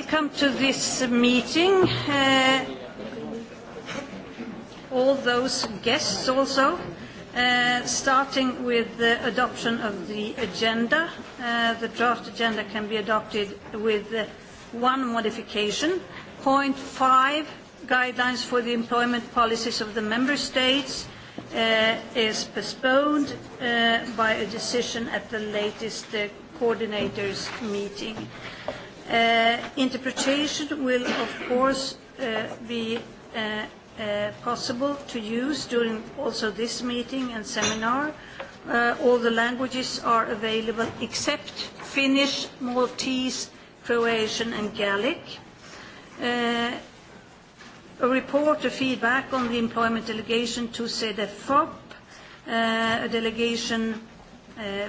Welcome to this meeting. All those guests also. Starting with the adoption of the agenda. The draft agenda can be adopted with one modification. Point five, guidelines for the employment policies of the member states is postponed by a decision at the latest coordinators meeting. Interpretation will, of course, be possible to use during also this meeting and seminar. All the languages are available except Finnish, Maltese, Croatian and Gaelic. A report of feedback on the employment delegation to CEDEFOP, a delegation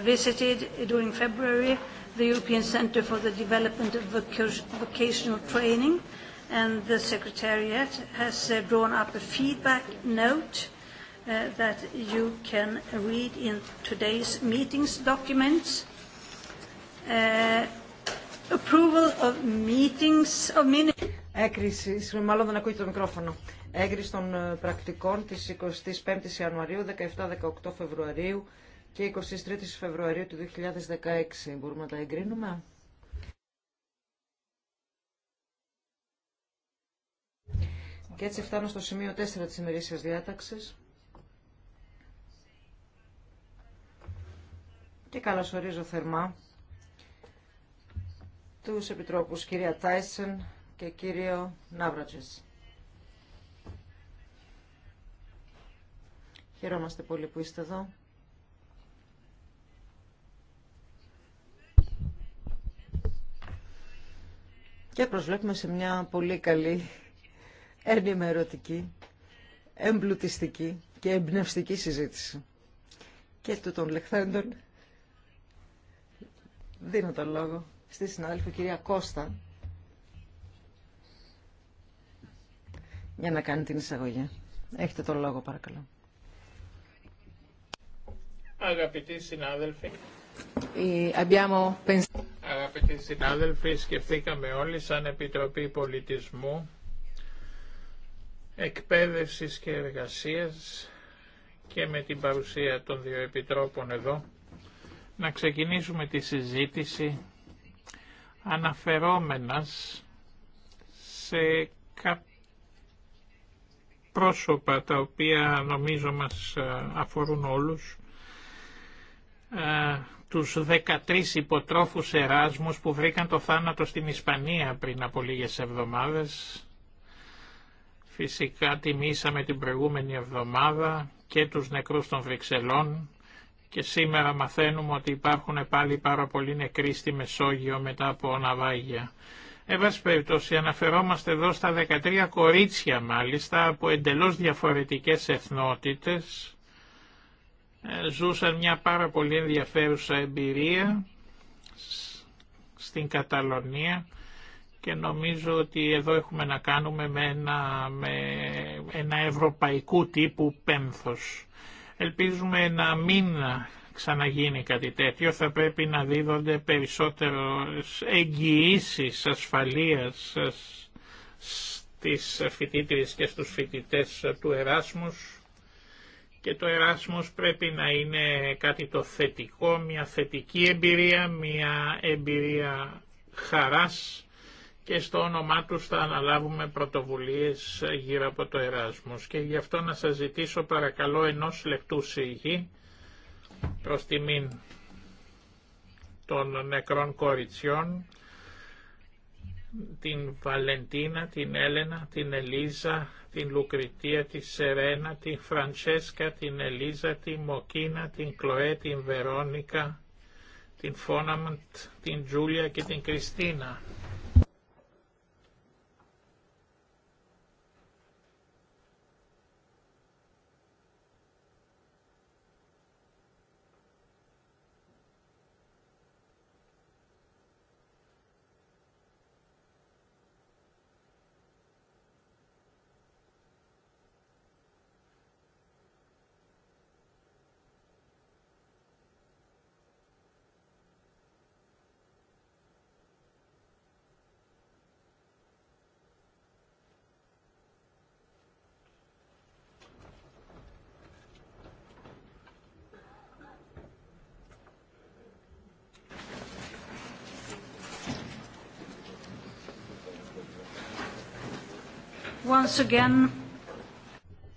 visited during February the European Centre for the Development of Vocational Training, and the Secretariat has drawn up a feedback note that you can read in today's meetings documents. Approval of meetings of minutes. Έκριση, μάλλον δεν ακούγεται το μικρόφωνο. Έγκριση των πρακτικών της 25ης Ιανουαρίου, 17-18 Φεβρουαρίου, και 23 Φεβρουαρίου του 2016. Μπορούμε να τα εγκρίνουμε. Και έτσι φτάνω στο σημείο 4 της ημερήσιας διάταξης. Και καλωσορίζω θερμά τους επιτρόπους κυρία Τάισεν και κύριο Ναύρατζες. Χαιρόμαστε πολύ που είστε εδώ. και προσβλέπουμε σε μια πολύ καλή ενημερωτική, εμπλουτιστική και εμπνευστική συζήτηση. Και του των λεχθέντων δίνω τον λόγο στη συνάδελφο κυρία Κώστα για να κάνει την εισαγωγή. Έχετε τον λόγο παρακαλώ. Αγαπητοί συνάδελφοι, abbiamo Πενσίδη αγαπητοί συνάδελφοι, σκεφτήκαμε όλοι σαν Επιτροπή Πολιτισμού, Εκπαίδευσης και Εργασίας και με την παρουσία των δύο Επιτρόπων εδώ, να ξεκινήσουμε τη συζήτηση αναφερόμενας σε πρόσωπα τα οποία νομίζω μας ε, αφορούν όλους ε, τους 13 υποτρόφους Εράσμους που βρήκαν το θάνατο στην Ισπανία πριν από λίγες εβδομάδες. Φυσικά τιμήσαμε την προηγούμενη εβδομάδα και τους νεκρούς των Βρυξελών και σήμερα μαθαίνουμε ότι υπάρχουν πάλι πάρα πολλοί νεκροί στη Μεσόγειο μετά από ναυάγια. Έβας αναφερόμαστε εδώ στα 13 κορίτσια μάλιστα από εντελώς διαφορετικές εθνότητες ε, ζούσαν μια πάρα πολύ ενδιαφέρουσα εμπειρία στην Καταλωνία και νομίζω ότι εδώ έχουμε να κάνουμε με ένα, ευρωπαϊκού τύπου πένθος. Ελπίζουμε να μην ξαναγίνει κάτι τέτοιο, θα πρέπει να δίδονται περισσότερο εγγυήσει ασφαλείας στις φοιτήτριες και στους φοιτητές του Εράσμους και το Εράσμος πρέπει να είναι κάτι το θετικό, μια θετική εμπειρία, μια εμπειρία χαράς και στο όνομά τους θα αναλάβουμε πρωτοβουλίες γύρω από το Εράσμος. Και γι' αυτό να σας ζητήσω παρακαλώ ενός λεπτού συγγύη προς τιμήν των νεκρών κοριτσιών την Βαλεντίνα, την Έλενα, την Ελίζα, την Λουκριτία, τη Σερένα, την Φραντσέσκα, την Ελίζα, την Μοκίνα, την Κλοέ, την Βερόνικα, την Φόναμαντ, την Τζούλια και την Κριστίνα.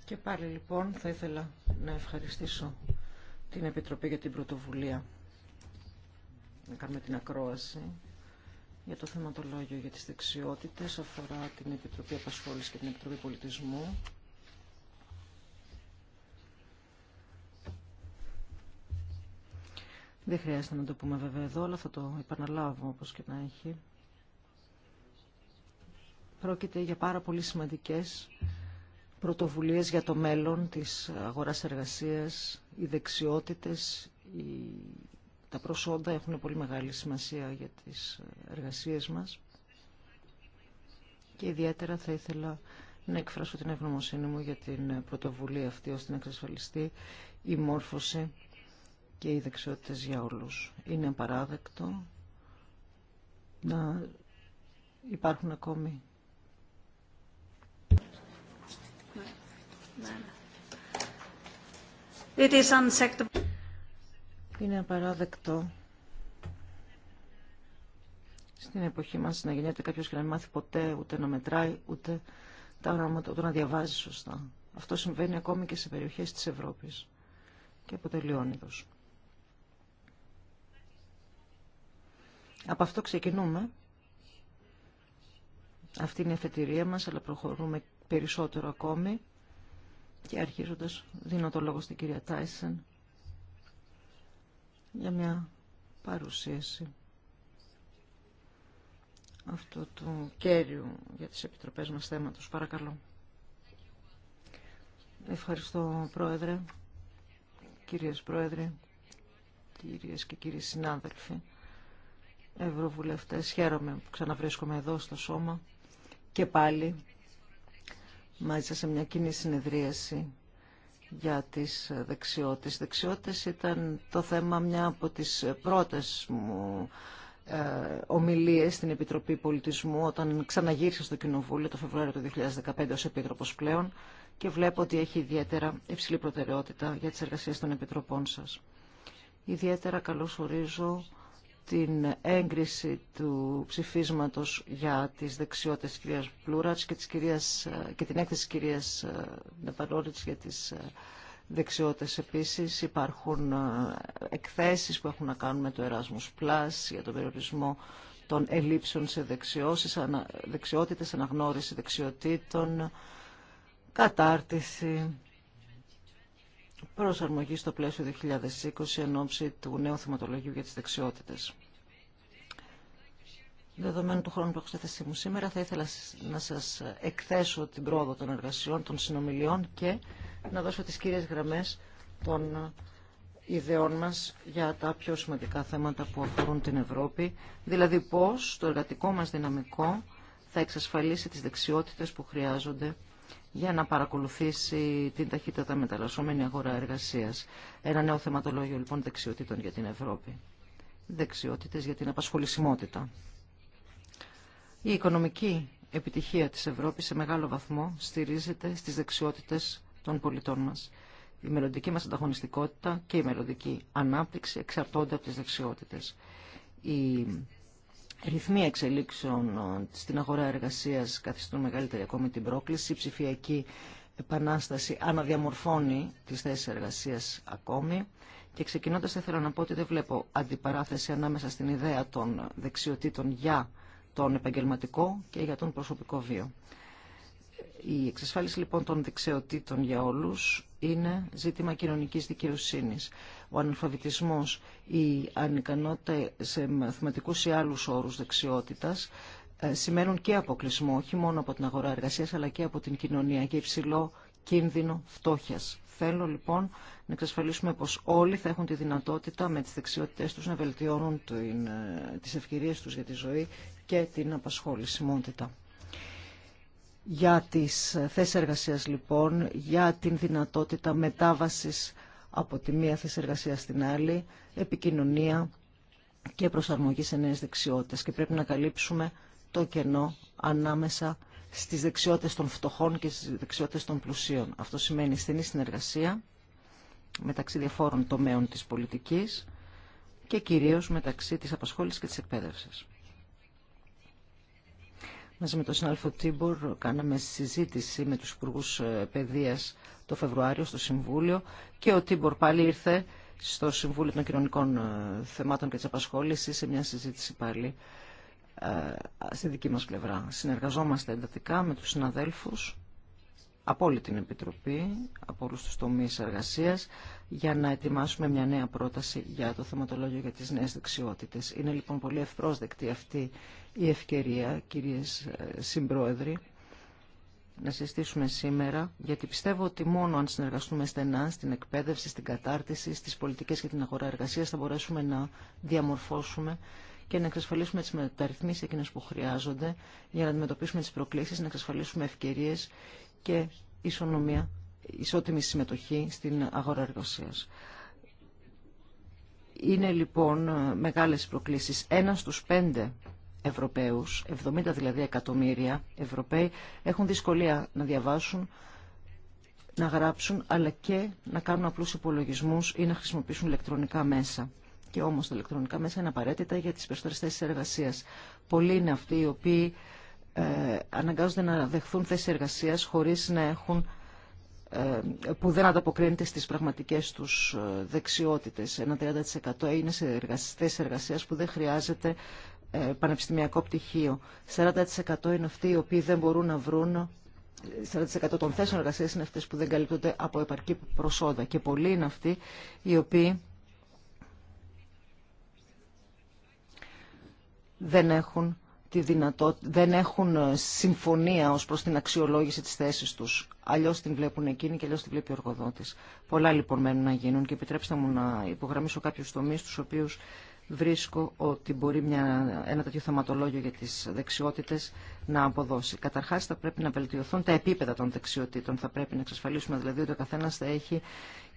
Και πάλι λοιπόν θα ήθελα να ευχαριστήσω την Επιτροπή για την πρωτοβουλία να κάνουμε την ακρόαση για το θεματολόγιο για τις δεξιότητες αφορά την Επιτροπή Απασχόλησης και την Επιτροπή Πολιτισμού. Δεν χρειάζεται να το πούμε βέβαια εδώ, αλλά θα το επαναλάβω όπως και να έχει. Πρόκειται για πάρα πολύ σημαντικές πρωτοβουλίες για το μέλλον της αγοράς εργασίας, οι δεξιότητες, τα προσόντα έχουν πολύ μεγάλη σημασία για τις εργασίες μας και ιδιαίτερα θα ήθελα να εκφράσω την ευγνωμοσύνη μου για την πρωτοβουλία αυτή ώστε να εξασφαλιστεί η μόρφωση και οι δεξιότητες για όλους. Είναι απαράδεκτο να υπάρχουν ακόμη Είναι απαράδεκτο στην εποχή μας να γεννιέται κάποιος και να μην μάθει ποτέ ούτε να μετράει ούτε τα να διαβάζει σωστά. Αυτό συμβαίνει ακόμη και σε περιοχές της Ευρώπης και αποτελεί όνειδος. Από αυτό ξεκινούμε. Αυτή είναι η εφετηρία μας, αλλά προχωρούμε περισσότερο ακόμη. Και αρχίζοντας δίνω το λόγο στην κυρία Τάισεν για μια παρουσίαση αυτού του κέριου για τις επιτροπές μας θέματος. Παρακαλώ. Ευχαριστώ Πρόεδρε, κυρίες Πρόεδρε, κυρίες και κύριοι συνάδελφοι, Ευρωβουλευτές. Χαίρομαι που ξαναβρίσκομαι εδώ στο σώμα και πάλι μάλιστα σε μια κοινή συνεδρίαση για τις δεξιότητες. δεξιότητες ήταν το θέμα μια από τις πρώτες μου ε, ομιλίες στην Επιτροπή Πολιτισμού όταν ξαναγύρισα στο Κοινοβούλιο το Φεβρουάριο του 2015 ως Επίτροπος πλέον και βλέπω ότι έχει ιδιαίτερα υψηλή προτεραιότητα για τις εργασίες των Επιτροπών σας. Ιδιαίτερα καλώς ορίζω την έγκριση του ψηφίσματος για τις δεξιότητες της κυρίας Πλούρατς και, της κυρίας, και την έκθεση της κυρίας ε, Νεπαρόριτς για τις ε, δεξιότητες επίσης. Υπάρχουν ε, εκθέσεις που έχουν να κάνουν με το Erasmus Plus για τον περιορισμό των ελλείψεων σε δεξιώσεις, δεξιότητες, αναγνώριση δεξιοτήτων, κατάρτιση προσαρμογή στο πλαίσιο 2020 εν ώψη του νέου θεματολογίου για τις δεξιότητες. Δεδομένου του χρόνου που έχω στη θέση μου σήμερα, θα ήθελα να σας εκθέσω την πρόοδο των εργασιών, των συνομιλιών και να δώσω τις κύριες γραμμές των ιδεών μας για τα πιο σημαντικά θέματα που αφορούν την Ευρώπη, δηλαδή πώς το εργατικό μας δυναμικό θα εξασφαλίσει τις δεξιότητες που χρειάζονται για να παρακολουθήσει την ταχύτητα μεταλλασσόμενη αγορά εργασίας. Ένα νέο θεματολόγιο λοιπόν δεξιοτήτων για την Ευρώπη. Δεξιότητες για την απασχολησιμότητα. Η οικονομική επιτυχία της Ευρώπης σε μεγάλο βαθμό στηρίζεται στις δεξιότητες των πολιτών μας. Η μελλοντική μας ανταγωνιστικότητα και η μελλοντική ανάπτυξη εξαρτώνται από τις δεξιότητες ρυθμοί εξελίξεων ε, στην αγορά εργασίας καθιστούν μεγαλύτερη ακόμη την πρόκληση. Η ψηφιακή επανάσταση αναδιαμορφώνει τις θέσεις εργασίας ακόμη. Και ξεκινώντας θέλω να πω ότι δεν βλέπω αντιπαράθεση ανάμεσα στην ιδέα των δεξιοτήτων για τον επαγγελματικό και για τον προσωπικό βίο. Η εξασφάλιση λοιπόν των δεξιοτήτων για όλους είναι ζήτημα κοινωνικής δικαιοσύνης. Ο αναλφαβητισμός, η ανικανότητα σε μαθηματικούς ή άλλους όρους δεξιότητας ε, σημαίνουν και αποκλεισμό, όχι μόνο από την αγορά εργασίας, αλλά και από την κοινωνία και υψηλό κίνδυνο φτώχειας. Θέλω λοιπόν να εξασφαλίσουμε πως όλοι θα έχουν τη δυνατότητα με τις δεξιότητές τους να βελτιώνουν την, ε, τις ευκαιρίες τους για τη ζωή και την απασχολησιμότητα για τις θέσεις εργασίας λοιπόν, για την δυνατότητα μετάβασης από τη μία θέση εργασίας στην άλλη, επικοινωνία και προσαρμογή σε νέες δεξιότητες. Και πρέπει να καλύψουμε το κενό ανάμεσα στις δεξιότητες των φτωχών και στις δεξιότητες των πλουσίων. Αυτό σημαίνει στενή συνεργασία μεταξύ διαφόρων τομέων της πολιτικής και κυρίως μεταξύ της απασχόλησης και της εκπαίδευσης. Μαζί με τον συνάδελφο Τίμπορ κάναμε συζήτηση με τους υπουργού ε, Παιδείας το Φεβρουάριο στο Συμβούλιο και ο Τίμπορ πάλι ήρθε στο Συμβούλιο των Κοινωνικών ε, Θεμάτων και της Απασχόλησης σε μια συζήτηση πάλι ε, στη δική μας πλευρά. Συνεργαζόμαστε εντατικά με τους συναδέλφους από όλη την Επιτροπή, από όλους τους τομείς εργασίας, για να ετοιμάσουμε μια νέα πρόταση για το θεματολόγιο για τις νέες δεξιότητες. Είναι λοιπόν πολύ ευπρόσδεκτη αυτή η ευκαιρία, κυρίες ε, συμπρόεδροι, να συστήσουμε σήμερα, γιατί πιστεύω ότι μόνο αν συνεργαστούμε στενά στην εκπαίδευση, στην κατάρτιση, στις πολιτικές και την αγορά εργασίας θα μπορέσουμε να διαμορφώσουμε και να εξασφαλίσουμε τις μεταρρυθμίσεις εκείνες που χρειάζονται για να αντιμετωπίσουμε τις προκλήσεις, να εξασφαλίσουμε ευκαιρίες και ισονομία, ισότιμη συμμετοχή στην αγορά εργασίας. Είναι λοιπόν ε, μεγάλες προκλήσεις. Ένα στους πέντε Ευρωπαίους, 70 δηλαδή εκατομμύρια Ευρωπαίοι, έχουν δυσκολία να διαβάσουν, να γράψουν, αλλά και να κάνουν απλούς υπολογισμούς ή να χρησιμοποιήσουν ηλεκτρονικά μέσα. Και όμως τα ηλεκτρονικά μέσα είναι απαραίτητα για τις περισσότερες θέσεις εργασίας. Πολλοί είναι αυτοί οι οποίοι ε, αναγκάζονται να δεχθούν θέσεις εργασίας χωρίς να έχουν ε, που δεν ανταποκρίνεται στις πραγματικές τους ε, δεξιότητες. Ένα 30% είναι σε θέσεις εργασίας που δεν χρειάζεται ε, πανεπιστημιακό πτυχίο. 40% είναι αυτοί οι οποίοι δεν μπορούν να βρουν 40% των θέσεων εργασία είναι αυτέ που δεν καλύπτονται από επαρκή προσόδα και πολλοί είναι αυτοί οι οποίοι δεν έχουν, τη δυνατότητα, δεν έχουν ε, συμφωνία ως προς την αξιολόγηση της θέσης τους. Αλλιώς την βλέπουν εκείνοι και αλλιώς την βλέπει ο εργοδότης. Πολλά λοιπόν μένουν να γίνουν και επιτρέψτε μου να υπογραμμίσω κάποιους τομείς τους οποίους βρίσκω ότι μπορεί μια, ένα τέτοιο θεματολόγιο για τις δεξιότητες να αποδώσει. Καταρχάς θα πρέπει να βελτιωθούν τα επίπεδα των δεξιοτήτων. Θα πρέπει να εξασφαλίσουμε δηλαδή ότι ο καθένας θα έχει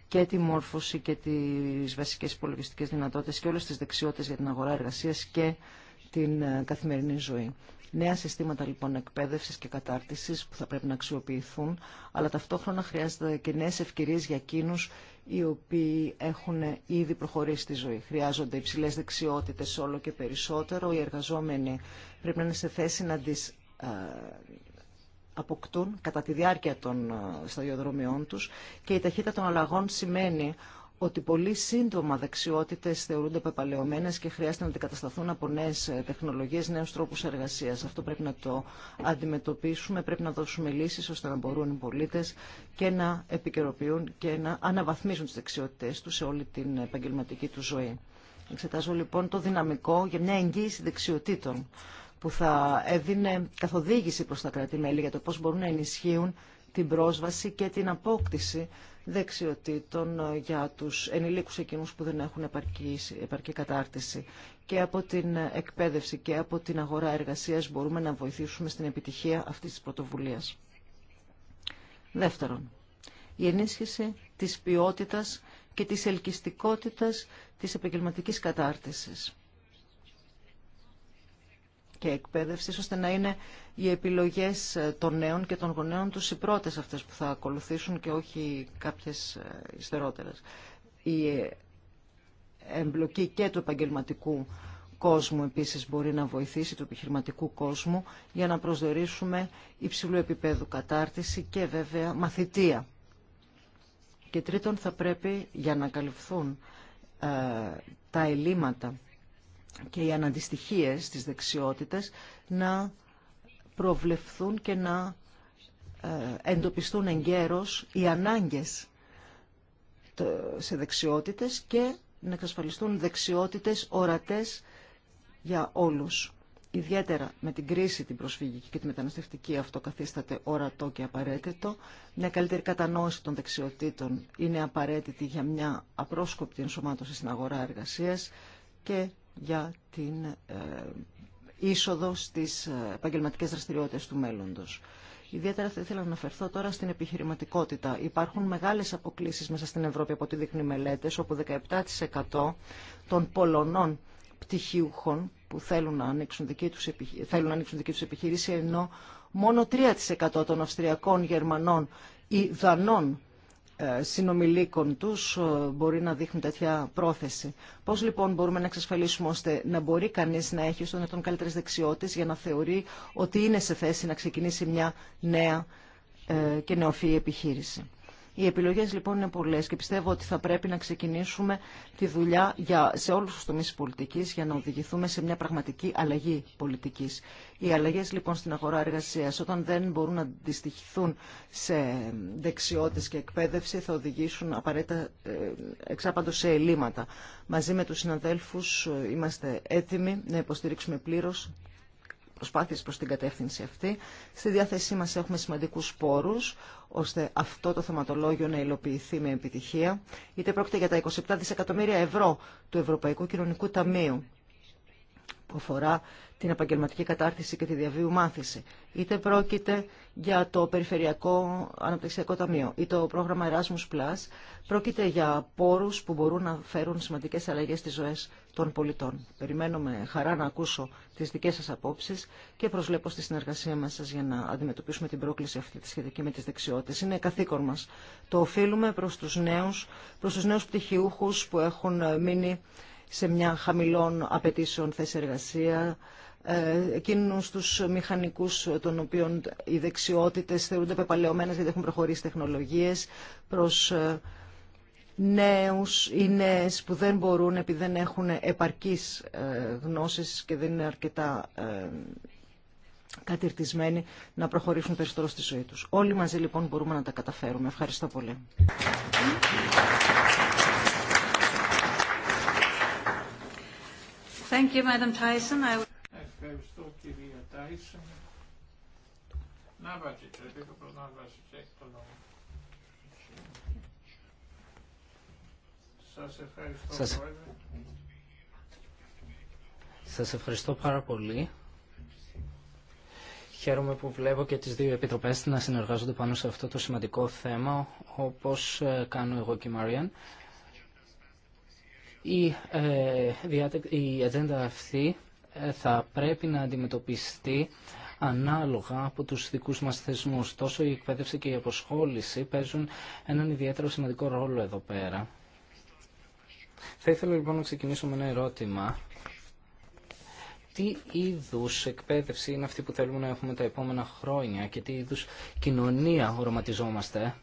και τη μόρφωση και τις βασικές υπολογιστικέ δυνατότητες και όλες τις δεξιότητες για την αγορά εργασίας και την ε, καθημερινή ζωή. Νέα συστήματα λοιπόν εκπαίδευση και κατάρτιση που θα πρέπει να αξιοποιηθούν, αλλά ταυτόχρονα χρειάζεται και νέε ευκαιρίε για εκείνου οι οποίοι έχουν ήδη προχωρήσει στη ζωή. Χρειάζονται υψηλές δεξιότητες όλο και περισσότερο. Οι εργαζόμενοι πρέπει να είναι σε θέση να τις ε, αποκτούν κατά τη διάρκεια των ε, σταδιοδρομιών τους και η ταχύτητα των αλλαγών σημαίνει ότι πολύ σύντομα δεξιότητε θεωρούνται πεπαλαιωμένε και χρειάζεται να αντικατασταθούν από νέε τεχνολογίε, νέου τρόπου εργασία. Αυτό πρέπει να το αντιμετωπίσουμε, πρέπει να δώσουμε λύσει ώστε να μπορούν οι πολίτε και να επικαιροποιούν και να αναβαθμίζουν τι δεξιότητέ του σε όλη την επαγγελματική του ζωή. Εξετάζω λοιπόν το δυναμικό για μια εγγύηση δεξιοτήτων που θα έδινε καθοδήγηση προ τα κράτη-μέλη για το πώ μπορούν να ενισχύουν την πρόσβαση και την απόκτηση δεξιοτήτων για τους ενηλίκους εκείνους που δεν έχουν επαρκή, επαρκή κατάρτιση. Και από την εκπαίδευση και από την αγορά εργασίας μπορούμε να βοηθήσουμε στην επιτυχία αυτής της πρωτοβουλίας. Δεύτερον, η ενίσχυση της ποιότητας και της ελκυστικότητας της επαγγελματικής κατάρτισης και εκπαίδευση, ώστε να είναι οι επιλογές των νέων και των γονέων τους οι πρώτες αυτές που θα ακολουθήσουν και όχι κάποιες ε, ιστερότερες. Η ε, εμπλοκή και του επαγγελματικού κόσμου επίσης μπορεί να βοηθήσει, του επιχειρηματικού κόσμου, για να προσδιορίσουμε υψηλού επίπεδου κατάρτιση και βέβαια μαθητεία. Και τρίτον θα πρέπει για να καλυφθούν ε, τα ελλείμματα και οι αναντιστοιχίες στις δεξιότητες να προβλεφθούν και να ε, εντοπιστούν εγκαίρως οι ανάγκες σε δεξιότητες και να εξασφαλιστούν δεξιότητες ορατές για όλους. Ιδιαίτερα με την κρίση, την προσφυγική και τη μεταναστευτική αυτό καθίσταται ορατό και απαραίτητο. Μια καλύτερη κατανόηση των δεξιοτήτων είναι απαραίτητη για μια απρόσκοπτη ενσωμάτωση στην αγορά εργασίας και για την ε, είσοδο στις ε, επαγγελματικέ δραστηριότητες του μέλλοντος. Ιδιαίτερα θα ήθελα να αναφερθώ τώρα στην επιχειρηματικότητα. Υπάρχουν μεγάλες αποκλίσεις μέσα στην Ευρώπη από ό,τι δείχνει μελέτες, όπου 17% των Πολωνών πτυχίουχων που θέλουν να ανοίξουν δική του θέλουν δική τους επιχείρηση, ενώ μόνο 3% των Αυστριακών, Γερμανών ή Δανών ε, συνομιλίκων τους ε, μπορεί να δείχνουν τέτοια πρόθεση. Πώς λοιπόν μπορούμε να εξασφαλίσουμε ώστε να μπορεί κανείς να έχει στον τον καλύτερες δεξιότητες για να θεωρεί ότι είναι σε θέση να ξεκινήσει μια νέα ε, και νεοφύη επιχείρηση. Οι επιλογές λοιπόν είναι πολλές και πιστεύω ότι θα πρέπει να ξεκινήσουμε τη δουλειά για, σε όλους τους τομείς πολιτικής για να οδηγηθούμε σε μια πραγματική αλλαγή πολιτικής. Οι αλλαγές λοιπόν στην αγορά εργασίας όταν δεν μπορούν να αντιστοιχηθούν σε δεξιότητες και εκπαίδευση θα οδηγήσουν απαραίτητα ε, εξάπαντο σε ελλείμματα. Μαζί με τους συναδέλφους ε, είμαστε έτοιμοι να υποστηρίξουμε πλήρως προσπάθειες προς την κατεύθυνση αυτή. Στη διάθεσή μας έχουμε σημαντικούς πόρους, ώστε αυτό το θεματολόγιο να υλοποιηθεί με επιτυχία. Είτε πρόκειται για τα 27 δισεκατομμύρια ευρώ του Ευρωπαϊκού Κοινωνικού Ταμείου, που αφορά την επαγγελματική κατάρτιση και τη διαβίου μάθηση. Είτε πρόκειται για το Περιφερειακό Αναπτυξιακό Ταμείο ή το πρόγραμμα Erasmus Plus πρόκειται για πόρους που μπορούν να φέρουν σημαντικές αλλαγές στις ζωές των πολιτών. Περιμένω με χαρά να ακούσω τις δικές σας απόψεις και προσβλέπω στη συνεργασία μας σας για να αντιμετωπίσουμε την πρόκληση αυτή τη σχετική με τις δεξιότητες. Είναι καθήκον μας. Το οφείλουμε προς τους νέους, προς τους νέους πτυχιούχους που έχουν μείνει σε μια χαμηλών απαιτήσεων θέση εργασία, ε, εκείνους τους μηχανικούς των οποίων οι δεξιότητες θεωρούνται πεπαλαιωμένες γιατί έχουν προχωρήσει τεχνολογίες προς ε, νέους ή νέες που δεν μπορούν επειδή δεν έχουν επαρκείς ε, γνώσεις και δεν είναι αρκετά κατηρτισμένοι να προχωρήσουν περισσότερο στη ζωή τους. Όλοι μαζί λοιπόν μπορούμε να τα καταφέρουμε. Ευχαριστώ πολύ. Ευχαριστώ κυρία Τάισον. Να βάζει, να βάζει, το Σας ευχαριστώ, ευχαριστώ πάρα πολύ. Χαίρομαι που βλέπω και τις δύο επιτροπές να συνεργάζονται πάνω σε αυτό το σημαντικό θέμα, όπως ε, κάνω εγώ και η Μαριάν. Η, ε, η ατζέντα αυτή θα πρέπει να αντιμετωπιστεί ανάλογα από τους δικούς μας θεσμούς. Τόσο η εκπαίδευση και η αποσχόληση παίζουν έναν ιδιαίτερο σημαντικό ρόλο εδώ πέρα. Θα ήθελα λοιπόν να ξεκινήσω με ένα ερώτημα. Τι είδους εκπαίδευση είναι αυτή που θέλουμε να έχουμε τα επόμενα χρόνια και τι είδους κοινωνία οροματιζόμαστε.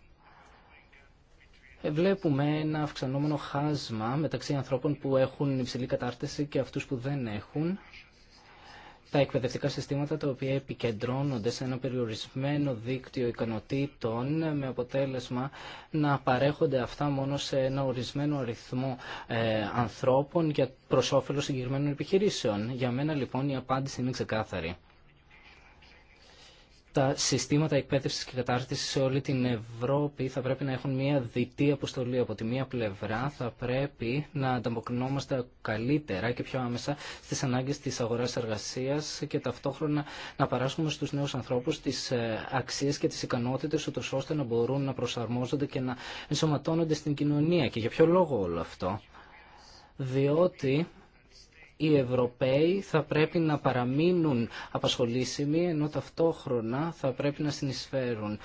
Ε, βλέπουμε ένα αυξανόμενο χάσμα μεταξύ ανθρώπων που έχουν υψηλή κατάρτιση και αυτούς που δεν έχουν τα εκπαιδευτικά συστήματα τα οποία επικεντρώνονται σε ένα περιορισμένο δίκτυο ικανοτήτων με αποτέλεσμα να παρέχονται αυτά μόνο σε ένα ορισμένο αριθμό ε, ανθρώπων για προς όφελος συγκεκριμένων επιχειρήσεων. Για μένα λοιπόν η απάντηση είναι ξεκάθαρη τα συστήματα εκπαίδευσης και κατάρτισης σε όλη την Ευρώπη θα πρέπει να έχουν μια διτή αποστολή. Από τη μία πλευρά θα πρέπει να ανταποκρινόμαστε καλύτερα και πιο άμεσα στις ανάγκες τη αγορά εργασία και ταυτόχρονα να παράσχουμε στους νέους ανθρώπους τις ε, αξίες και τις ικανότητες ούτω ώστε να μπορούν να προσαρμόζονται και να ενσωματώνονται στην κοινωνία. Και για ποιο λόγο όλο αυτό. Διότι οι Ευρωπαίοι θα πρέπει να παραμείνουν απασχολήσιμοι ενώ ταυτόχρονα θα πρέπει να συνεισφέρουν.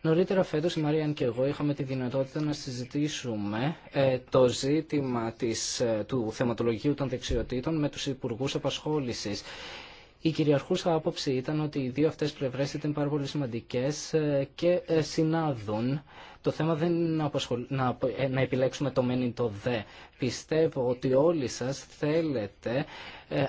Νωρίτερα φέτος η Μαρία και εγώ είχαμε τη δυνατότητα να συζητήσουμε ε, το ζήτημα της, ε, του θεματολογίου των δεξιοτήτων με τους Υπουργούς Απασχόλησης η κυριαρχούσα άποψη ήταν ότι οι δύο αυτές πλευρές ήταν πάρα πολύ σημαντικές ε, και ε, συνάδουν. Το θέμα δεν είναι να, ε, να... επιλέξουμε το μεν το δε. Πιστεύω ότι όλοι σας θέλετε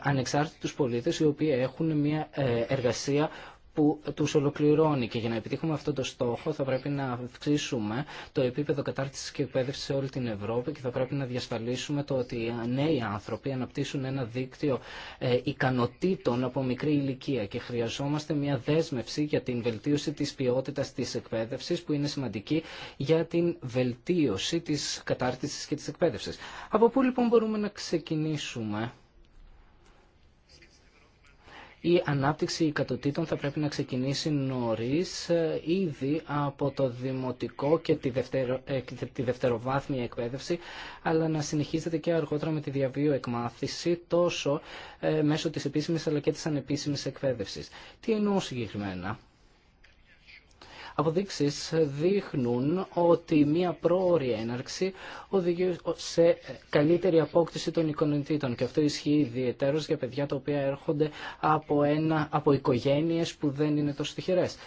ανεξάρτητους πολίτες οι οποίοι έχουν μια εργασία που τους ολοκληρώνει και για να επιτύχουμε αυτό το στόχο θα πρέπει να αυξήσουμε το επίπεδο κατάρτισης και εκπαίδευση σε όλη την Ευρώπη και θα πρέπει να διασφαλίσουμε το ότι νέοι άνθρωποι αναπτύσσουν ένα δίκτυο ε, ικανοτήτων από μικρή ηλικία και χρειαζόμαστε μια δέσμευση για την βελτίωση της ποιότητας της εκπαίδευσης που είναι σημαντική για την βελτίωση της κατάρτισης και της εκπαίδευσης. Από πού λοιπόν μπορούμε να ξεκινήσουμε η ανάπτυξη κατοτήτων θα πρέπει να ξεκινήσει νωρίς, ε, ήδη από το δημοτικό και τη, δευτερο, ε, τη δευτεροβάθμια εκπαίδευση, αλλά να συνεχίζεται και αργότερα με τη διαβίω εκμάθηση, τόσο ε, μέσω της επίσημης αλλά και της ανεπίσημης εκπαίδευσης. Τι εννοώ συγκεκριμένα. Αποδείξεις δείχνουν ότι μια πρόορη έναρξη οδηγεί σε καλύτερη απόκτηση των εικονιτήτων και αυτό ισχύει ιδιαίτερως για παιδιά τα οποία έρχονται από, ένα, από οικογένειες που δεν είναι τόσο τυχερές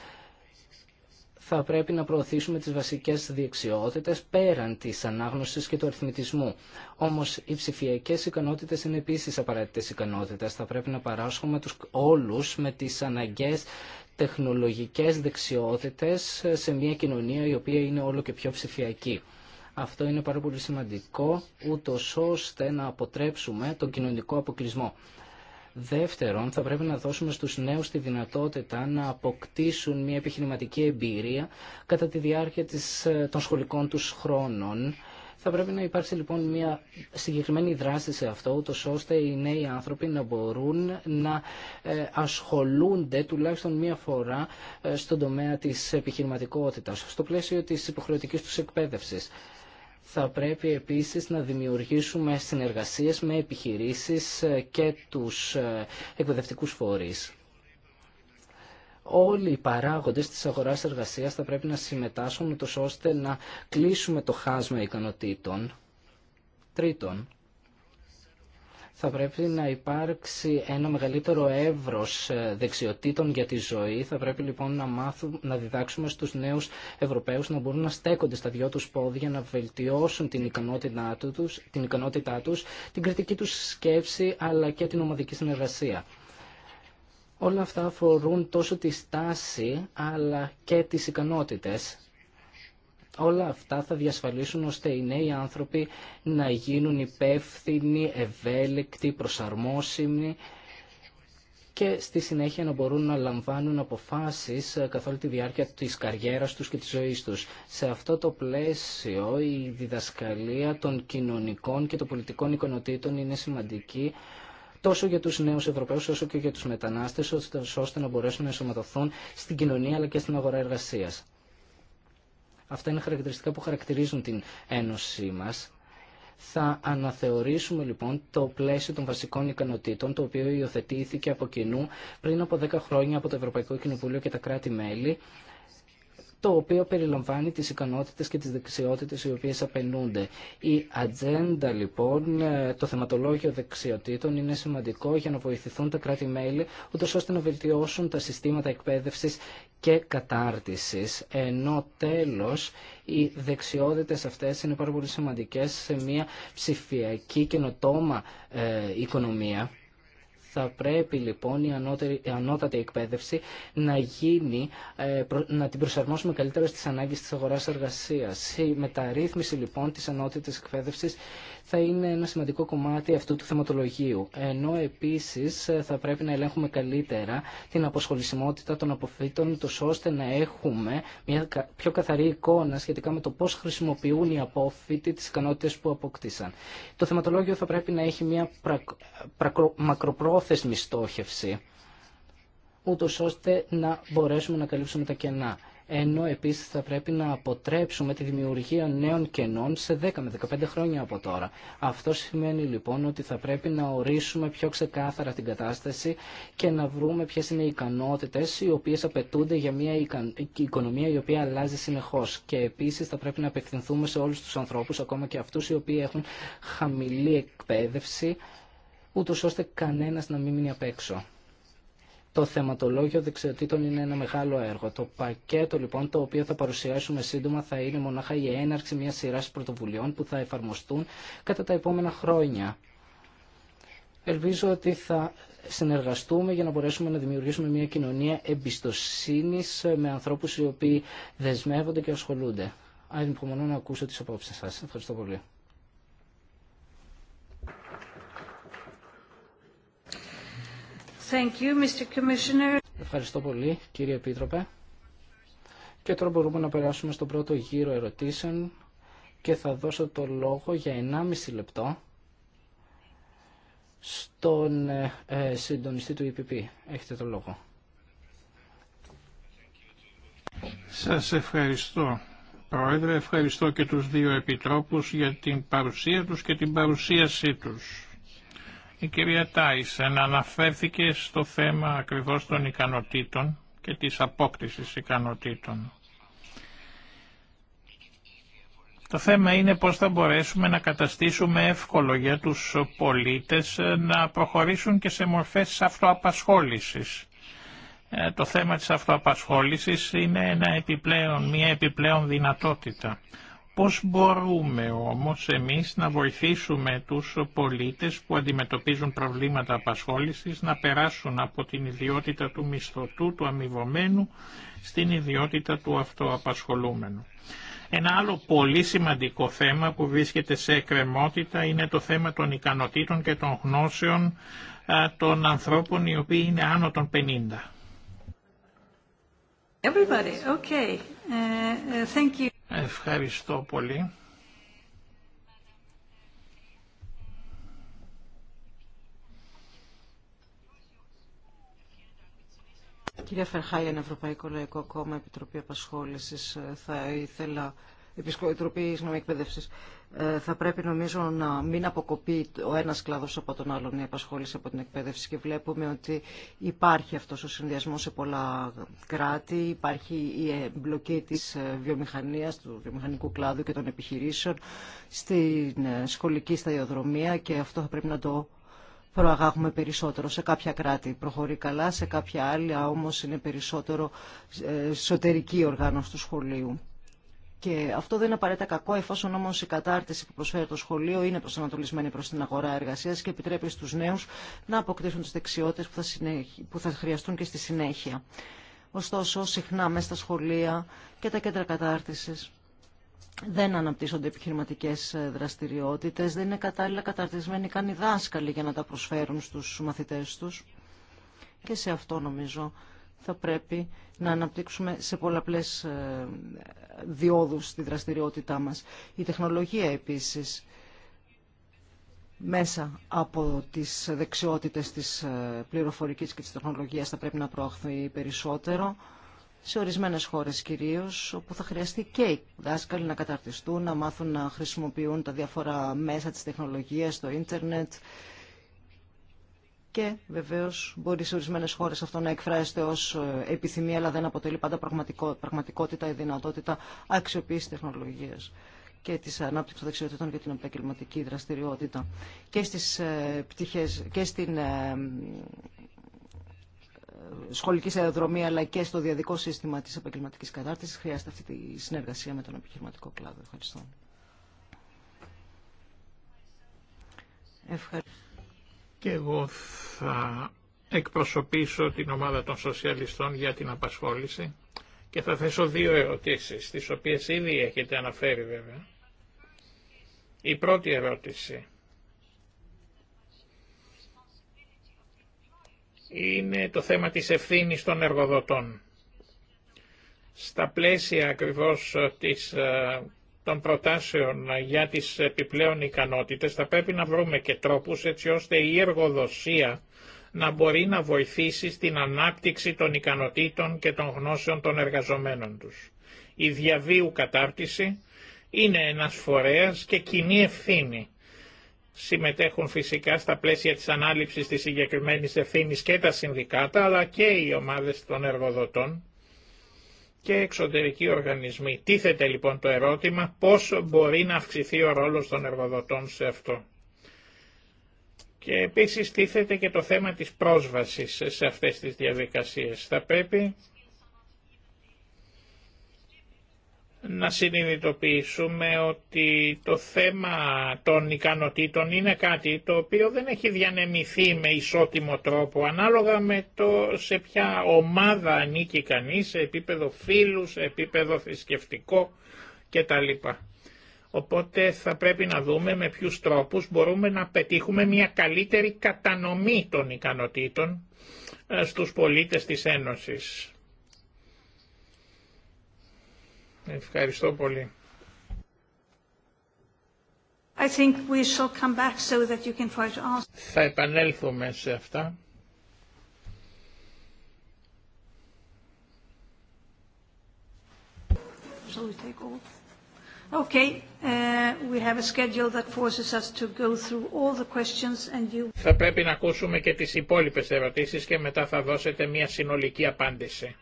θα πρέπει να προωθήσουμε τις βασικές διεξιότητες πέραν της ανάγνωσης και του αριθμητισμού. Όμως οι ψηφιακές ικανότητες είναι επίσης απαραίτητες ικανότητες. Θα πρέπει να παράσχουμε τους όλους με τις αναγκαίες τεχνολογικές δεξιότητες σε μια κοινωνία η οποία είναι όλο και πιο ψηφιακή. Αυτό είναι πάρα πολύ σημαντικό, ούτω ώστε να αποτρέψουμε τον κοινωνικό αποκλεισμό. Δεύτερον, θα πρέπει να δώσουμε στους νέους τη δυνατότητα να αποκτήσουν μια επιχειρηματική εμπειρία κατά τη διάρκεια της, ε, των σχολικών τους χρόνων. Θα πρέπει να υπάρξει λοιπόν μια συγκεκριμένη δράση σε αυτό, ούτως ώστε οι νέοι άνθρωποι να μπορούν να ε, ασχολούνται τουλάχιστον μία φορά ε, στον τομέα της επιχειρηματικότητας, στο πλαίσιο της υποχρεωτικής τους εκπαίδευσης θα πρέπει επίσης να δημιουργήσουμε συνεργασίες με επιχειρήσεις ε, και τους ε, εκπαιδευτικούς φορείς. Όλοι οι παράγοντες της αγοράς εργασίας θα πρέπει να συμμετάσχουν ώστε να κλείσουμε το χάσμα ικανοτήτων. Τρίτον, θα πρέπει να υπάρξει ένα μεγαλύτερο εύρος ε, δεξιοτήτων για τη ζωή. Θα πρέπει λοιπόν να μάθουμε, να διδάξουμε στους νέους Ευρωπαίους να μπορούν να στέκονται στα δυο τους πόδια, να βελτιώσουν την ικανότητά τους, την, ικανότητά τους, την κριτική τους σκέψη αλλά και την ομαδική συνεργασία. Όλα αυτά αφορούν τόσο τη στάση αλλά και τις ικανότητες Όλα αυτά θα διασφαλίσουν ώστε οι νέοι άνθρωποι να γίνουν υπεύθυνοι, ευέλικτοι, προσαρμόσιμοι και στη συνέχεια να μπορούν να λαμβάνουν αποφάσεις ε, καθ' όλη τη διάρκεια της καριέρας τους και της ζωής τους. Σε αυτό το πλαίσιο η διδασκαλία των κοινωνικών και των πολιτικών ικανοτήτων είναι σημαντική τόσο για τους νέους Ευρωπαίους όσο και για τους μετανάστες ώστε να μπορέσουν να ενσωματωθούν στην κοινωνία αλλά και στην αγορά εργασίας. Αυτά είναι χαρακτηριστικά που χαρακτηρίζουν την Ένωσή μας. Θα αναθεωρήσουμε λοιπόν το πλαίσιο των βασικών ικανοτήτων, το οποίο υιοθετήθηκε από κοινού πριν από 10 χρόνια από το Ευρωπαϊκό Κοινοβούλιο και τα κράτη-μέλη το οποίο περιλαμβάνει τις ικανότητες και τις δεξιότητες οι οποίες απαινούνται. Η ατζέντα λοιπόν, ε, το θεματολόγιο δεξιοτήτων είναι σημαντικό για να βοηθηθούν τα κράτη-μέλη, ούτως ώστε να βελτιώσουν τα συστήματα εκπαίδευσης και κατάρτισης. Ενώ τέλος οι δεξιότητες αυτές είναι πάρα πολύ σημαντικές σε μια ψηφιακή καινοτόμα ε, οικονομία θα πρέπει λοιπόν η, ανώτερη, η ανώτατη εκπαίδευση να, γίνει, ε, να την προσαρμόσουμε καλύτερα στις ανάγκες της αγοράς εργασίας. Η μεταρρύθμιση λοιπόν της ανώτητης εκπαίδευσης θα είναι ένα σημαντικό κομμάτι αυτού του θεματολογίου. Ενώ επίσης ε, θα πρέπει να ελέγχουμε καλύτερα την αποσχολησιμότητα των αποφύτων ώστε να έχουμε μια πιο καθαρή εικόνα σχετικά με το πώ χρησιμοποιούν οι απόφοιτοι τι ικανότητε που αποκτήσαν. Το θεματολόγιο θα πρέπει να έχει μια μακροπρόθεσμη στόχευση ούτως ώστε να μπορέσουμε να καλύψουμε τα κενά ενώ επίση θα πρέπει να αποτρέψουμε τη δημιουργία νέων κενών σε 10 με 15 χρόνια από τώρα. Αυτό σημαίνει λοιπόν ότι θα πρέπει να ορίσουμε πιο ξεκάθαρα την κατάσταση και να βρούμε ποιε είναι οι ικανότητε, οι οποίε απαιτούνται για μια οικονομία η οποία αλλάζει συνεχώ. Και επίση θα πρέπει να απευθυνθούμε σε όλου του ανθρώπου, ακόμα και αυτού οι οποίοι έχουν χαμηλή εκπαίδευση, ούτω ώστε κανένα να μην μείνει απ' έξω. Το θεματολόγιο δεξιοτήτων είναι ένα μεγάλο έργο. Το πακέτο λοιπόν το οποίο θα παρουσιάσουμε σύντομα θα είναι μονάχα η έναρξη μιας σειράς πρωτοβουλειών που θα εφαρμοστούν κατά τα επόμενα χρόνια. Ελπίζω ότι θα συνεργαστούμε για να μπορέσουμε να δημιουργήσουμε μια κοινωνία εμπιστοσύνη με ανθρώπου οι οποίοι δεσμεύονται και ασχολούνται. Άρα, υπομονώ να ακούσω τι απόψει σα. Ευχαριστώ πολύ. Ευχαριστώ πολύ, κύριε Επίτροπε. Και τώρα μπορούμε να περάσουμε στον πρώτο γύρο ερωτήσεων και θα δώσω το λόγο για 1,5 λεπτό στον ε, ε, συντονιστή του EPP. Έχετε το λόγο. Σας ευχαριστώ. Πρόεδρε, ευχαριστώ και τους δύο επιτρόπους για την παρουσία τους και την παρουσίασή τους. Η κυρία Τάισεν αναφέρθηκε στο θέμα ακριβώς των ικανοτήτων και της απόκτησης ικανοτήτων. Το θέμα είναι πώς θα μπορέσουμε να καταστήσουμε εύκολο για τους πολίτες να προχωρήσουν και σε μορφές αυτοαπασχόλησης. Ε, το θέμα της αυτοαπασχόλησης είναι ένα επιπλέον, μια επιπλέον δυνατότητα. Πώς μπορούμε όμως εμείς να βοηθήσουμε τους πολίτες που αντιμετωπίζουν προβλήματα απασχόλησης να περάσουν από την ιδιότητα του μισθωτού, του αμοιβωμένου, στην ιδιότητα του αυτοαπασχολούμενου. Ένα άλλο πολύ σημαντικό θέμα που βρίσκεται σε εκκρεμότητα είναι το θέμα των ικανοτήτων και των γνώσεων των ανθρώπων οι οποίοι είναι άνω των 50. Everybody, okay. Ε, ε, thank you. Ευχαριστώ πολύ. Κυρία Φερχάη, Ευρωπαϊκό Λαϊκό Κόμμα, Επιτροπή Απασχόλησης, ε, θα ήθελα Επιτροπή εκπαίδευση. Ε, θα πρέπει νομίζω να μην αποκοπεί ο ένας κλάδος από τον άλλον η απασχόληση από την εκπαίδευση και βλέπουμε ότι υπάρχει αυτός ο συνδυασμός σε πολλά κράτη, υπάρχει η εμπλοκή της ε, βιομηχανίας, του βιομηχανικού κλάδου και των επιχειρήσεων στην ε, σχολική σταδιοδρομία και αυτό θα πρέπει να το προαγάγουμε περισσότερο. Σε κάποια κράτη προχωρεί καλά, σε κάποια άλλη όμως είναι περισσότερο εσωτερική οργάνωση του σχολείου. Και αυτό δεν είναι απαραίτητα κακό, εφόσον όμω η κατάρτιση που προσφέρει το σχολείο είναι προσανατολισμένη προ την αγορά εργασία και επιτρέπει στου νέου να αποκτήσουν τι δεξιότητε που θα χρειαστούν και στη συνέχεια. Ωστόσο, συχνά μέσα στα σχολεία και τα κέντρα κατάρτιση δεν αναπτύσσονται επιχειρηματικέ ε, δραστηριότητε, δεν είναι κατάλληλα καταρτισμένοι καν οι δάσκαλοι για να τα προσφέρουν στου μαθητέ του. Και σε αυτό νομίζω θα πρέπει να αναπτύξουμε σε πολλαπλές ε, διόδους τη δραστηριότητά μας. Η τεχνολογία επίσης μέσα από τις δεξιότητες της ε, πληροφορικής και της τεχνολογίας θα πρέπει να προαχθεί περισσότερο σε ορισμένες χώρες κυρίως, όπου θα χρειαστεί και οι δάσκαλοι να καταρτιστούν, να μάθουν να χρησιμοποιούν τα διάφορα μέσα της τεχνολογίας, το ίντερνετ, και βεβαίως μπορεί σε ορισμένες χώρες αυτό να εκφράζεται ως ε, επιθυμία αλλά δεν αποτελεί πάντα πραγματικό, πραγματικότητα η δυνατότητα αξιοποίηση τεχνολογίας και τη ανάπτυξη των δεξιοτήτων για την επαγγελματική δραστηριότητα και στις ε, πτυχές και στην ε, σχολική αεροδρομία, αλλά και στο διαδικό σύστημα της επαγγελματική κατάρτισης χρειάζεται αυτή τη συνεργασία με τον επιχειρηματικό κλάδο. Ευχαριστώ και εγώ θα εκπροσωπήσω την ομάδα των σοσιαλιστών για την απασχόληση και θα θέσω δύο ερωτήσεις, τις οποίες ήδη έχετε αναφέρει βέβαια. Η πρώτη ερώτηση είναι το θέμα της ευθύνης των εργοδοτών. Στα πλαίσια ακριβώς της ε, των προτάσεων για τις επιπλέον ικανότητες θα πρέπει να βρούμε και τρόπους έτσι ώστε η εργοδοσία να μπορεί να βοηθήσει στην ανάπτυξη των ικανοτήτων και των γνώσεων των εργαζομένων τους. Η διαβίου κατάρτιση είναι ένας φορέας και κοινή ευθύνη. Συμμετέχουν φυσικά στα πλαίσια της ανάληψης της συγκεκριμένης ευθύνη και τα συνδικάτα αλλά και οι ομάδες των εργοδοτών και εξωτερικοί οργανισμοί. Τίθεται λοιπόν το ερώτημα πώς μπορεί να αυξηθεί ο ρόλος των εργοδοτών σε αυτό. Και επίσης τίθεται και το θέμα της πρόσβασης σε αυτές τις διαδικασίες. Θα πρέπει να συνειδητοποιήσουμε ότι το θέμα των ικανοτήτων είναι κάτι το οποίο δεν έχει διανεμηθεί με ισότιμο τρόπο ανάλογα με το σε ποια ομάδα ανήκει κανείς, σε επίπεδο φίλου, σε επίπεδο θρησκευτικό κτλ. Οπότε θα πρέπει να δούμε με ποιους τρόπους μπορούμε να πετύχουμε μια καλύτερη κατανομή των ικανοτήτων ε, στους πολίτες της Ένωσης. Ευχαριστώ πολύ. I think we shall come back so that you can try to ask. Θα επανέλθουμε σε αυτά. Shall we take all? Okay, uh, we have a schedule that forces us to go through all the questions and you. Θα πρέπει να ακούσουμε και τις υπόλοιπες ερωτήσεις και μετά θα δώσετε μια συνολική απάντηση.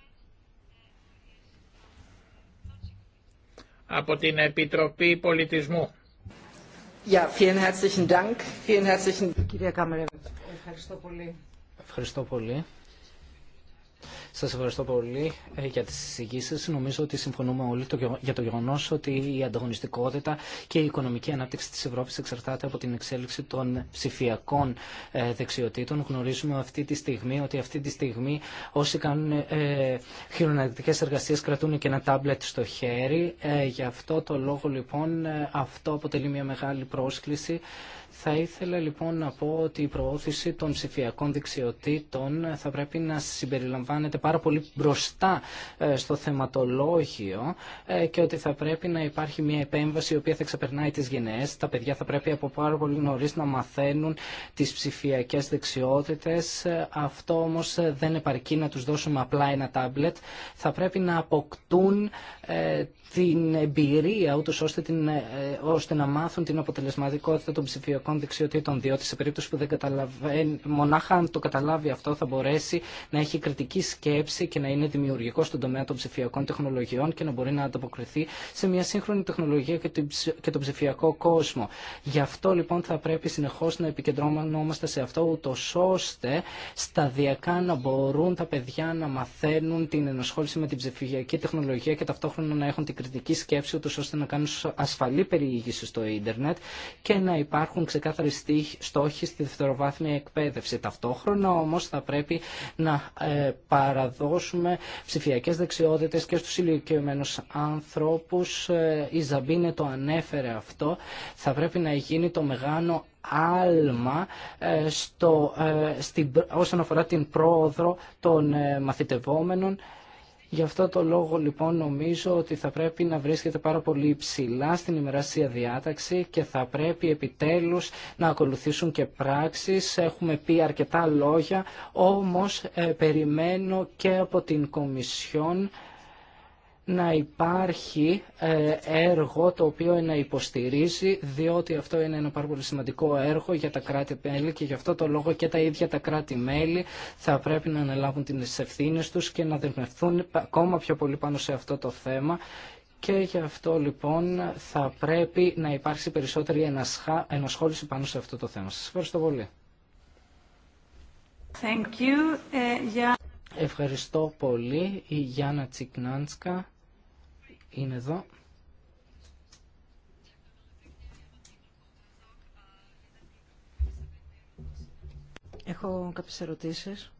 από την Επιτροπή Πολιτισμού. Ja, vielen herzlichen Dank. Vielen herzlichen... Κυρία Κάμερα, ευχαριστώ πολύ. Ευχαριστώ πολύ. Σας ευχαριστώ πολύ ε, για τις εισηγήσεις. Νομίζω ότι συμφωνούμε όλοι για το γεγονός ότι η ανταγωνιστικότητα και η οικονομική ανάπτυξη της Ευρώπης εξαρτάται από την εξέλιξη των ψηφιακών ε, δεξιοτήτων. Γνωρίζουμε αυτή τη στιγμή ότι αυτή τη στιγμή όσοι κάνουν ε, χειρονακτικές εργασίες κρατούν και ένα τάμπλετ στο χέρι. Γι' αυτό το λόγο λοιπόν αυτό αποτελεί μια μεγάλη πρόσκληση θα ήθελα λοιπόν να πω ότι η προώθηση των ψηφιακών δεξιοτήτων θα πρέπει να συμπεριλαμβάνεται πάρα πολύ μπροστά ε, στο θεματολόγιο ε, και ότι θα πρέπει να υπάρχει μια επέμβαση η οποία θα ξεπερνάει τις γενναίες. Τα παιδιά θα πρέπει από πάρα πολύ νωρίς να μαθαίνουν τις ψηφιακές δεξιότητες. Ε, αυτό όμως δεν επαρκεί να τους δώσουμε απλά ένα τάμπλετ. Θα πρέπει να αποκτούν την εμπειρία ούτω ώστε, ε, ώστε να μάθουν την αποτελεσματικότητα των ψηφιακών δεξιοτήτων διότι σε περίπτωση που δεν καταλαβαίνει μονάχα αν το καταλάβει αυτό θα μπορέσει να έχει κριτική σκέψη και να είναι δημιουργικό στον τομέα των ψηφιακών τεχνολογιών και να μπορεί να ανταποκριθεί σε μια σύγχρονη τεχνολογία και τον ψηφιακό κόσμο. Γι' αυτό λοιπόν θα πρέπει συνεχώ να επικεντρώμαστε σε αυτό ούτω ώστε σταδιακά να μπορούν τα παιδιά να μαθαίνουν την ενασχόληση με την ψηφιακή τεχνολογία και ταυτόχρονα να έχουν την κριτική σκέψη τους ώστε να κάνουν ασφαλή περιήγηση στο ίντερνετ και να υπάρχουν ξεκάθαροι στόχοι στη δευτεροβάθμια εκπαίδευση. Ταυτόχρονα όμως θα πρέπει να ε, παραδώσουμε ψηφιακές δεξιότητες και στους ηλικιωμένους ανθρώπους. Ε, η Ζαμπίνε το ανέφερε αυτό. Θα πρέπει να γίνει το μεγάλο άλμα ε, στο, όσον αφορά την πρόοδρο των μαθητευόμενων Γι' αυτό το λόγο λοιπόν νομίζω ότι θα πρέπει να βρίσκεται πάρα πολύ ψηλά στην ημεράσια διάταξη και θα πρέπει επιτέλους να ακολουθήσουν και πράξεις. Έχουμε πει αρκετά λόγια, όμως ε, περιμένω και από την Κομισιόν να υπάρχει ε, έργο το οποίο να υποστηρίζει, διότι αυτό είναι ένα πάρα πολύ σημαντικό έργο για τα κράτη-μέλη και γι' αυτό το λόγο και τα ίδια τα κράτη-μέλη θα πρέπει να αναλάβουν τις ευθύνε τους και να δεσμευτούν ακόμα πιο πολύ πάνω σε αυτό το θέμα και γι' αυτό λοιπόν θα πρέπει να υπάρξει περισσότερη ενασχόληση πάνω σε αυτό το θέμα. Σας ευχαριστώ πολύ. Thank you. Ε, ευχαριστώ πολύ η Γιάννα Τσικνάντσκα είναι εδώ. Έχω κάποιες ερωτήσεις.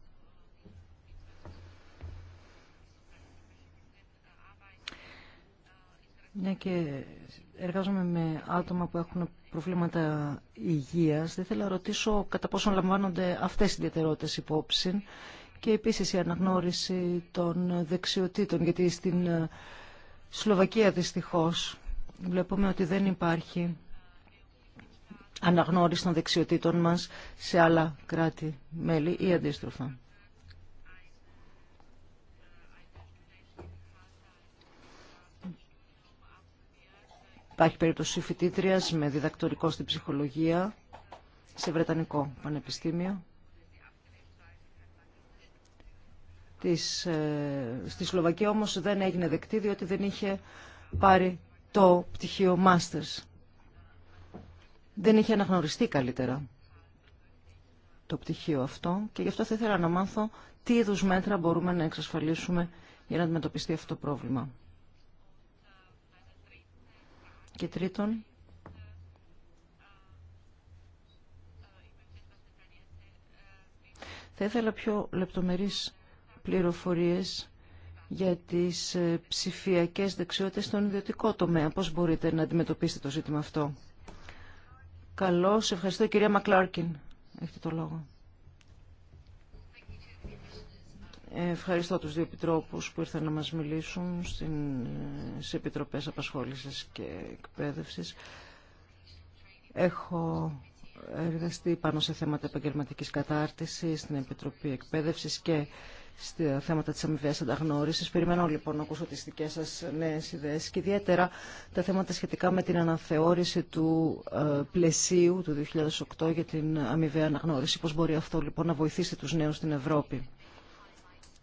Μια και εργάζομαι με άτομα που έχουν προβλήματα υγείας, δεν θέλω να ρωτήσω κατά πόσο λαμβάνονται αυτές οι ιδιαιτερότητες υπόψη και επίσης η αναγνώριση των δεξιοτήτων, γιατί στην Σλοβακία δυστυχώς βλέπουμε ότι δεν υπάρχει αναγνώριση των δεξιοτήτων μας σε άλλα κράτη-μέλη ή αντίστροφα. Υπάρχει περίπτωση φοιτήτρια με διδακτορικό στην ψυχολογία σε Βρετανικό Πανεπιστήμιο. της, ε, στη Σλοβακία όμως δεν έγινε δεκτή διότι δεν είχε πάρει το πτυχίο Masters. Δεν είχε αναγνωριστεί καλύτερα το πτυχίο αυτό και γι' αυτό θα ήθελα να μάθω τι είδους μέτρα μπορούμε να εξασφαλίσουμε για να αντιμετωπιστεί αυτό το πρόβλημα. Και τρίτον, θα ήθελα πιο λεπτομερείς πληροφορίες για τις ε, ψηφιακές δεξιότητες στον ιδιωτικό τομέα. Πώς μπορείτε να αντιμετωπίσετε το ζήτημα αυτό. Καλώς. Ευχαριστώ κυρία Μακλάρκιν. Έχετε το λόγο. Ευχαριστώ τους δύο επιτρόπους που ήρθαν να μας μιλήσουν στις ε, Επιτροπές Απασχόλησης και Εκπαίδευσης. Έχω εργαστεί πάνω σε θέματα επαγγελματικής κατάρτισης στην Επιτροπή Εκπαίδευσης και στα θέματα της αμοιβαίας ανταγνώρισης. Περιμένω λοιπόν να ακούσω τις δικές σας νέες ιδέες και ιδιαίτερα τα θέματα σχετικά με την αναθεώρηση του ε, πλαισίου του 2008 για την αμοιβαία αναγνώριση. Πώς μπορεί αυτό λοιπόν να βοηθήσει τους νέους στην Ευρώπη.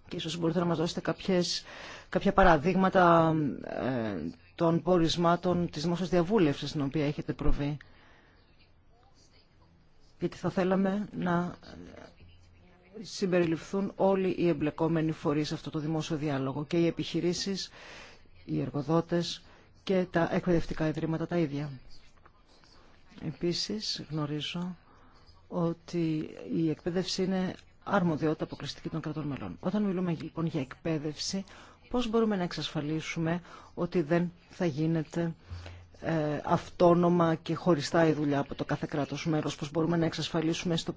Και ίσως μπορείτε να μας δώσετε κάποιες, κάποια παραδείγματα ε, των πορισμάτων της δημόσιας διαβούλευσης στην οποία έχετε προβεί. Γιατί θα θέλαμε να συμπεριληφθούν όλοι οι εμπλεκόμενοι φορείς σε αυτό το δημόσιο διάλογο και οι επιχειρήσεις, οι εργοδότες και τα εκπαιδευτικά ιδρύματα τα ίδια. Επίσης γνωρίζω ότι η εκπαίδευση είναι αρμοδιότητα αποκλειστική των κρατών μελών. Όταν μιλούμε λοιπόν για εκπαίδευση, πώς μπορούμε να εξασφαλίσουμε ότι δεν θα γίνεται ε, αυτόνομα και χωριστά η δουλειά από το κάθε κράτος μέρος, πώς μπορούμε να εξασφαλίσουμε στο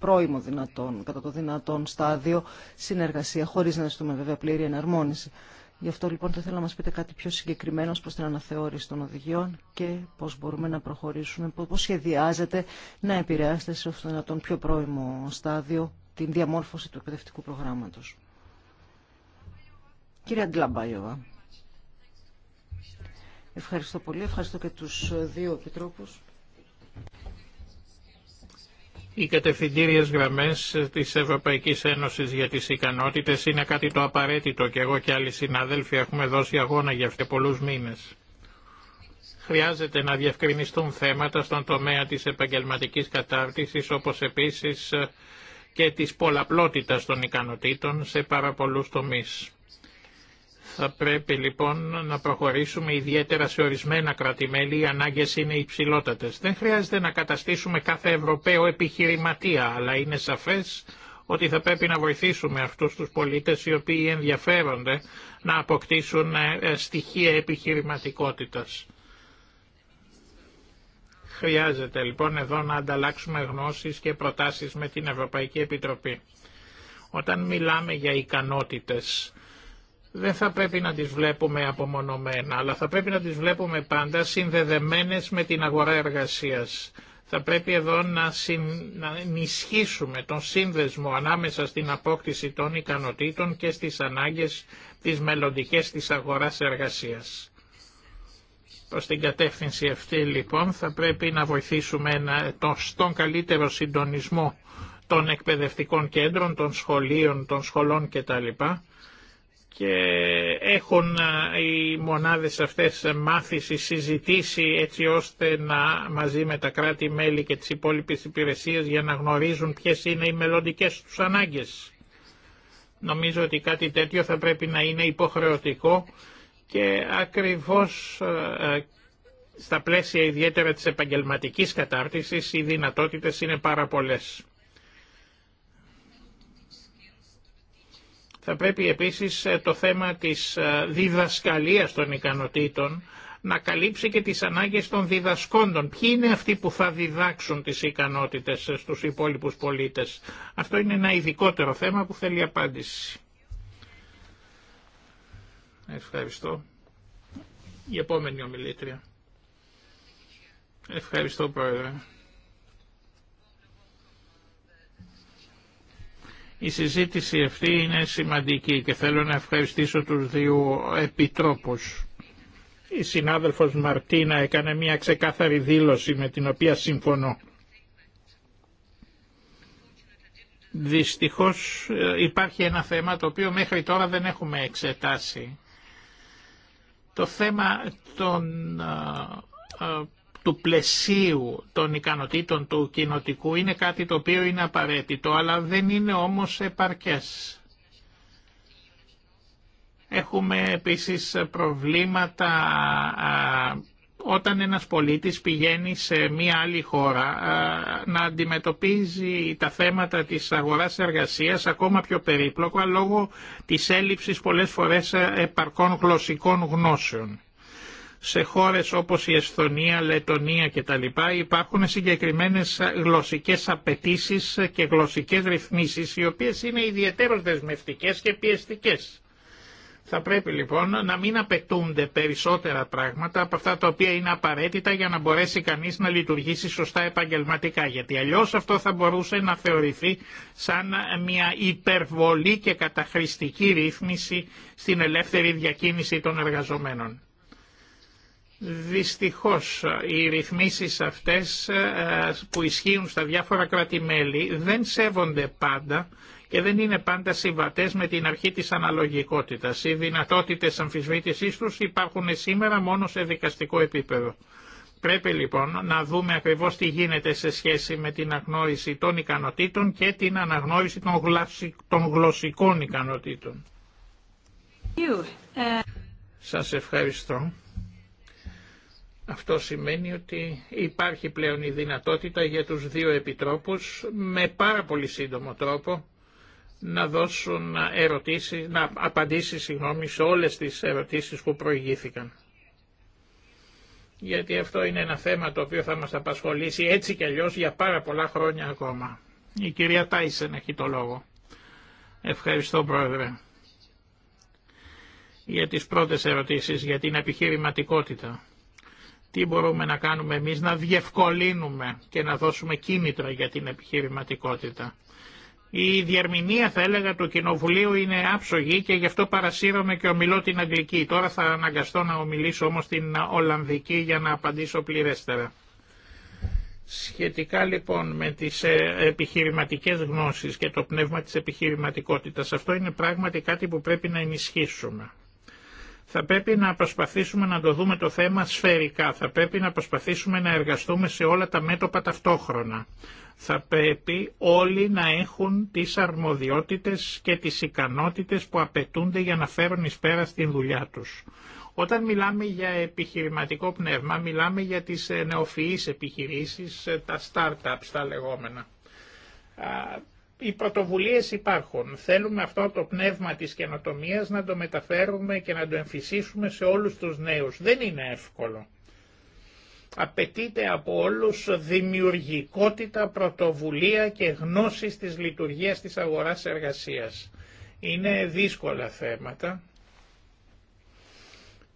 πρώιμο δυνατόν, κατά το δυνατόν στάδιο συνεργασία, χωρίς να ζητούμε βέβαια πλήρη εναρμόνιση. Γι' αυτό λοιπόν θα ήθελα να μας πείτε κάτι πιο συγκεκριμένο προς την αναθεώρηση των οδηγιών και πώς μπορούμε να προχωρήσουμε, πώς σχεδιάζεται να επηρεάσετε σε αυτό το πιο πρώιμο στάδιο την διαμόρφωση του εκπαιδευτικού προγράμματος. Κύριε Αντλαμπάιωβα, ευχαριστώ πολύ. Ευχαριστώ και τους δύο επιτρόπους οι κατευθυντήριες γραμμές της Ευρωπαϊκής Ένωσης για τις ικανότητες είναι κάτι το απαραίτητο και εγώ και άλλοι συνάδελφοι έχουμε δώσει αγώνα για αυτές πολλούς μήνες. Χρειάζεται να διευκρινιστούν θέματα στον τομέα της επαγγελματικής κατάρτισης όπως επίσης και της πολλαπλότητας των ικανοτήτων σε πάρα πολλούς τομείς. Θα πρέπει λοιπόν να προχωρήσουμε ιδιαίτερα σε ορισμένα κρατημέλη, οι ανάγκες είναι υψηλότατες. Δεν χρειάζεται να καταστήσουμε κάθε Ευρωπαίο επιχειρηματία, αλλά είναι σαφές ότι θα πρέπει να βοηθήσουμε αυτούς τους πολίτες οι οποίοι ενδιαφέρονται να αποκτήσουν ε, ε, στοιχεία επιχειρηματικότητας. Χρειάζεται λοιπόν εδώ να ανταλλάξουμε γνώσεις και προτάσεις με την Ευρωπαϊκή Επιτροπή. Όταν μιλάμε για ικανότητες, δεν θα πρέπει να τις βλέπουμε απομονωμένα, αλλά θα πρέπει να τις βλέπουμε πάντα συνδεδεμένες με την αγορά εργασίας. Θα πρέπει εδώ να, συν, ενισχύσουμε τον σύνδεσμο ανάμεσα στην απόκτηση των ικανοτήτων και στις ανάγκες της μελλοντικές της αγοράς εργασίας. Προς την κατεύθυνση αυτή λοιπόν θα πρέπει να βοηθήσουμε στον καλύτερο συντονισμό των εκπαιδευτικών κέντρων, των σχολείων, των σχολών κτλ και έχουν οι μονάδες αυτές μάθηση, συζητήσει έτσι ώστε να μαζί με τα κράτη-μέλη και τις υπόλοιπες υπηρεσίες για να γνωρίζουν ποιες είναι οι μελλοντικές τους ανάγκες. Νομίζω ότι κάτι τέτοιο θα πρέπει να είναι υποχρεωτικό και ακριβώς στα πλαίσια ιδιαίτερα της επαγγελματικής κατάρτισης οι δυνατότητες είναι πάρα πολλές. Θα πρέπει επίσης ε, το θέμα της ε, διδασκαλίας των ικανοτήτων να καλύψει και τις ανάγκες των διδασκόντων. Ποιοι είναι αυτοί που θα διδάξουν τις ικανότητες ε, στους υπόλοιπους πολίτες. Αυτό είναι ένα ειδικότερο θέμα που θέλει απάντηση. Ευχαριστώ. Η επόμενη ομιλήτρια. Ευχαριστώ Πρόεδρε. Η συζήτηση αυτή είναι σημαντική και θέλω να ευχαριστήσω τους δύο επιτρόπους. Η συνάδελφος Μαρτίνα έκανε μια ξεκάθαρη δήλωση με την οποία συμφωνώ. Δυστυχώς ε, υπάρχει ένα θέμα το οποίο μέχρι τώρα δεν έχουμε εξετάσει. Το θέμα των ε, ε, του πλαισίου των ικανοτήτων του κοινοτικού είναι κάτι το οποίο είναι απαραίτητο, αλλά δεν είναι όμως επαρκές. Έχουμε επίσης προβλήματα όταν ένας πολίτης πηγαίνει σε μία άλλη χώρα να αντιμετωπίζει τα θέματα της αγοράς εργασίας ακόμα πιο περίπλοκα λόγω της έλλειψης πολλές φορές επαρκών γλωσσικών γνώσεων σε χώρες όπως η Εσθονία, Λετωνία κτλ. υπάρχουν συγκεκριμένες γλωσσικές απαιτήσει και γλωσσικές ρυθμίσεις οι οποίες είναι ιδιαίτερως δεσμευτικές και πιεστικές. Θα πρέπει λοιπόν να μην απαιτούνται περισσότερα πράγματα από αυτά τα οποία είναι απαραίτητα για να μπορέσει κανείς να λειτουργήσει σωστά επαγγελματικά. Γιατί αλλιώς αυτό θα μπορούσε να θεωρηθεί σαν μια υπερβολή και καταχρηστική ρύθμιση στην ελεύθερη διακίνηση των εργαζομένων. Δυστυχώς οι ρυθμίσεις αυτές ε, που ισχύουν στα διάφορα κράτη-μέλη δεν σέβονται πάντα και δεν είναι πάντα συμβατές με την αρχή της αναλογικότητας. Οι δυνατότητες αμφισβήτησής τους υπάρχουν σήμερα μόνο σε δικαστικό επίπεδο. Πρέπει λοιπόν να δούμε ακριβώς τι γίνεται σε σχέση με την αγνώριση των ικανοτήτων και την αναγνώριση των γλωσσικών ικανοτήτων. Ε. Σας ευχαριστώ. Αυτό σημαίνει ότι υπάρχει πλέον η δυνατότητα για τους δύο επιτρόπους με πάρα πολύ σύντομο τρόπο να δώσουν ερωτήσεις, να απαντήσει συγγνώμη, σε όλες τις ερωτήσεις που προηγήθηκαν. Γιατί αυτό είναι ένα θέμα το οποίο θα μας απασχολήσει έτσι κι αλλιώς για πάρα πολλά χρόνια ακόμα. Η κυρία Τάισεν έχει το λόγο. Ευχαριστώ πρόεδρε για τις πρώτες ερωτήσεις για την επιχειρηματικότητα τι μπορούμε να κάνουμε εμείς να διευκολύνουμε και να δώσουμε κίνητρα για την επιχειρηματικότητα. Η διερμηνία θα έλεγα του Κοινοβουλίου είναι άψογη και γι' αυτό παρασύρομαι και ομιλώ την Αγγλική. Τώρα θα αναγκαστώ να ομιλήσω όμως την Ολλανδική για να απαντήσω πληρέστερα. Σχετικά λοιπόν με τις ε, επιχειρηματικές γνώσεις και το πνεύμα της επιχειρηματικότητας, αυτό είναι πράγματι κάτι που πρέπει να ενισχύσουμε θα πρέπει να προσπαθήσουμε να το δούμε το θέμα σφαιρικά, θα πρέπει να προσπαθήσουμε να εργαστούμε σε όλα τα μέτωπα ταυτόχρονα. Θα πρέπει όλοι να έχουν τις αρμοδιότητες και τις ικανότητες που απαιτούνται για να φέρουν εις πέρα στην δουλειά τους. Όταν μιλάμε για επιχειρηματικό πνεύμα, μιλάμε για τις νεοφυείς επιχειρήσεις, τα startups τα λεγόμενα οι πρωτοβουλίες υπάρχουν. Θέλουμε αυτό το πνεύμα της καινοτομίας να το μεταφέρουμε και να το εμφυσίσουμε σε όλους τους νέους. Δεν είναι εύκολο. Απαιτείται από όλους δημιουργικότητα, πρωτοβουλία και γνώση της λειτουργίας της αγοράς εργασίας. Είναι δύσκολα θέματα.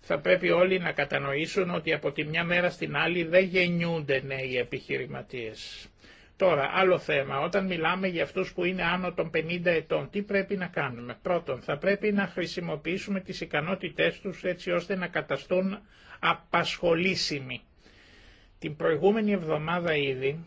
Θα πρέπει όλοι να κατανοήσουν ότι από τη μια μέρα στην άλλη δεν γεννιούνται νέοι επιχειρηματίες. Τώρα, άλλο θέμα, όταν μιλάμε για αυτούς που είναι άνω των 50 ετών, τι πρέπει να κάνουμε. Πρώτον, θα πρέπει να χρησιμοποιήσουμε τις ικανότητές τους έτσι ώστε να καταστούν απασχολήσιμοι. Την προηγούμενη εβδομάδα ήδη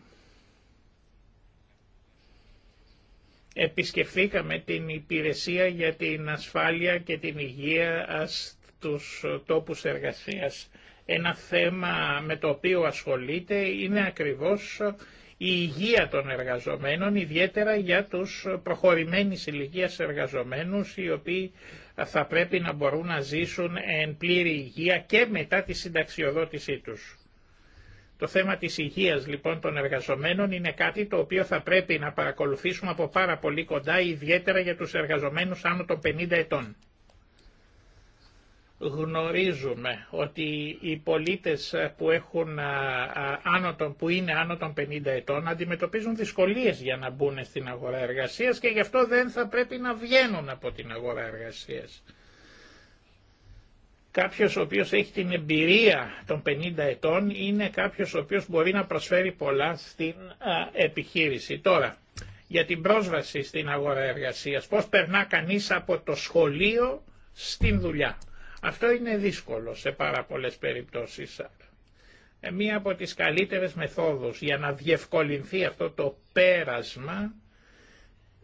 επισκεφθήκαμε την υπηρεσία για την ασφάλεια και την υγεία στους τόπους εργασίας. Ένα θέμα με το οποίο ασχολείται είναι ακριβώς η υγεία των εργαζομένων, ιδιαίτερα για τους προχωρημένης ηλικίας εργαζομένους, οι οποίοι θα πρέπει να μπορούν να ζήσουν εν πλήρη υγεία και μετά τη συνταξιοδότησή τους. Το θέμα της υγείας λοιπόν των εργαζομένων είναι κάτι το οποίο θα πρέπει να παρακολουθήσουμε από πάρα πολύ κοντά, ιδιαίτερα για τους εργαζομένους άνω των 50 ετών γνωρίζουμε ότι οι πολίτες που, έχουν, άνω που είναι άνω των 50 ετών αντιμετωπίζουν δυσκολίες για να μπουν στην αγορά εργασίας και γι' αυτό δεν θα πρέπει να βγαίνουν από την αγορά εργασίας. Κάποιος ο οποίος έχει την εμπειρία των 50 ετών είναι κάποιος ο οποίος μπορεί να προσφέρει πολλά στην επιχείρηση. Τώρα, για την πρόσβαση στην αγορά εργασίας, πώς περνά κανείς από το σχολείο στην δουλειά. Αυτό είναι δύσκολο σε πάρα πολλές περιπτώσεις. Ε, μία από τις καλύτερες μεθόδους για να διευκολυνθεί αυτό το πέρασμα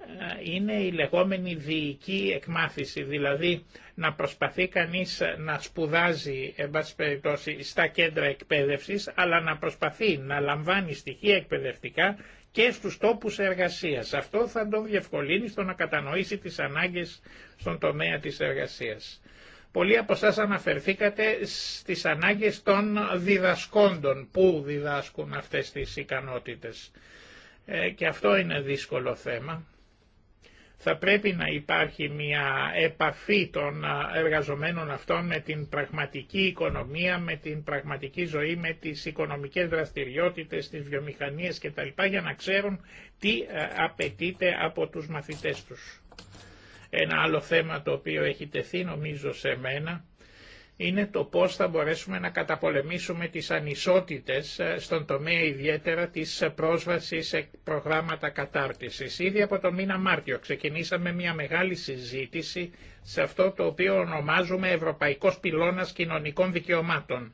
ε, είναι η λεγόμενη διοική εκμάθηση, δηλαδή να προσπαθεί κανείς να σπουδάζει εν περιπτώσει, στα κέντρα εκπαίδευσης, αλλά να προσπαθεί να λαμβάνει στοιχεία εκπαιδευτικά και στους τόπους εργασίας. Αυτό θα τον διευκολύνει στο να κατανοήσει τις ανάγκες στον τομέα της εργασίας. Πολλοί από εσάς αναφερθήκατε στις ανάγκες των διδασκόντων που διδάσκουν αυτές τις ικανότητες. Ε, και αυτό είναι δύσκολο θέμα. Θα πρέπει να υπάρχει μια επαφή των εργαζομένων αυτών με την πραγματική οικονομία, με την πραγματική ζωή, με τις οικονομικές δραστηριότητες, τις βιομηχανίες κτλ. για να ξέρουν τι ε, απαιτείται από τους μαθητές τους. Ένα άλλο θέμα το οποίο έχει τεθεί νομίζω σε μένα είναι το πώς θα μπορέσουμε να καταπολεμήσουμε τις ανισότητες ε, στον τομέα ιδιαίτερα της πρόσβασης σε προγράμματα κατάρτισης. Ήδη από το μήνα Μάρτιο ξεκινήσαμε μια μεγάλη συζήτηση σε αυτό το οποίο ονομάζουμε Ευρωπαϊκός Πυλώνας Κοινωνικών Δικαιωμάτων.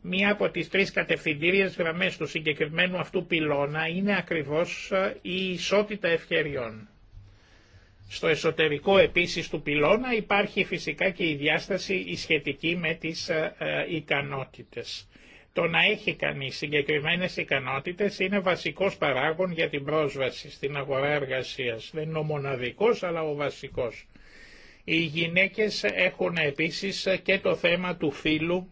Μία από τις τρεις κατευθυντήριες γραμμές του συγκεκριμένου αυτού πυλώνα είναι ακριβώς ε, η ισότητα ευκαιριών. Στο εσωτερικό επίσης του πυλώνα υπάρχει φυσικά και η διάσταση η σχετική με τις ε, ε, ικανότητες. Το να έχει κανείς συγκεκριμένες ικανότητες είναι βασικός παράγων για την πρόσβαση στην αγορά εργασίας. Δεν είναι ο μοναδικός αλλά ο βασικός. Οι γυναίκες έχουν επίσης και το θέμα του φύλου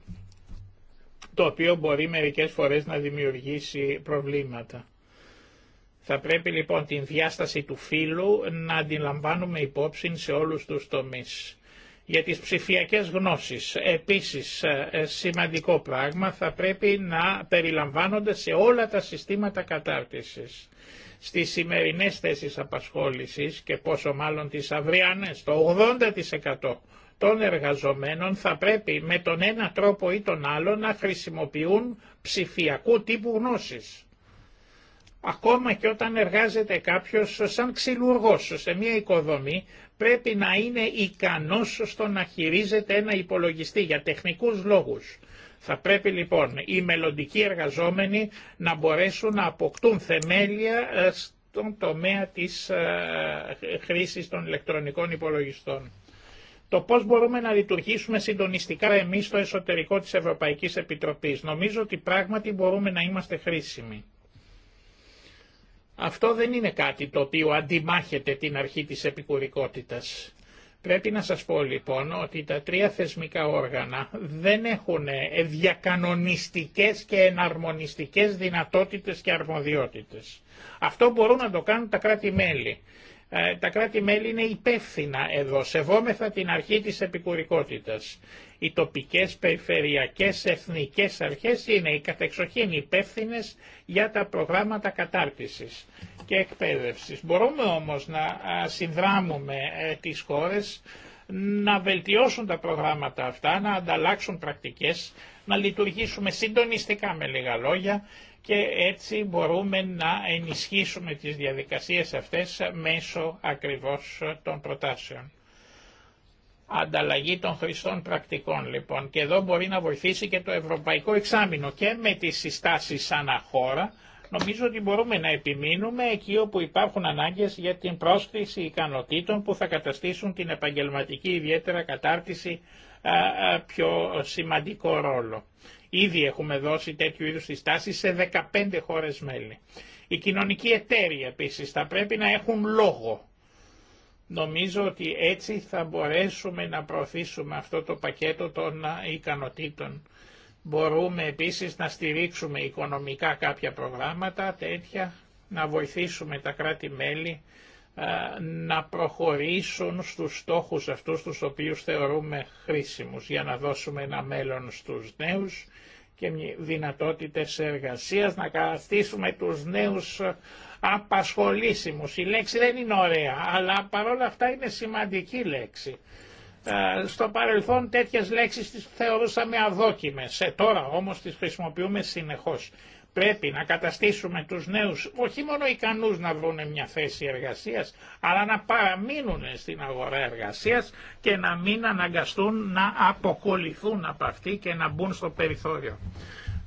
το οποίο μπορεί μερικές φορές να δημιουργήσει προβλήματα. Θα πρέπει λοιπόν την διάσταση του φύλου να αντιλαμβάνουμε υπόψη σε όλους τους τομείς. Για τις ψηφιακές γνώσεις, επίσης ε, ε, σημαντικό πράγμα, θα πρέπει να περιλαμβάνονται σε όλα τα συστήματα κατάρτισης. Στις σημερινές θέσεις απασχόλησης και πόσο μάλλον τις αυριανές, το 80% των εργαζομένων θα πρέπει με τον ένα τρόπο ή τον άλλο να χρησιμοποιούν ψηφιακού τύπου γνώσεις. Ακόμα και όταν εργάζεται κάποιος σαν ξυλουργός σε μια οικοδομή πρέπει να είναι ικανός στο να χειρίζεται ένα υπολογιστή για τεχνικούς λόγους. Θα πρέπει λοιπόν οι μελλοντικοί εργαζόμενοι να μπορέσουν να αποκτούν θεμέλια ε, στον τομέα της ε, χρήσης των ηλεκτρονικών υπολογιστών. Το πώς μπορούμε να λειτουργήσουμε συντονιστικά εμείς στο εσωτερικό της Ευρωπαϊκής Επιτροπής. Νομίζω ότι πράγματι μπορούμε να είμαστε χρήσιμοι. Αυτό δεν είναι κάτι το οποίο αντιμάχεται την αρχή της επικουρικότητας. Πρέπει να σας πω λοιπόν ότι τα τρία θεσμικά όργανα δεν έχουν διακανονιστικές και εναρμονιστικές δυνατότητες και αρμοδιότητες. Αυτό μπορούν να το κάνουν τα κράτη-μέλη. Ε, τα κράτη-μέλη είναι υπεύθυνα εδώ, σεβόμεθα την αρχή της επικουρικότητας. Οι τοπικές, περιφερειακές, εθνικές αρχές είναι οι κατεξοχήν υπεύθυνε για τα προγράμματα κατάρτισης και εκπαίδευσης. Μπορούμε όμως να συνδράμουμε ε, τις χώρες να βελτιώσουν τα προγράμματα αυτά, να ανταλλάξουν πρακτικές, να λειτουργήσουμε συντονιστικά με λίγα λόγια και έτσι μπορούμε να ενισχύσουμε τις διαδικασίες αυτές μέσω ακριβώς των προτάσεων. Ανταλλαγή των χρηστών πρακτικών λοιπόν και εδώ μπορεί να βοηθήσει και το Ευρωπαϊκό Εξάμεινο και με τις συστάσεις σαν χώρα νομίζω ότι μπορούμε να επιμείνουμε εκεί όπου υπάρχουν ανάγκες για την πρόσκληση ικανοτήτων που θα καταστήσουν την επαγγελματική ιδιαίτερα κατάρτιση πιο σημαντικό ρόλο. Ήδη έχουμε δώσει τέτοιου είδους συστάσεις σε 15 χώρες μέλη. Οι κοινωνική εταίροι επίσης θα πρέπει να έχουν λόγο Νομίζω ότι έτσι θα μπορέσουμε να προωθήσουμε αυτό το πακέτο των ικανοτήτων. Μπορούμε επίσης να στηρίξουμε οικονομικά κάποια προγράμματα τέτοια, να βοηθήσουμε τα κράτη-μέλη να προχωρήσουν στους στόχους αυτούς τους οποίους θεωρούμε χρήσιμους για να δώσουμε ένα μέλλον στους νέους και δυνατότητες εργασίας, να καταστήσουμε τους νέους Απασχολήσιμος. Η λέξη δεν είναι ωραία, αλλά παρόλα αυτά είναι σημαντική λέξη. Ε, στο παρελθόν τέτοιες λέξεις τις θεωρούσαμε αδόκιμες, ε, τώρα όμως τις χρησιμοποιούμε συνεχώς. Πρέπει να καταστήσουμε τους νέους όχι μόνο ικανούς να βρουν μια θέση εργασίας, αλλά να παραμείνουν στην αγορά εργασίας και να μην αναγκαστούν να αποκολληθούν από αυτή και να μπουν στο περιθώριο.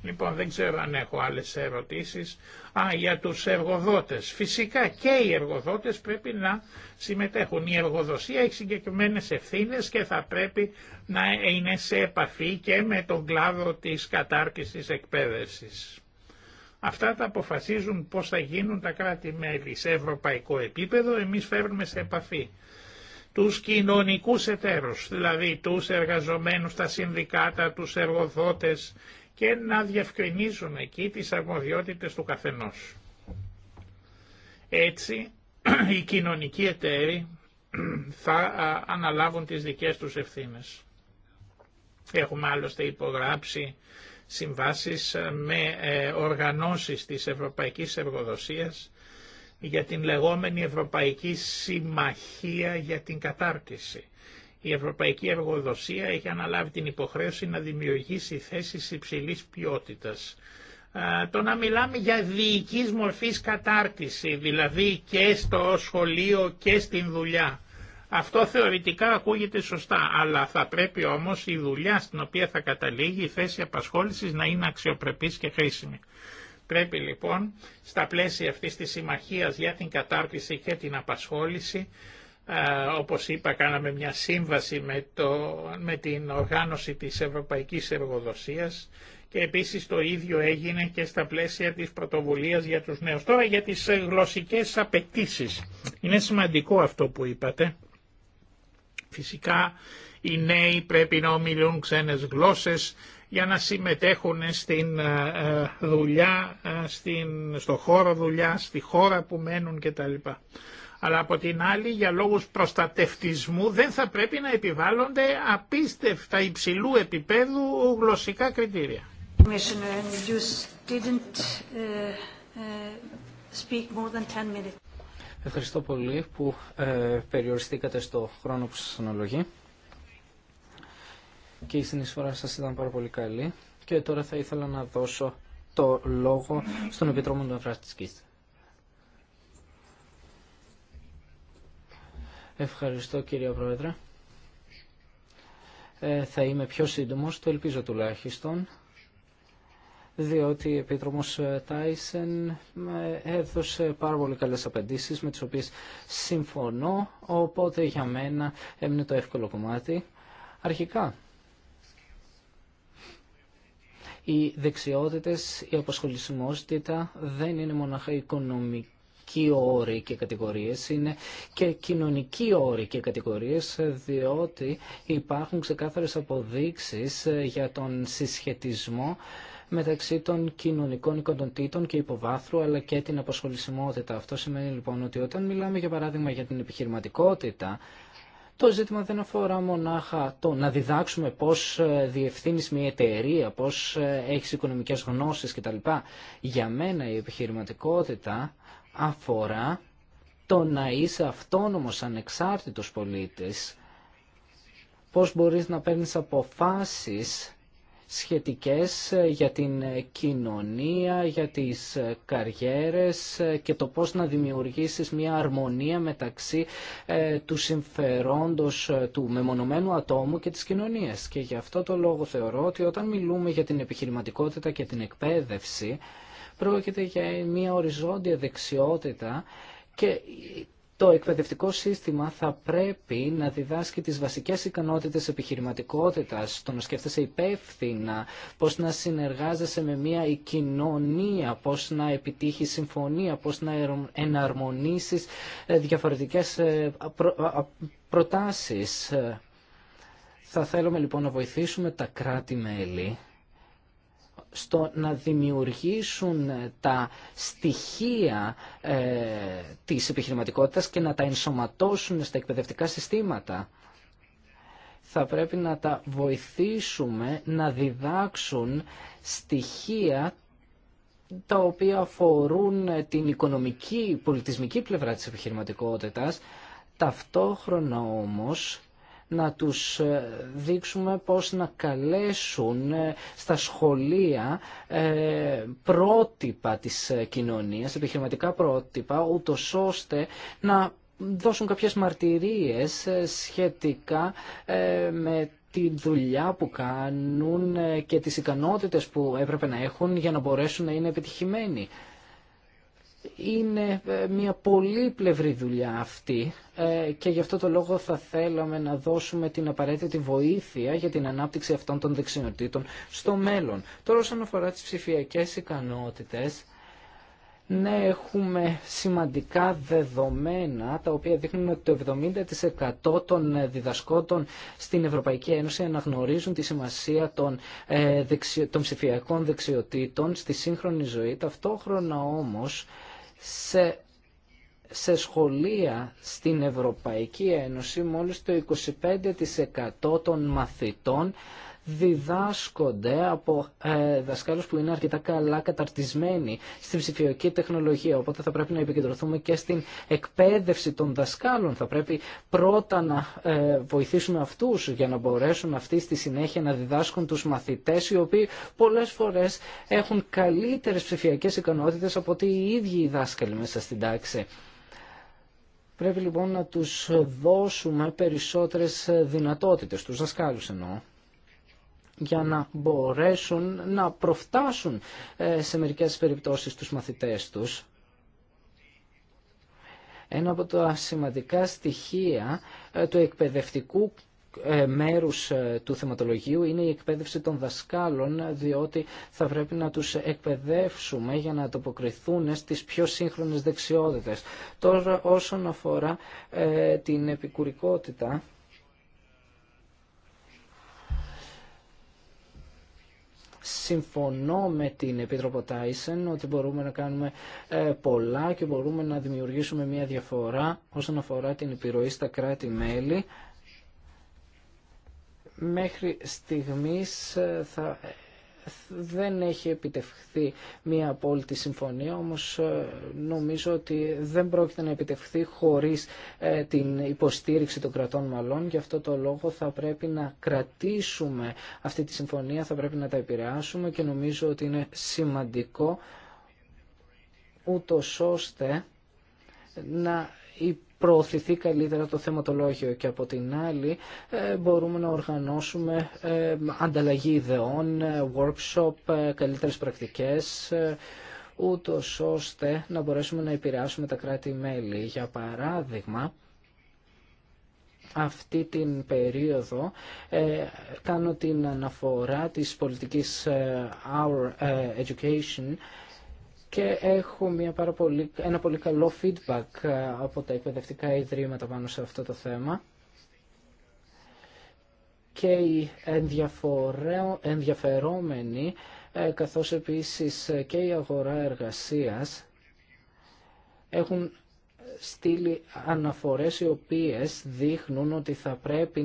Λοιπόν, δεν ξέρω αν έχω άλλες ερωτήσεις. Α, για τους εργοδότες. Φυσικά και οι εργοδότες πρέπει να συμμετέχουν. Η εργοδοσία έχει συγκεκριμένες ευθύνες και θα πρέπει να είναι σε επαφή και με τον κλάδο της κατάρκησης εκπαίδευσης. Αυτά τα αποφασίζουν πώς θα γίνουν τα κράτη-μέλη σε ευρωπαϊκό επίπεδο, εμείς φέρνουμε σε επαφή τους κοινωνικούς εταίρους, δηλαδή τους εργαζομένους, τα συνδικάτα, τους εργοδότε και να διευκρινίζουν εκεί τις αρμοδιότητες του καθενός. Έτσι, οι κοινωνικοί εταίροι θα αναλάβουν τις δικές τους ευθύνες. Έχουμε άλλωστε υπογράψει συμβάσεις με ε, οργανώσεις της Ευρωπαϊκής Εργοδοσίας για την λεγόμενη Ευρωπαϊκή Συμμαχία για την Κατάρτιση η ευρωπαϊκή εργοδοσία έχει αναλάβει την υποχρέωση να δημιουργήσει θέσεις υψηλής ποιότητας. Το να μιλάμε για διοικής μορφής κατάρτιση, δηλαδή και στο σχολείο και στην δουλειά. Αυτό θεωρητικά ακούγεται σωστά, αλλά θα πρέπει όμως η δουλειά στην οποία θα καταλήγει η θέση απασχόλησης να είναι αξιοπρεπής και χρήσιμη. Πρέπει λοιπόν στα πλαίσια αυτής τη συμμαχίας για την κατάρτιση και την απασχόληση ε, όπως είπα κάναμε μια σύμβαση με, το, με την οργάνωση της Ευρωπαϊκής Εργοδοσίας και επίσης το ίδιο έγινε και στα πλαίσια της πρωτοβουλίας για τους νέους. Τώρα για τις γλωσσικές απαιτήσει. Είναι σημαντικό αυτό που είπατε. Φυσικά οι νέοι πρέπει να ομιλούν ξένες γλώσσες για να συμμετέχουν στην ε, δουλειά, ε, στην, στο χώρο δουλειά, στη χώρα που μένουν κτλ αλλά από την άλλη για λόγους προστατευτισμού δεν θα πρέπει να επιβάλλονται απίστευτα υψηλού επίπεδου γλωσσικά κριτήρια. Uh, uh, Ευχαριστώ πολύ που ε, περιοριστήκατε στο χρόνο που σας αναλογεί και η συνεισφορά σας ήταν πάρα πολύ καλή και τώρα θα ήθελα να δώσω το λόγο στον Επιτρόμο του Ευχαριστώ κύριε Πρόεδρε. Ε, θα είμαι πιο σύντομος, το ελπίζω τουλάχιστον, διότι η Επίτρομος Τάισεν ε, έδωσε πάρα πολύ καλές απαντήσεις με τις οποίες συμφωνώ, οπότε για μένα έμεινε το εύκολο κομμάτι. Αρχικά, οι δεξιότητες, η απασχολησιμότητα δεν είναι μονάχα οικονομική ηθικοί όροι και κατηγορίες, είναι και κοινωνικοί όροι και κατηγορίες, διότι υπάρχουν ξεκάθαρες αποδείξεις ε, για τον συσχετισμό μεταξύ των κοινωνικών οικονοτήτων και υποβάθρου αλλά και την αποσχολησιμότητα. Αυτό σημαίνει λοιπόν ότι όταν μιλάμε για παράδειγμα για την επιχειρηματικότητα το ζήτημα δεν αφορά μονάχα το να διδάξουμε πώς ε, διευθύνεις μια εταιρεία, πώς ε, έχεις οικονομικές γνώσεις κτλ. Για μένα η επιχειρηματικότητα αφορά το να είσαι αυτόνομος, ανεξάρτητος πολίτης, πώς μπορείς να παίρνεις αποφάσεις σχετικές ε, για την ε, κοινωνία, για τις ε, καριέρες και το πώς να δημιουργήσεις μια αρμονία μεταξύ του συμφερόντος του μεμονωμένου ατόμου και της κοινωνίας. Και γι' αυτό το λόγο θεωρώ ότι όταν μιλούμε για την επιχειρηματικότητα και την εκπαίδευση, Πρόκειται για μια οριζόντια δεξιότητα και το εκπαιδευτικό σύστημα θα πρέπει να διδάσκει τις βασικές ικανότητες επιχειρηματικότητας, το να σκέφτεσαι υπεύθυνα, πώς να συνεργάζεσαι με μια κοινωνία, πώς να επιτύχει συμφωνία, πώς να εναρμονίσεις ε, διαφορετικές ε, προτάσεις. Ε, θα θέλουμε λοιπόν να βοηθήσουμε τα κράτη-μέλη στο να δημιουργήσουν τα στοιχεία ε, της επιχειρηματικότητας και να τα ενσωματώσουν στα εκπαιδευτικά συστήματα. Θα πρέπει να τα βοηθήσουμε να διδάξουν στοιχεία τα οποία αφορούν την οικονομική, πολιτισμική πλευρά της επιχειρηματικότητας, ταυτόχρονα όμως να τους ε, δείξουμε πώς να καλέσουν ε, στα σχολεία ε, πρότυπα της κοινωνίας, επιχειρηματικά πρότυπα, ούτω ώστε να δώσουν κάποιες μαρτυρίες σχετικά με τη δουλειά που κάνουν και τις ικανότητες που έπρεπε να έχουν για να μπορέσουν να είναι επιτυχημένοι είναι ε, μια πολύπλευρη δουλειά αυτή ε, και γι' αυτό το λόγο θα θέλαμε να δώσουμε την απαραίτητη βοήθεια για την ανάπτυξη αυτών των δεξιοτήτων στο μέλλον. Τώρα όσον αφορά τις ψηφιακές ικανότητες, ναι, έχουμε σημαντικά δεδομένα τα οποία δείχνουν ότι το 70% των ε, διδασκόντων στην Ευρωπαϊκή Ένωση αναγνωρίζουν τη σημασία των, των ψηφιακών δεξιοτήτων στη σύγχρονη ζωή. Ταυτόχρονα όμως σε, σε σχολεία στην Ευρωπαϊκή Ένωση μόλις το 25% των μαθητών διδάσκονται από ε, δασκάλους που είναι αρκετά καλά καταρτισμένοι στη ψηφιακή τεχνολογία. Οπότε θα πρέπει να επικεντρωθούμε και στην εκπαίδευση των δασκάλων. Θα πρέπει πρώτα να ε, βοηθήσουμε αυτούς για να μπορέσουν αυτοί στη συνέχεια να διδάσκουν τους μαθητές οι οποίοι πολλές φορές έχουν καλύτερες ψηφιακές ικανότητες από ότι οι ίδιοι οι δάσκαλοι μέσα στην τάξη. Πρέπει λοιπόν να τους δώσουμε περισσότερες δυνατότητες, τους δασκάλους εννοώ για να μπορέσουν να προφτάσουν ε, σε μερικές περιπτώσεις τους μαθητές τους. Ένα από τα σημαντικά στοιχεία ε, του εκπαιδευτικού ε, μέρους του θεματολογίου είναι η εκπαίδευση των δασκάλων διότι θα πρέπει να τους εκπαιδεύσουμε για να τοποκριθούν στις πιο σύγχρονες δεξιότητες. Τώρα όσον αφορά την επικουρικότητα Συμφωνώ με την Επίτροπο Τάισεν ότι μπορούμε να κάνουμε ε, πολλά και μπορούμε να δημιουργήσουμε μια διαφορά όσον αφορά την επιρροή στα κράτη-μέλη. Μέχρι στιγμής ε, θα δεν έχει επιτευχθεί μια απόλυτη συμφωνία, όμως ε, νομίζω ότι δεν πρόκειται να επιτευχθεί χωρίς ε, την υποστήριξη των κρατών μαλλών. Γι' αυτό το λόγο θα πρέπει να κρατήσουμε αυτή τη συμφωνία, θα πρέπει να τα επηρεάσουμε και νομίζω ότι είναι σημαντικό ούτως ώστε να υπάρχει προωθηθεί καλύτερα το θεματολόγιο και από την άλλη ε, μπορούμε να οργανώσουμε ε, ανταλλαγή ιδεών, ε, workshop, καλύτερες πρακτικές ούτω ώστε να μπορέσουμε να επηρεάσουμε τα κράτη-μέλη. Για παράδειγμα, αυτή την περίοδο κάνω την αναφορά της πολιτικής Our Education και έχω ένα πολύ καλό feedback ε, από τα εκπαιδευτικά ιδρύματα πάνω σε αυτό το θέμα και οι ενδιαφερόμενοι ε, καθώς επίσης και η αγορά εργασίας έχουν στείλει αναφορές οι οποίες δείχνουν ότι θα πρέπει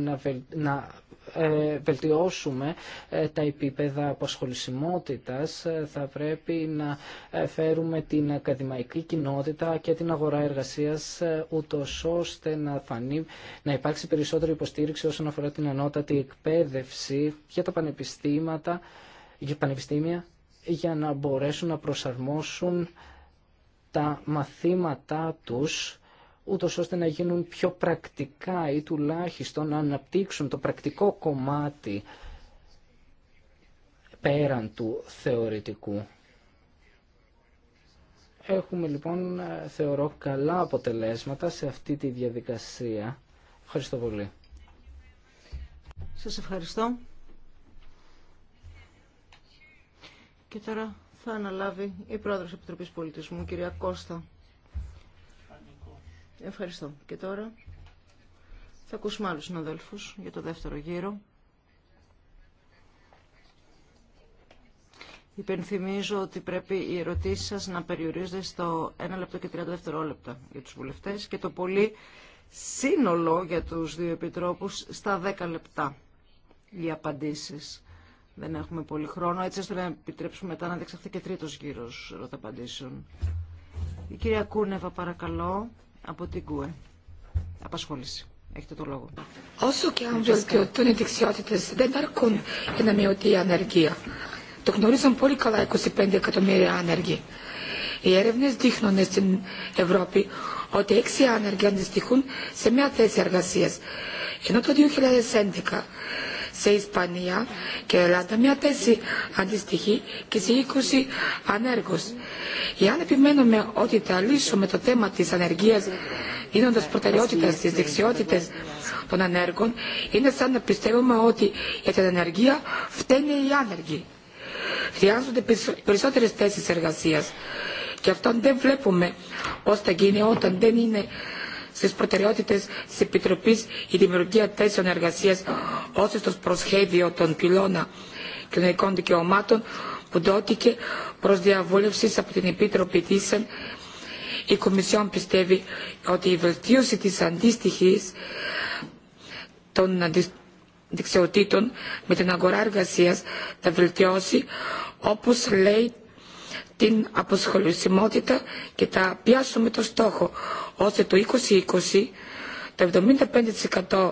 να, ε, βελτιώσουμε ε, τα επίπεδα απασχολησιμότητας, ε, θα πρέπει να φέρουμε την ακαδημαϊκή κοινότητα και την αγορά εργασίας ούτως ώστε να, να υπάρξει περισσότερη υποστήριξη όσον αφορά την ανώτατη εκπαίδευση για τα πανεπιστήματα, για πανεπιστήμια για να μπορέσουν να προσαρμόσουν τα μαθήματά τους ούτω ώστε να γίνουν πιο πρακτικά ή τουλάχιστον να αναπτύξουν το πρακτικό κομμάτι πέραν του θεωρητικού. Έχουμε λοιπόν, θεωρώ, καλά αποτελέσματα σε αυτή τη διαδικασία. Ευχαριστώ πολύ. Σας ευχαριστώ. Και τώρα θα αναλάβει η πρόεδρος Επιτροπής Πολιτισμού, κυρία Κώστα. Ευχαριστώ. Και τώρα θα ακούσουμε άλλους συναδέλφους για το δεύτερο γύρο. Υπενθυμίζω ότι πρέπει οι ερωτήσεις σας να περιορίζονται στο 1 λεπτό και 30 δευτερόλεπτα για τους βουλευτές και το πολύ σύνολο για τους δύο επιτρόπους στα 10 λεπτά οι απαντήσεις. Δεν έχουμε πολύ χρόνο, έτσι ώστε να επιτρέψουμε μετά να δεξαχθεί και τρίτος γύρος ρωταπαντήσεων. Η κυρία Κούνεβα, παρακαλώ, από την ΚΟΕ. Απασχόληση. Έχετε το λόγο. Όσο και αν βελτιωθούν οι δεξιότητε, δεν αρκούν για να μειωθεί η ανεργία. Το γνωρίζουν πολύ καλά 25 εκατομμύρια άνεργοι. Οι έρευνε δείχνουν στην Ευρώπη ότι 6 άνεργοι αντιστοιχούν σε μια θέση εργασία. Ενώ το 2011 σε Ισπανία και Ελλάδα μια θέση αντιστοιχή και σε 20 ανέργους. Εάν επιμένουμε ότι θα λύσουμε το θέμα της ανεργίας δίνοντας προτεραιότητα στις δεξιότητες των ανέργων, είναι σαν να πιστεύουμε ότι για την ανεργία φταίνει οι άνεργοι. Χρειάζονται περισσότερες θέσει εργασία. Και αυτό δεν βλέπουμε πώς θα γίνει όταν δεν είναι στι προτεραιότητε τη Επιτροπή η δημιουργία θέσεων εργασία ω στο προσχέδιο των πυλώνα κοινωνικών δικαιωμάτων που δόθηκε προ διαβούλευση από την Επίτροπη Τίσεν η Κομισιόν πιστεύει ότι η βελτίωση της αντίστοιχη των δεξιοτήτων με την αγορά εργασία θα βελτιώσει, όπω λέει την αποσχολησιμότητα και θα πιάσουμε το στόχο ώστε το 2020 το 75%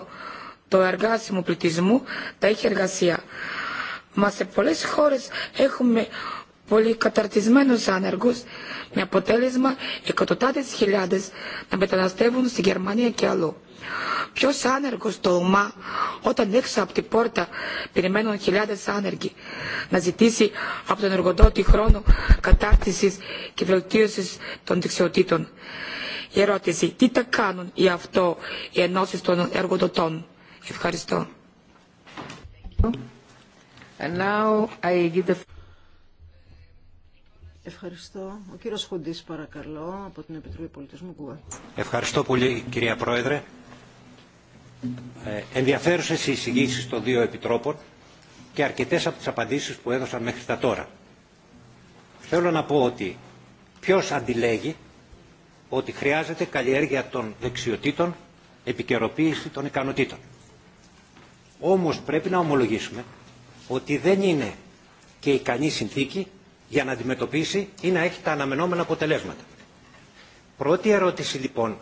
του εργάσιμου πληθυσμού θα έχει εργασία. Μα σε πολλές χώρες έχουμε πολύ καταρτισμένους άνεργους με αποτέλεσμα εκατοντάδε χιλιάδες να μεταναστεύουν στη Γερμανία και αλλού. Ποιο άνεργο το ΟΜΑ όταν έξω από την πόρτα περιμένουν χιλιάδες άνεργοι να ζητήσει από τον εργοδότη χρόνο κατάρτισης και βελτίωση των δεξιοτήτων. Η ερώτηση, τι τα κάνουν οι αυτό οι ενώσει των εργοδοτών. Ευχαριστώ. Ευχαριστώ. Ο κύριος Χοντής παρακαλώ από την Επιτροπή Πολιτισμού Κουβά. Ευχαριστώ πολύ κυρία Πρόεδρε. Ε, ενδιαφέρουσες εισηγήσεις των δύο επιτρόπων και αρκετές από τις απαντήσεις που έδωσαν μέχρι τα τώρα. Θέλω να πω ότι ποιος αντιλέγει ότι χρειάζεται καλλιέργεια των δεξιοτήτων, επικαιροποίηση των ικανοτήτων. Όμως πρέπει να ομολογήσουμε ότι δεν είναι και ικανή συνθήκη για να αντιμετωπίσει ή να έχει τα αναμενόμενα αποτελέσματα. Πρώτη ερώτηση λοιπόν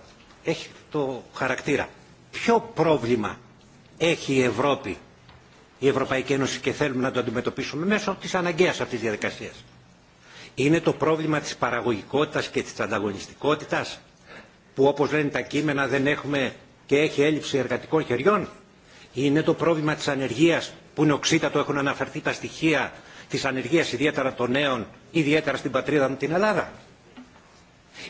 έχει το χαρακτήρα ποιο πρόβλημα έχει η Ευρώπη, η Ευρωπαϊκή Ένωση και θέλουμε να το αντιμετωπίσουμε μέσω της αναγκαίας αυτής της διαδικασίας. Είναι το πρόβλημα της παραγωγικότητας και της ανταγωνιστικότητας που όπως λένε τα κείμενα δεν έχουμε και έχει έλλειψη εργατικών χεριών. Είναι το πρόβλημα της ανεργίας που είναι οξύτατο, έχουν αναφερθεί τα στοιχεία της ανεργίας ιδιαίτερα των νέων, ιδιαίτερα στην πατρίδα μου την Ελλάδα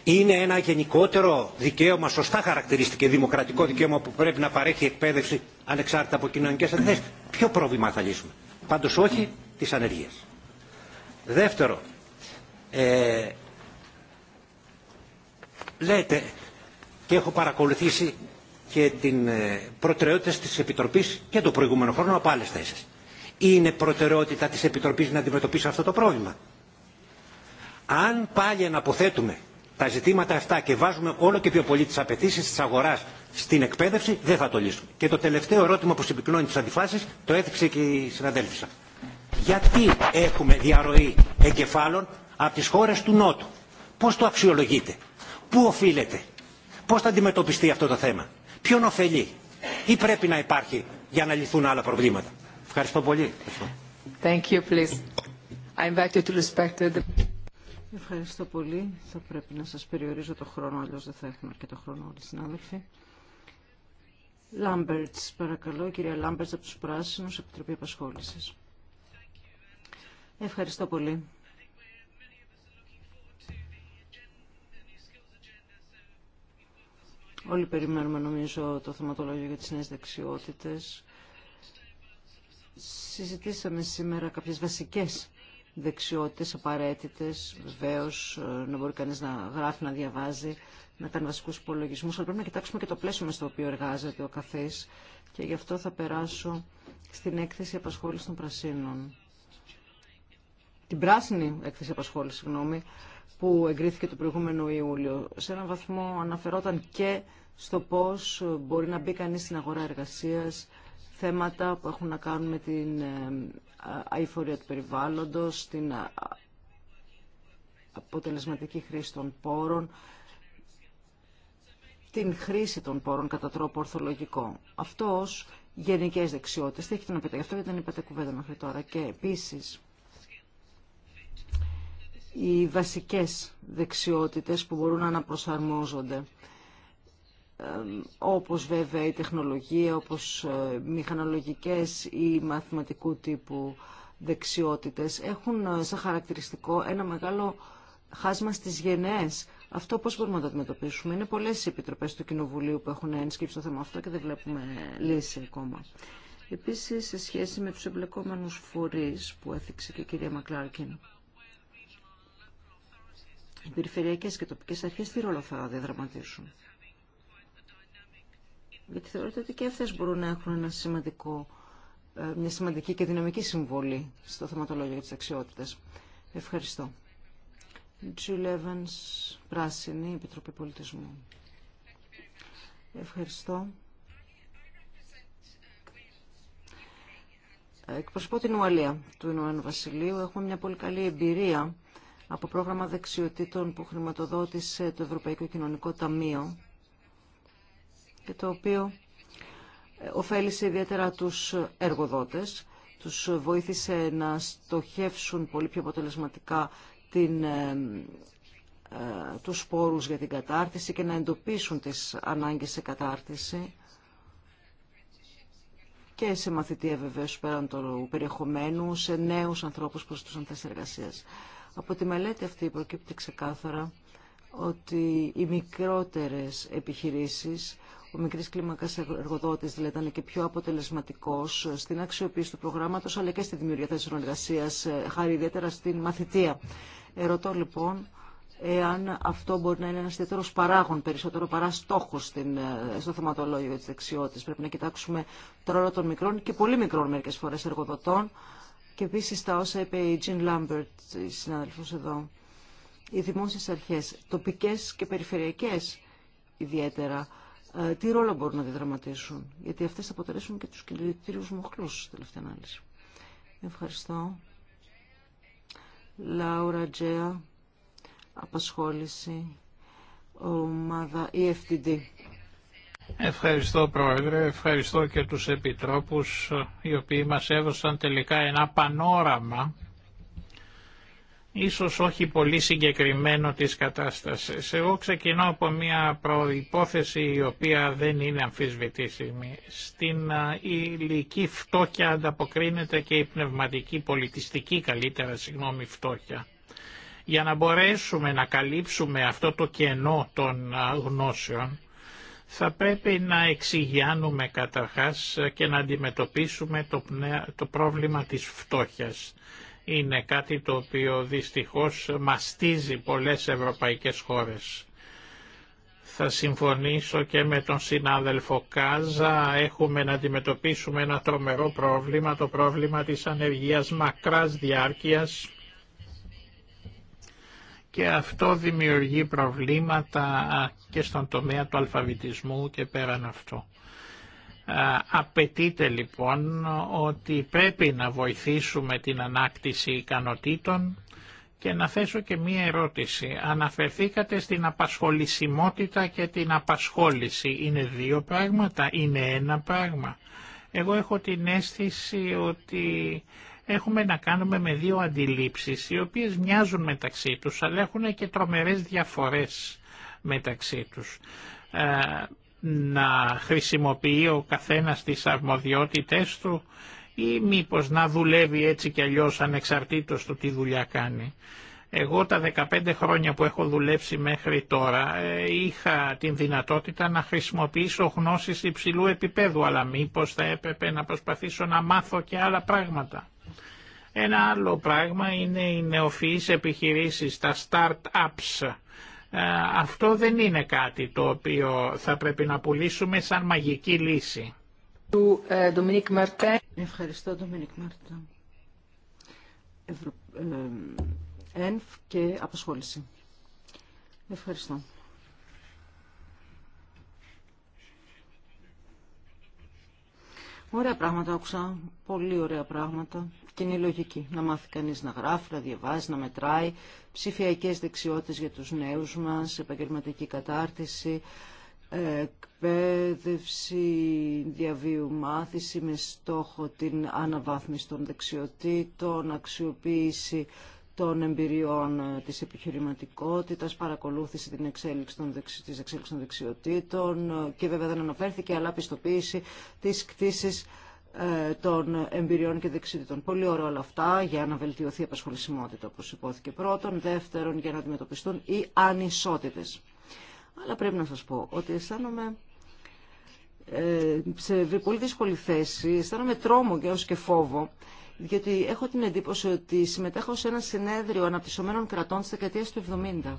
είναι ένα γενικότερο δικαίωμα, σωστά χαρακτηρίστηκε δημοκρατικό δικαίωμα που πρέπει να παρέχει εκπαίδευση ανεξάρτητα από κοινωνικέ αντιθέσει. Ποιο πρόβλημα θα λύσουμε. Πάντω όχι τη ανεργία. Δεύτερο, ε, λέτε και έχω παρακολουθήσει και την ε, προτεραιότητα τη Επιτροπή και το προηγούμενο χρόνο από άλλε θέσει. Είναι προτεραιότητα τη επιτροπή να αντιμετωπίσει αυτό το πρόβλημα. Αν πάλι αναποθέτουμε τα ζητήματα αυτά και βάζουμε όλο και πιο πολύ τι απαιτήσει τη αγορά στην εκπαίδευση, δεν θα το λύσουμε. Και το τελευταίο ερώτημα που συμπυκνώνει τι αντιφάσει το έθιξε και η συναδέλφισσα. Γιατί έχουμε διαρροή εγκεφάλων από τι χώρε του Νότου, πώ το αξιολογείτε, πού οφείλεται, πώ θα αντιμετωπιστεί αυτό το θέμα, ποιον ωφελεί ή πρέπει να υπάρχει για να λυθούν άλλα προβλήματα. Ευχαριστώ πολύ. Thank you, please. I invite to respect the... Ευχαριστώ πολύ. Θα πρέπει να σας περιορίζω το χρόνο, αλλιώς δεν θα έχουμε αρκετό χρόνο όλοι οι συνάδελφοι. Λάμπερτς, παρακαλώ, η κυρία Λάμπερτς από τους Πράσινους, Επιτροπή Απασχόλησης. Ευχαριστώ πολύ. Όλοι περιμένουμε, νομίζω, το θεματολόγιο για τις νέες δεξιότητες. Συζητήσαμε σήμερα κάποιες βασικές Δεξιότητε απαραίτητες, βεβαίως ε, να μπορεί κανείς να γράφει, να διαβάζει, να κάνει βασικούς υπολογισμούς, αλλά πρέπει να κοιτάξουμε και το πλαίσιο με στο οποίο εργάζεται ο καθής και γι' αυτό θα περάσω στην έκθεση απασχόληση των πρασίνων. Την πράσινη έκθεση απασχόληση, συγγνώμη, που εγκρίθηκε το προηγούμενο Ιούλιο. Σε έναν βαθμό αναφερόταν και στο πώς μπορεί να μπει κανείς στην αγορά εργασίας, θέματα που έχουν να κάνουν με την ε, αηφορία του περιβάλλοντος, την αποτελεσματική χρήση των πόρων, την χρήση των πόρων κατά τρόπο ορθολογικό. Αυτό ως γενικές δεξιότητες. Τι έχετε να πείτε, γι' αυτό δεν είπατε κουβέντα μέχρι τώρα. Και επίσης, οι βασικές δεξιότητες που μπορούν να αναπροσαρμόζονται όπως βέβαια η τεχνολογία, όπως ε, μηχανολογικές ή μαθηματικού τύπου δεξιότητες, έχουν ε, σαν χαρακτηριστικό ένα μεγάλο χάσμα στις γενναίες. Αυτό πώς μπορούμε να το αντιμετωπίσουμε. Είναι πολλές οι επιτροπές του Κοινοβουλίου που έχουν ένσκυψει το θέμα αυτό και δεν βλέπουμε λύση ακόμα. Επίσης, σε σχέση με τους εμπλεκόμενους φορείς που έθιξε και η κυρία Μακλάρκιν, οι περιφερειακές και τοπικές αρχές τι ρόλο θα διαδραματίσουν γιατί θεωρείται ότι και αυτές μπορούν να έχουν ένα σημαντικό, ε, μια σημαντική και δυναμική συμβολή στο θεματολόγιο για τις Ευχαριστώ. Jill Πράσινη, Επιτροπή Πολιτισμού. Ευχαριστώ. Εκπροσωπώ την Ουαλία του Ηνωμένου Βασιλείου. Έχουμε μια πολύ καλή εμπειρία από πρόγραμμα δεξιοτήτων που χρηματοδότησε το Ευρωπαϊκό Κοινωνικό Ταμείο και το οποίο ε, ωφέλησε ιδιαίτερα τους εργοδότες. Τους βοήθησε να στοχεύσουν πολύ πιο αποτελεσματικά την, ε, ε, τους σπόρους για την κατάρτιση και να εντοπίσουν τις ανάγκες σε κατάρτιση και σε μαθητεία βεβαίως πέραν του περιεχομένου, σε νέους ανθρώπους προς τους θέσεις εργασίας. Από τη μελέτη αυτή προκύπτει ξεκάθαρα ότι οι μικρότερες επιχειρήσεις ο μικρής κλίμακας εργοδότης δηλαδή ήταν και πιο αποτελεσματικός στην αξιοποίηση του προγράμματος αλλά και στη δημιουργία θέσεων εργασίας, ε, χάρη ιδιαίτερα στην μαθητεία. Ερωτώ λοιπόν εάν αυτό μπορεί να είναι ένας ιδιαίτερο παράγον περισσότερο παρά στόχο ε, στο θεματολόγιο της δεξιότητας. Πρέπει να κοιτάξουμε το ρόλο των μικρών και πολύ μικρών μερικές φορές εργοδοτών και επίση τα όσα είπε η Jean Lambert, η συνάδελφο εδώ. Οι δημόσιε αρχέ, τοπικέ και περιφερειακέ ιδιαίτερα, ε, τι ρόλο μπορούν να διδραματίσουν, γιατί αυτές αποτελέσουν και τους κινητήριους μοχλούς, στη τελευταία ανάλυση. Ευχαριστώ. Λάουρα Τζέα, απασχόληση, ομάδα EFTD. Ευχαριστώ Πρόεδρε, ευχαριστώ και τους επιτρόπους ε, οι οποίοι μας έδωσαν τελικά ένα πανόραμα ίσως όχι πολύ συγκεκριμένο της κατάστασης. Εγώ ξεκινώ από μια προϋπόθεση η οποία δεν είναι αμφισβητήσιμη. Στην ηλική φτώχεια ανταποκρίνεται και η πνευματική, πολιτιστική καλύτερα, συγγνώμη, φτώχεια. Για να μπορέσουμε να καλύψουμε αυτό το κενό των γνώσεων, θα πρέπει να εξηγιάνουμε καταρχάς και να αντιμετωπίσουμε το, το πρόβλημα της φτώχειας είναι κάτι το οποίο δυστυχώς μαστίζει πολλές ευρωπαϊκές χώρες. Θα συμφωνήσω και με τον συνάδελφο Κάζα, έχουμε να αντιμετωπίσουμε ένα τρομερό πρόβλημα, το πρόβλημα της ανεργίας μακράς διάρκειας και αυτό δημιουργεί προβλήματα και στον τομέα του αλφαβητισμού και πέραν αυτό. Ε, απαιτείται λοιπόν ότι πρέπει να βοηθήσουμε την ανάκτηση ικανοτήτων και να θέσω και μία ερώτηση. Αναφερθήκατε στην απασχολησιμότητα και την απασχόληση. Είναι δύο πράγματα, είναι ένα πράγμα. Εγώ έχω την αίσθηση ότι έχουμε να κάνουμε με δύο αντιλήψεις, οι οποίες μοιάζουν μεταξύ τους, αλλά έχουν και τρομερές διαφορές μεταξύ τους. Ε, να χρησιμοποιεί ο καθένας τις αρμοδιότητες του ή μήπως να δουλεύει έτσι κι αλλιώς ανεξαρτήτως του τι δουλειά κάνει. Εγώ τα 15 χρόνια που έχω δουλέψει μέχρι τώρα ε, είχα την δυνατότητα να χρησιμοποιήσω γνώσεις υψηλού επίπεδου, αλλά μήπως θα έπρεπε να προσπαθήσω να μάθω και άλλα πράγματα. Ένα άλλο πράγμα είναι οι νεοφυείς επιχειρήσεις, τα start-ups ε, αυτό δεν είναι κάτι το οποίο θα πρέπει να πουλήσουμε σαν μαγική λύση. Του, ε, Ευχαριστώ, Ντομινίκ Μαρτά. Ευρω... Ε, ΕΝΦ και απασχόληση. Ευχαριστώ. Ωραία πράγματα άκουσα. Πολύ ωραία πράγματα κοινή λογική. Να μάθει κανεί να γράφει, να διαβάζει, να μετράει, ψηφιακέ δεξιότητες για τους νέους μας, επαγγελματική κατάρτιση, εκπαίδευση, διαβίου μάθηση με στόχο την αναβάθμιση των δεξιοτήτων, αξιοποίηση των εμπειριών ε, της επιχειρηματικότητας, παρακολούθηση την εξέλιξη των, δεξι, των δεξιοτήτων ε, και βέβαια δεν αναφέρθηκε αλλά πιστοποίηση της κτήση. Ε, των εμπειριών και δεξιδιτών. Πολύ ωραία όλα αυτά για να βελτιωθεί η απασχολησιμότητα, όπως υπόθηκε πρώτον. Δεύτερον, για να αντιμετωπιστούν οι ανισότητες. Αλλά πρέπει να σας πω ότι αισθάνομαι ε, σε πολύ δύσκολη θέση, αισθάνομαι τρόμο και ως και φόβο, γιατί έχω την εντύπωση ότι συμμετέχω σε ένα συνέδριο αναπτυσσομένων κρατών στη δεκαετία του 70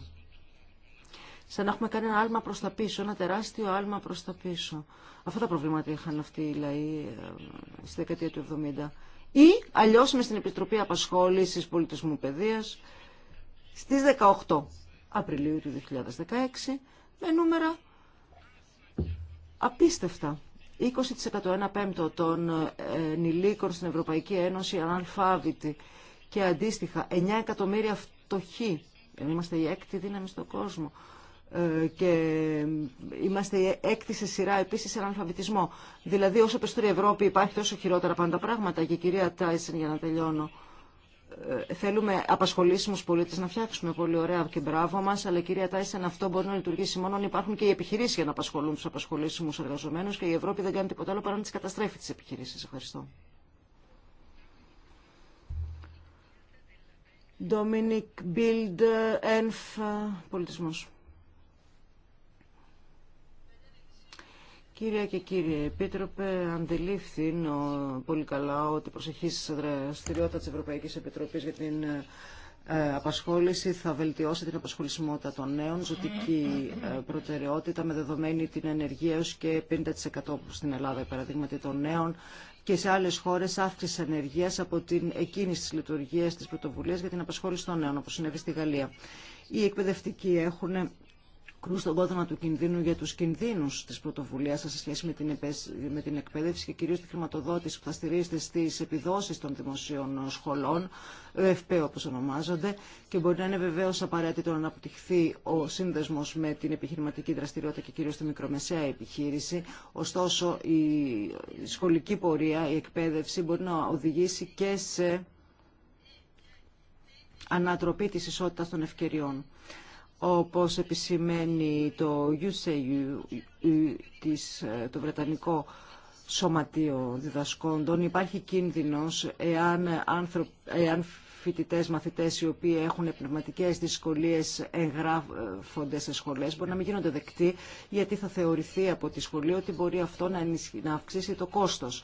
σαν να έχουμε κάνει ένα άλμα προς τα πίσω, ένα τεράστιο άλμα προς τα πίσω. Αυτά τα προβλήματα είχαν αυτοί οι λαοί ε, στη δεκαετία του 70. Ή αλλιώς με στην Επιτροπή Απασχόλησης Πολιτισμού Παιδείας στις 18 Απριλίου του 2016 με νούμερα απίστευτα. 20% 1 πέμπτο των ε, νηλίκων στην Ευρωπαϊκή Ένωση αναλφάβητη και αντίστοιχα 9 εκατομμύρια φτωχοί. Είμαστε η έκτη δύναμη στον κόσμο. Ε, και είμαστε έκτη σε σειρά επίση σε αναλφαβητισμό. Δηλαδή, όσο περισσότερη Ευρώπη υπάρχει, τόσο χειρότερα πάντα πράγματα. Και κυρία Τάισεν, για να τελειώνω, ε, θέλουμε απασχολήσιμου πολίτε να φτιάξουμε πολύ ωραία και μπράβο μα, αλλά κυρία Τάισεν, αυτό μπορεί να λειτουργήσει μόνο αν υπάρχουν και οι επιχειρήσει για να απασχολούν του απασχολήσιμου εργαζομένου και η Ευρώπη δεν κάνει τίποτα άλλο παρά να τι καταστρέφει τι επιχειρήσει. Ευχαριστώ. Dominic Enf, πολιτισμός. Κυρία και κύριε Επίτροπε, αντιλήφθη πολύ καλά ότι η προσεχή δραστηριότητα τη Ευρωπαϊκή Επιτροπή για την ε, απασχόληση θα βελτιώσει την απασχολησιμότητα των νέων, ζωτική ε, προτεραιότητα με δεδομένη την ενεργία έω και 50% στην Ελλάδα, παραδείγματι των νέων, και σε άλλε χώρε αύξηση ενεργείας από την εκείνη τη λειτουργία τη πρωτοβουλία για την απασχόληση των νέων, όπω συνέβη στη Γαλλία. Οι εκπαιδευτικοί έχουν κρούν στον κόδωνα του κινδύνου για τους κινδύνου της πρωτοβουλία, σας σε σχέση με την, με την εκπαίδευση και κυρίως τη χρηματοδότηση που θα στηρίζεται στις επιδόσεις των δημοσίων σχολών, ΕΦΠ όπως ονομάζονται, και μπορεί να είναι βεβαίω απαραίτητο να αναπτυχθεί ο σύνδεσμος με την επιχειρηματική δραστηριότητα και κυρίως τη μικρομεσαία επιχείρηση. Ωστόσο, η σχολική πορεία, η εκπαίδευση μπορεί να οδηγήσει και σε ανατροπή της ισότητα των ευκαιριών όπως επισημαίνει το UCU, ε, το Βρετανικό Σωματείο Διδασκόντων, υπάρχει κίνδυνος εάν, άνθρω... εάν φοιτητέ, μαθητέ οι οποίοι έχουν πνευματικές δυσκολίες εγγράφονται σε σχολές μπορεί να μην γίνονται δεκτοί, γιατί θα θεωρηθεί από τη σχολή ότι μπορεί αυτό να αυξήσει το κόστος.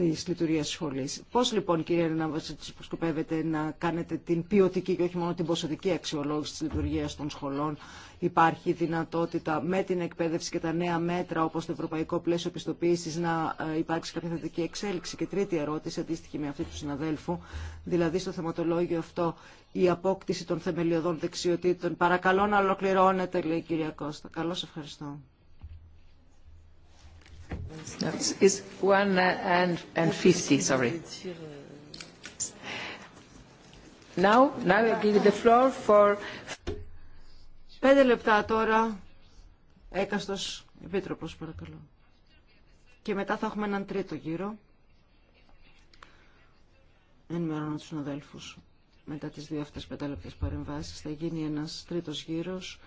Τη λειτουργία τη σχολή. Πώ λοιπόν κύριε Ρεναβασίτης σκοπεύετε να κάνετε την ποιοτική και όχι μόνο την ποσοτική αξιολόγηση τη λειτουργία των σχολών. Υπάρχει δυνατότητα με την εκπαίδευση και τα νέα μέτρα όπω το ευρωπαϊκό πλαίσιο επιστοποίηση, να ε, υπάρξει κάποια θετική εξέλιξη. Και τρίτη ερώτηση αντίστοιχη με αυτή του συναδέλφου, δηλαδή στο θεματολόγιο αυτό η απόκτηση των θεμελιωδών δεξιοτήτων. Παρακαλώ να ολοκληρώνετε λέει η κυρία Κώστα. Καλώ ευχαριστώ and 50, sorry. Now, now Πέντε λεπτά τώρα. Έκαστος Επίτροπος, παρακαλώ. Και μετά θα έχουμε έναν τρίτο γύρο. Ενημερώνω τους συναδέλφους. Μετά τις δύο αυτές λεπτές παρεμβάσεις θα γίνει ένας τρίτος γύρος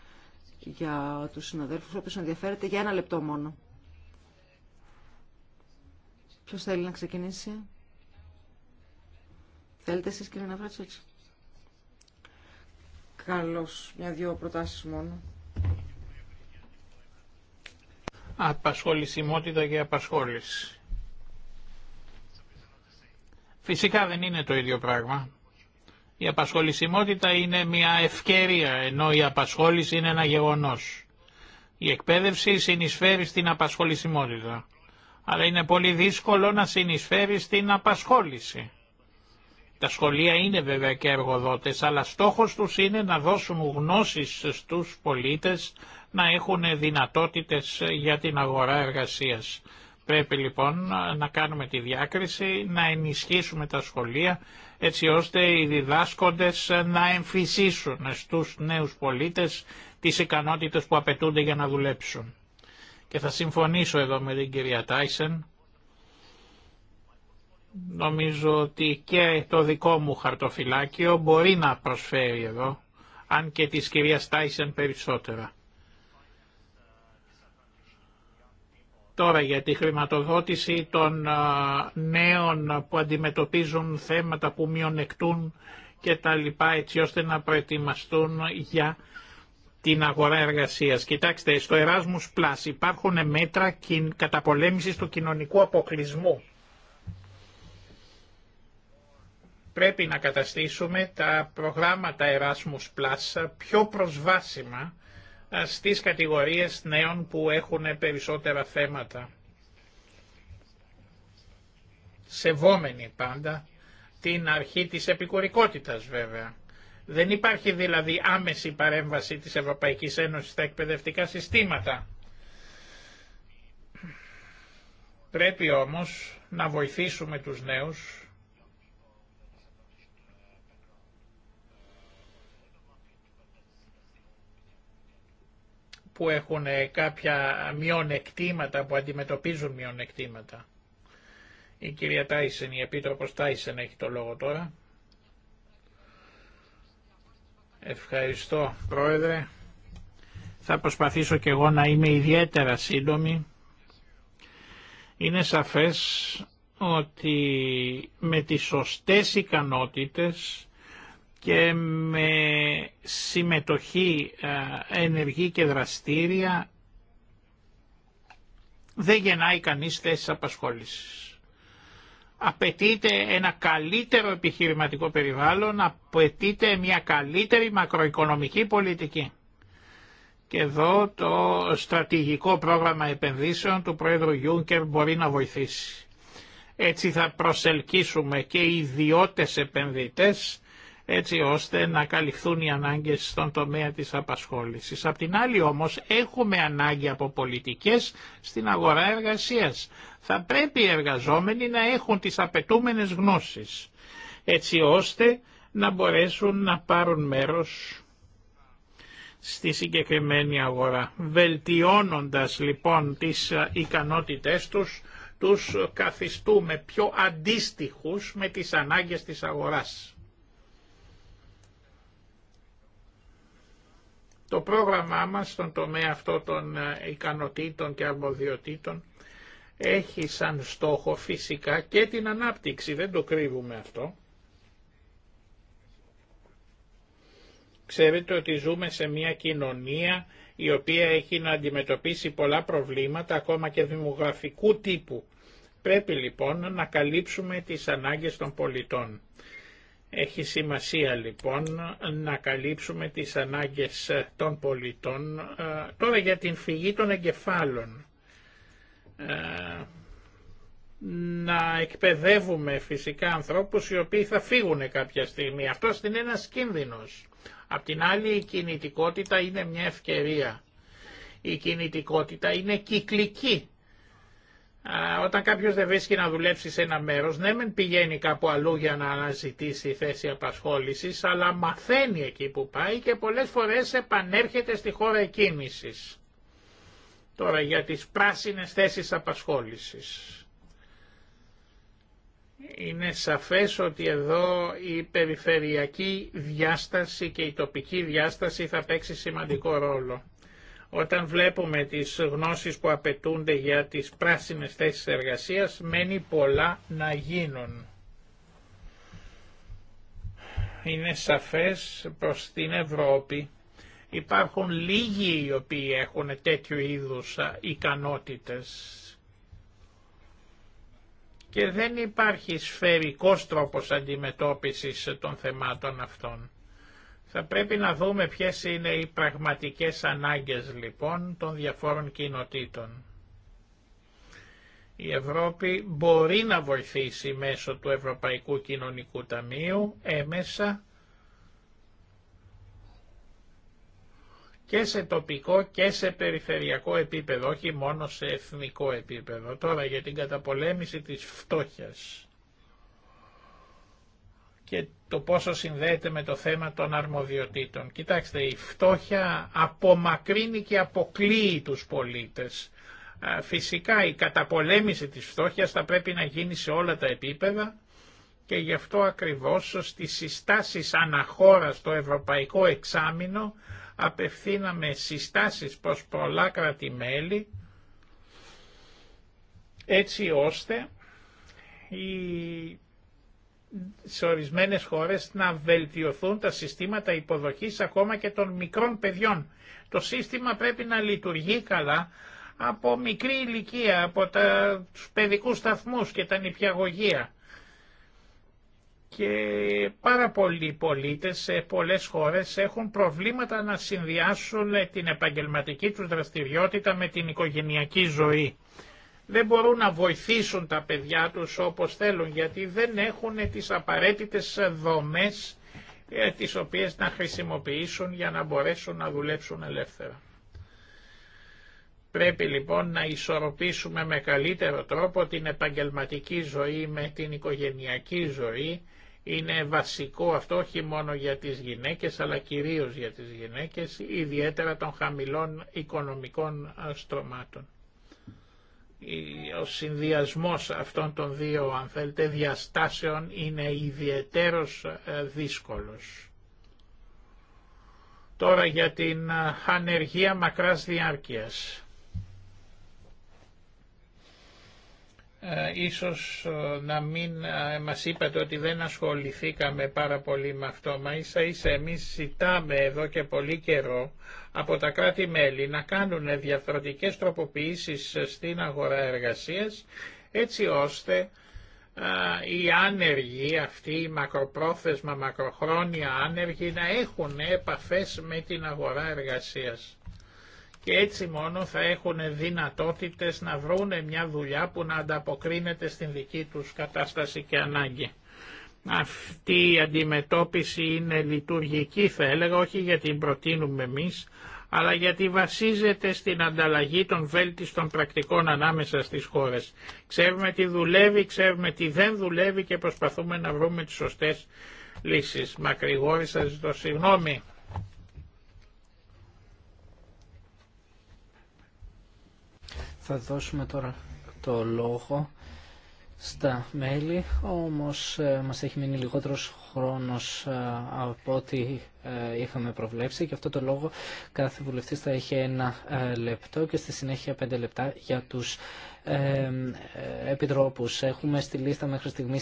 για τους συναδέλφους, όποιος ενδιαφέρεται για ένα λεπτό μόνο. Ποιο θέλει να ξεκινήσει. Θέλετε εσείς κύριε Ναυρατσίτς. Καλώς. Μια-δυο προτάσεις μόνο. Απασχολησιμότητα και απασχόληση. Φυσικά δεν είναι το ίδιο πράγμα. Η απασχολησιμότητα είναι μια ευκαιρία, ενώ η απασχόληση είναι ένα γεγονός. Η εκπαίδευση συνεισφέρει στην απασχολησιμότητα αλλά είναι πολύ δύσκολο να συνεισφέρει στην απασχόληση. Τα σχολεία είναι βέβαια και εργοδότες, αλλά στόχος τους είναι να δώσουν γνώσεις στους πολίτες να έχουν δυνατότητες για την αγορά εργασίας. Πρέπει λοιπόν να κάνουμε τη διάκριση, να ενισχύσουμε τα σχολεία έτσι ώστε οι διδάσκοντες να εμφυσίσουν στους νέους πολίτες τις ικανότητες που απαιτούνται για να δουλέψουν και θα συμφωνήσω εδώ με την κυρία Τάισεν. Νομίζω ότι και το δικό μου χαρτοφυλάκιο μπορεί να προσφέρει εδώ, αν και της κυρίας Τάισεν περισσότερα. Τώρα για τη χρηματοδότηση των νέων που αντιμετωπίζουν θέματα που μειονεκτούν και τα λοιπά έτσι ώστε να προετοιμαστούν για την αγορά εργασία. Κοιτάξτε, στο Erasmus Plus υπάρχουν μέτρα καταπολέμησης του κοινωνικού αποκλεισμού. Πρέπει να καταστήσουμε τα προγράμματα Erasmus Plus πιο προσβάσιμα στις κατηγορίες νέων που έχουν περισσότερα θέματα. Σεβόμενοι πάντα την αρχή της επικουρικότητας βέβαια. Δεν υπάρχει δηλαδή άμεση παρέμβαση της Ευρωπαϊκής Ένωσης στα εκπαιδευτικά συστήματα. Πρέπει όμως να βοηθήσουμε τους νέους που έχουν ε, κάποια μειονεκτήματα, που αντιμετωπίζουν μειονεκτήματα. Η κυρία Τάισεν, η Επίτροπος Τάισεν έχει το λόγο τώρα. Ευχαριστώ Πρόεδρε. Θα προσπαθήσω και εγώ να είμαι ιδιαίτερα σύντομη. Είναι σαφές ότι με τις σωστές ικανότητες και με συμμετοχή ενεργή και δραστήρια δεν γεννάει κανείς θέσεις απασχόλησης απαιτείται ένα καλύτερο επιχειρηματικό περιβάλλον, απαιτείται μια καλύτερη μακροοικονομική πολιτική. Και εδώ το στρατηγικό πρόγραμμα επενδύσεων του Πρόεδρου Γιούνκερ μπορεί να βοηθήσει. Έτσι θα προσελκύσουμε και ιδιώτες επενδυτές έτσι ώστε να καλυφθούν οι ανάγκες στον τομέα της απασχόλησης. Απ' την άλλη όμως έχουμε ανάγκη από πολιτικές στην αγορά εργασίας. Θα πρέπει οι εργαζόμενοι να έχουν τις απαιτούμενες γνώσεις, έτσι ώστε να μπορέσουν να πάρουν μέρος στη συγκεκριμένη αγορά, βελτιώνοντας λοιπόν τις ικανότητές τους, τους καθιστούμε πιο αντίστοιχους με τις ανάγκες της αγοράς. Το πρόγραμμά μας στον τομέα αυτό των ε, ικανοτήτων και αρμοδιοτήτων έχει σαν στόχο φυσικά και την ανάπτυξη, δεν το κρύβουμε αυτό. Ξέρετε ότι ζούμε σε μια κοινωνία η οποία έχει να αντιμετωπίσει πολλά προβλήματα ακόμα και δημογραφικού τύπου. Πρέπει λοιπόν να καλύψουμε τις ανάγκες των πολιτών. Έχει σημασία λοιπόν να καλύψουμε τις ανάγκες των πολιτών. Ε, τώρα για την φυγή των εγκεφάλων. Ε, να εκπαιδεύουμε φυσικά ανθρώπους οι οποίοι θα φύγουν κάποια στιγμή. Αυτό είναι ένας κίνδυνος. Απ' την άλλη η κινητικότητα είναι μια ευκαιρία. Η κινητικότητα είναι κυκλική όταν κάποιο δεν βρίσκει να δουλέψει σε ένα μέρος, ναι μεν πηγαίνει κάπου αλλού για να αναζητήσει θέση απασχόλησης, αλλά μαθαίνει εκεί που πάει και πολλέ φορές επανέρχεται στη χώρα εκκίνηση. Τώρα για τις πράσινε θέσεις απασχόλησης. Είναι σαφές ότι εδώ η περιφερειακή διάσταση και η τοπική διάσταση θα παίξει σημαντικό ρόλο. Όταν βλέπουμε τις γνώσεις που απαιτούνται για τις πράσινες θέσεις εργασίας, μένει πολλά να γίνουν. Είναι σαφές προς την Ευρώπη υπάρχουν λίγοι οι οποίοι έχουν τέτοιου είδους ικανότητες και δεν υπάρχει σφαιρικός τρόπος αντιμετώπισης των θεμάτων αυτών. Θα πρέπει να δούμε ποιες είναι οι πραγματικές ανάγκες λοιπόν των διαφόρων κοινοτήτων. Η Ευρώπη μπορεί να βοηθήσει μέσω του Ευρωπαϊκού Κοινωνικού Ταμείου έμεσα και σε τοπικό και σε περιφερειακό επίπεδο, όχι μόνο σε εθνικό επίπεδο. Τώρα για την καταπολέμηση της φτώχειας και το πόσο συνδέεται με το θέμα των αρμοδιοτήτων. Κοιτάξτε, η φτώχεια απομακρύνει και αποκλείει τους πολίτες. Φυσικά η καταπολέμηση της φτώχειας θα πρέπει να γίνει σε όλα τα επίπεδα και γι' αυτό ακριβώς στις συστάσεις αναχώρα στο Ευρωπαϊκό Εξάμεινο απευθύναμε συστάσεις προς πολλά κράτη-μέλη έτσι ώστε η σε ορισμένες χώρες να βελτιωθούν τα συστήματα υποδοχής ακόμα και των μικρών παιδιών. Το σύστημα πρέπει να λειτουργεί καλά από μικρή ηλικία, από τα, τους παιδικούς σταθμούς και τα νηπιαγωγεία. Και πάρα πολλοί πολίτες σε πολλές χώρες έχουν προβλήματα να συνδυάσουν την επαγγελματική τους δραστηριότητα με την οικογενειακή ζωή δεν μπορούν να βοηθήσουν τα παιδιά τους όπως θέλουν γιατί δεν έχουν τις απαραίτητες δομές ε, τις οποίες να χρησιμοποιήσουν για να μπορέσουν να δουλέψουν ελεύθερα. Πρέπει λοιπόν να ισορροπήσουμε με καλύτερο τρόπο την επαγγελματική ζωή με την οικογενειακή ζωή. Είναι βασικό αυτό όχι μόνο για τις γυναίκες αλλά κυρίως για τις γυναίκες, ιδιαίτερα των χαμηλών οικονομικών ε, στρωμάτων. Ο συνδυασμός αυτών των δύο, αν θέλετε, διαστάσεων είναι ιδιαιτέρως ε, δύσκολος. Τώρα για την ε, ανεργία μακράς διάρκειας. Ε, ίσως ε, να μην ε, μας είπατε ότι δεν ασχοληθήκαμε πάρα πολύ με αυτό, μα ίσα ίσα εμείς ζητάμε εδώ και πολύ καιρό από τα κράτη-μέλη να κάνουν διαφορετικές τροποποιήσεις στην αγορά εργασίας, έτσι ώστε οι άνεργοι, αυτοί οι μακροπρόθεσμα, μακροχρόνια άνεργοι να έχουν επαφές με την αγορά εργασίας και έτσι μόνο θα έχουν δυνατότητες να βρούνε μια δουλειά που να ανταποκρίνεται στην δική τους κατάσταση και ανάγκη. Αυτή η αντιμετώπιση είναι λειτουργική θα έλεγα, όχι γιατί την προτείνουμε εμείς, αλλά γιατί βασίζεται στην ανταλλαγή των βέλτιστων πρακτικών ανάμεσα στις χώρες. Ξέρουμε τι δουλεύει, ξέρουμε τι δεν δουλεύει και προσπαθούμε να βρούμε τις σωστές λύσεις. σας ζητώ συγγνώμη. Θα δώσουμε τώρα το λόγο στα μέλη, όμως ε, μας έχει μείνει λιγότερος χρόνος ε, από ό,τι ε, είχαμε προβλέψει και αυτό το λόγο κάθε βουλευτής θα έχει ένα λεπτό και στη συνέχεια πέντε λεπτά για τους ε, επιτρόπου. Έχουμε στη λίστα μέχρι στιγμή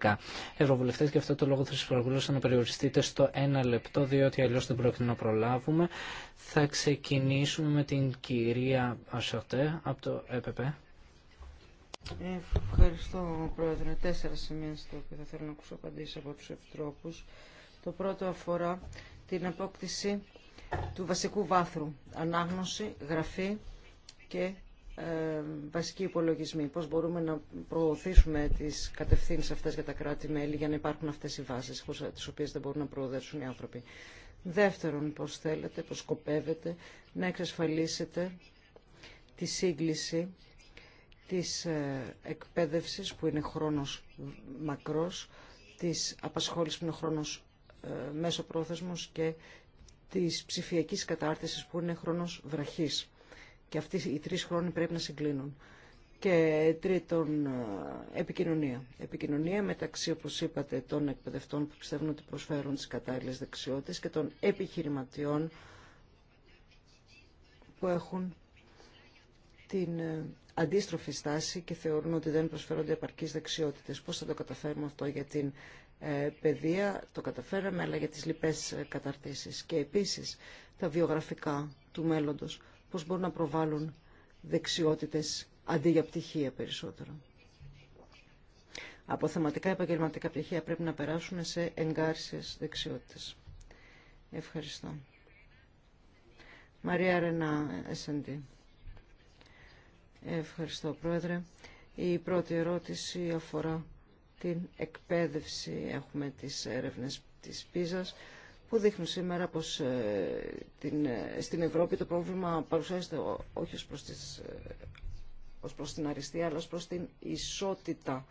11 ευρωβουλευτέ και αυτό το λόγο θα σα να περιοριστείτε στο ένα λεπτό διότι αλλιώ δεν πρόκειται να προλάβουμε. Θα ξεκινήσουμε με την κυρία Ασαρτέ από το ΕΠΠ. Ευχαριστώ, Πρόεδρε. Τέσσερα σημεία στο οποίο θα θέλω να ακούσω απαντήσει από του επιτρόπου. Το πρώτο αφορά την απόκτηση του βασικού βάθρου. Ανάγνωση, γραφή και ε, βασικοί υπολογισμοί, πώς μπορούμε να προωθήσουμε τις κατευθύνσεις αυτές για τα κράτη-μέλη για να υπάρχουν αυτές οι βάσεις, τις οποίες δεν μπορούν να προοδεύσουν οι άνθρωποι. Δεύτερον, πώς θέλετε, πώς σκοπεύετε να εξασφαλίσετε τη σύγκληση της ε, εκπαίδευσης που είναι χρόνος μακρός, της απασχόλησης που είναι χρόνος ε, μέσο και της ψηφιακής κατάρτισης που είναι χρόνος βραχής. Και αυτοί οι τρεις χρόνοι πρέπει να συγκλίνουν. Και τρίτον, ε, επικοινωνία. Επικοινωνία μεταξύ, όπως είπατε, των εκπαιδευτών που πιστεύουν ότι προσφέρουν τις κατάλληλες δεξιότητες και των επιχειρηματιών που έχουν την ε, αντίστροφη στάση και θεωρούν ότι δεν προσφέρονται επαρκείς δεξιότητες. Πώς θα το καταφέρουμε αυτό για την ε, παιδεία, το καταφέραμε, αλλά για τις λοιπές καταρτήσεις. Και επίσης τα βιογραφικά του μέλλοντος πώς μπορούν να προβάλλουν δεξιότητες αντί για πτυχία περισσότερο. Από θεματικά επαγγελματικά πτυχία πρέπει να περάσουν σε εγκάρσιες δεξιότητες. Ευχαριστώ. Μαρία Ρενά, S&D. Ευχαριστώ, Πρόεδρε. Η πρώτη ερώτηση αφορά την εκπαίδευση. Έχουμε τις έρευνες της Πίζας που δείχνουν σήμερα πως ε, ε, στην Ευρώπη το πρόβλημα παρουσιάζεται όχι ως προς, τις, ε, ως προς την αριστεία, αλλά ως προς την ισότητα,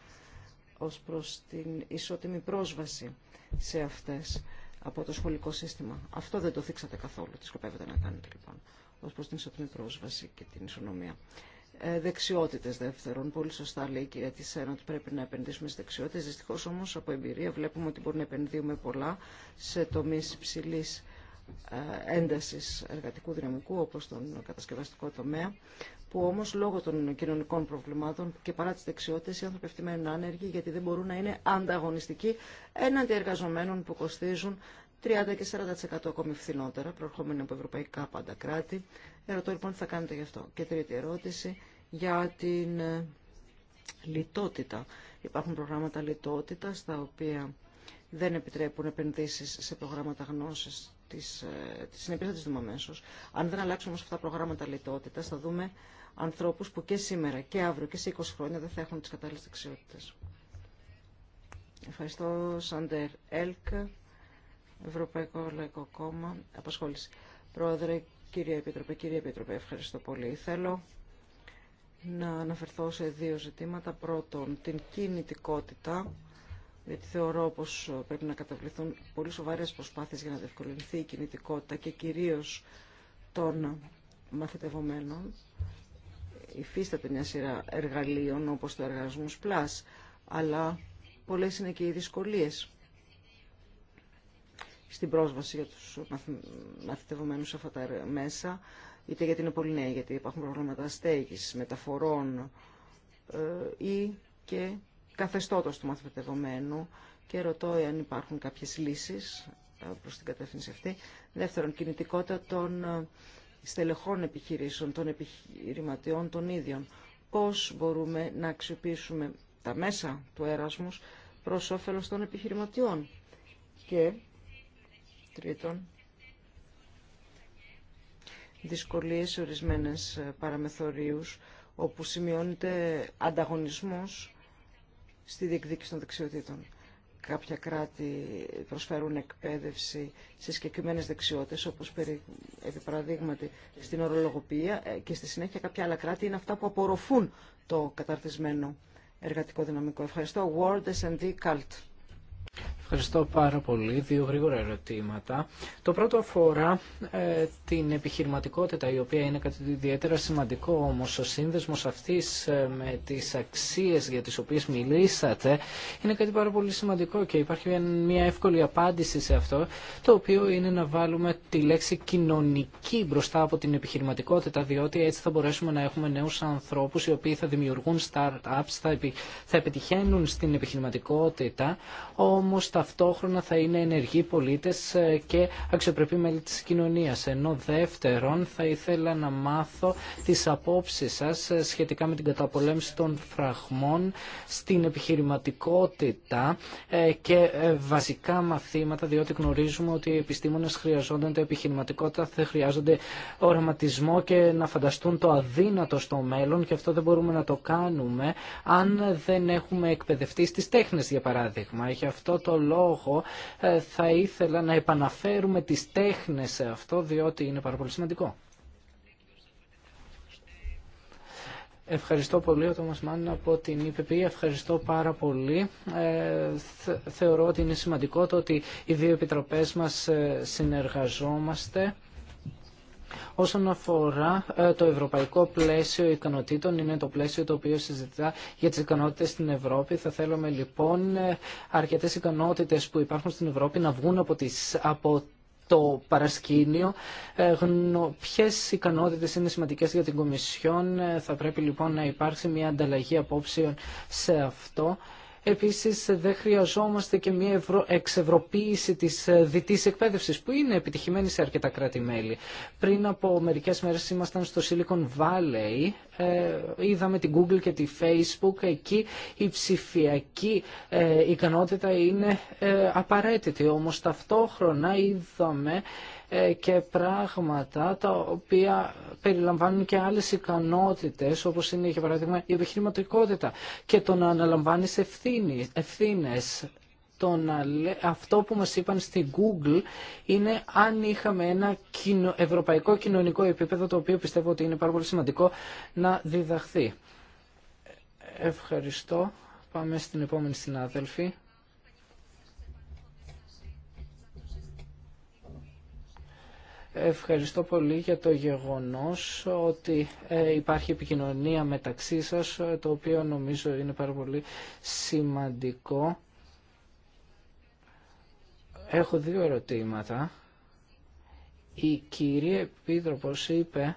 ως προς την ισότιμη πρόσβαση σε αυτές από το σχολικό σύστημα. Αυτό δεν το θίξατε καθόλου, τι σκοπεύετε να κάνετε λοιπόν, ως προς την ισότιμη πρόσβαση και την ισονομία. Ε, δεξιότητε δεύτερον. Πολύ σωστά λέει η κυρία Τισένα ότι πρέπει να επενδύσουμε στι δεξιότητε. Δυστυχώ όμω από εμπειρία βλέπουμε ότι μπορούμε να επενδύουμε πολλά σε τομεί υψηλή ε, ένταση εργατικού δυναμικού όπω τον κατασκευαστικό τομέα που όμω λόγω των κοινωνικών προβλημάτων και παρά τι δεξιότητε οι άνθρωποι αυτοί μένουν άνεργοι γιατί δεν μπορούν να είναι ανταγωνιστικοί έναντι εργαζομένων που κοστίζουν 30 και 40% ακόμη φθηνότερα, προερχόμενοι από ευρωπαϊκά πάντα κράτη. Ερωτώ λοιπόν τι θα κάνετε γι' αυτό. Και τρίτη ερώτηση, για την ε, λιτότητα. Υπάρχουν προγράμματα λιτότητας τα οποία δεν επιτρέπουν επενδύσεις σε προγράμματα γνώσης της, ε, της του θα Αν δεν αλλάξουμε αυτά τα προγράμματα λιτότητας θα δούμε ανθρώπους που και σήμερα και αύριο και σε 20 χρόνια δεν θα έχουν τις κατάλληλες δεξιότητες. Ευχαριστώ Σαντέρ Ελκ, Ευρωπαϊκό Λαϊκό Κόμμα, απασχόληση. Πρόεδρε, κύριε Επίτροπε, κύριε Επίτροπε, ευχαριστώ πολύ. Θέλω να αναφερθώ σε δύο ζητήματα. Πρώτον, την κινητικότητα, γιατί θεωρώ πως πρέπει να καταβληθούν πολύ σοβαρές προσπάθειες για να διευκολυνθεί η κινητικότητα και κυρίως των μαθητευομένων. Υφίσταται μια σειρά εργαλείων όπως το Εργασμούς Plus, αλλά πολλές είναι και οι δυσκολίες στην πρόσβαση για τους μαθητευομένους σε αυτά τα μέσα είτε γιατί είναι πολύ νέοι, γιατί υπάρχουν προβλήματα στέγης, μεταφορών ε, ή και καθεστώτος του μαθητευομένου και ρωτώ αν υπάρχουν κάποιες λύσεις ε, προς την κατεύθυνση αυτή. Δεύτερον, κινητικότητα των ε, στελεχών επιχειρήσεων, των επιχειρηματιών των ίδιων. Πώς μπορούμε να αξιοποιήσουμε τα μέσα του έρασμους προς όφελος των επιχειρηματιών. Και τρίτον, δυσκολίες σε ορισμένες ε, παραμεθορίους, όπου σημειώνεται ανταγωνισμός στη διεκδίκηση των δεξιοτήτων. Κάποια κράτη προσφέρουν εκπαίδευση σε συγκεκριμένε δεξιότητε, όπω επί παραδείγματι στην ορολογοποιία, ε, και στη συνέχεια κάποια άλλα κράτη είναι αυτά που απορροφούν το καταρτισμένο εργατικό δυναμικό. Ευχαριστώ. World Cult. Ευχαριστώ πάρα πολύ. Δύο γρήγορα ερωτήματα. Το πρώτο αφορά ε, την επιχειρηματικότητα, η οποία είναι κάτι ιδιαίτερα σημαντικό, όμως ο σύνδεσμος αυτής ε, με τις αξίες για τις οποίες μιλήσατε είναι κάτι πάρα πολύ σημαντικό και υπάρχει μια εύκολη απάντηση σε αυτό, το οποίο είναι να βάλουμε τη λέξη κοινωνική μπροστά από την επιχειρηματικότητα, διότι έτσι θα μπορέσουμε να έχουμε νέους ανθρώπους οι οποίοι θα δημιουργούν startups, θα, θα επιτυχαίνουν στην επιχειρηματικότητα, όμως ταυτόχρονα θα είναι ενεργοί πολίτες ε, και αξιοπρεπή μέλη της κοινωνίας. Ενώ δεύτερον θα ήθελα να μάθω τις απόψεις σας ε, σχετικά με την καταπολέμηση των φραγμών στην επιχειρηματικότητα ε, και βασικά μαθήματα διότι γνωρίζουμε ότι οι επιστήμονες χρειαζόνται το επιχειρηματικότητα, θα χρειάζονται οραματισμό και να φανταστούν το αδύνατο στο μέλλον και αυτό δεν μπορούμε να το κάνουμε αν δεν έχουμε εκπαιδευτεί στις τέχνες για παράδειγμα. Έχει αυτό το λόγο ε, θα ήθελα να επαναφέρουμε τις τέχνες σε αυτό διότι είναι πάρα πολύ σημαντικό. Ευχαριστώ πολύ ο Τόμας Μάνιν από την ΙΠΠΗ. Ευχαριστώ πάρα πολύ. Ε, θεωρώ ότι είναι σημαντικό το ότι οι δύο επιτροπές μας ε, συνεργαζόμαστε. Όσον αφορά ε, το ευρωπαϊκό πλαίσιο ικανοτήτων, είναι το πλαίσιο το οποίο συζητά για τις ικανότητε στην Ευρώπη. Θα θέλαμε λοιπόν ε, αρκετές ικανότητε που υπάρχουν στην Ευρώπη να βγουν από, από το παρασκήνιο. Ε, Ποιε ικανότητε είναι σημαντικέ για την Κομισιόν. Θα πρέπει λοιπόν να υπάρξει μια ανταλλαγή απόψεων σε αυτό. Επίσης δεν χρειαζόμαστε και μια ευρω... εξευροποίηση της ε, δυτής εκπαίδευσης που είναι επιτυχημένη σε αρκετά κράτη-μέλη. Πριν από μερικές μέρες ήμασταν στο Silicon Valley, ε, είδαμε την Google και τη Facebook, εκεί η ψηφιακή ε, ικανότητα είναι απαραίτητη, όμως ταυτόχρονα είδαμε ε, και πράγματα τα οποία περιλαμβάνουν και άλλες ικανότητες όπως είναι για παράδειγμα η επιχειρηματικότητα και το να αναλαμβάνει ευθύνε. ευθύνες. Αυτό που μας είπαν στη Google είναι αν είχαμε ένα ευρωπαϊκό κοινωνικό επίπεδο το οποίο πιστεύω ότι είναι πάρα πολύ σημαντικό να διδαχθεί. Ε, ευχαριστώ. Πάμε στην επόμενη συνάδελφη. Ευχαριστώ πολύ για το γεγονός ότι ε, υπάρχει επικοινωνία μεταξύ σας, ε, το οποίο νομίζω είναι πάρα πολύ σημαντικό. Έχω δύο ερωτήματα. Η κυρία Επίτροπος είπε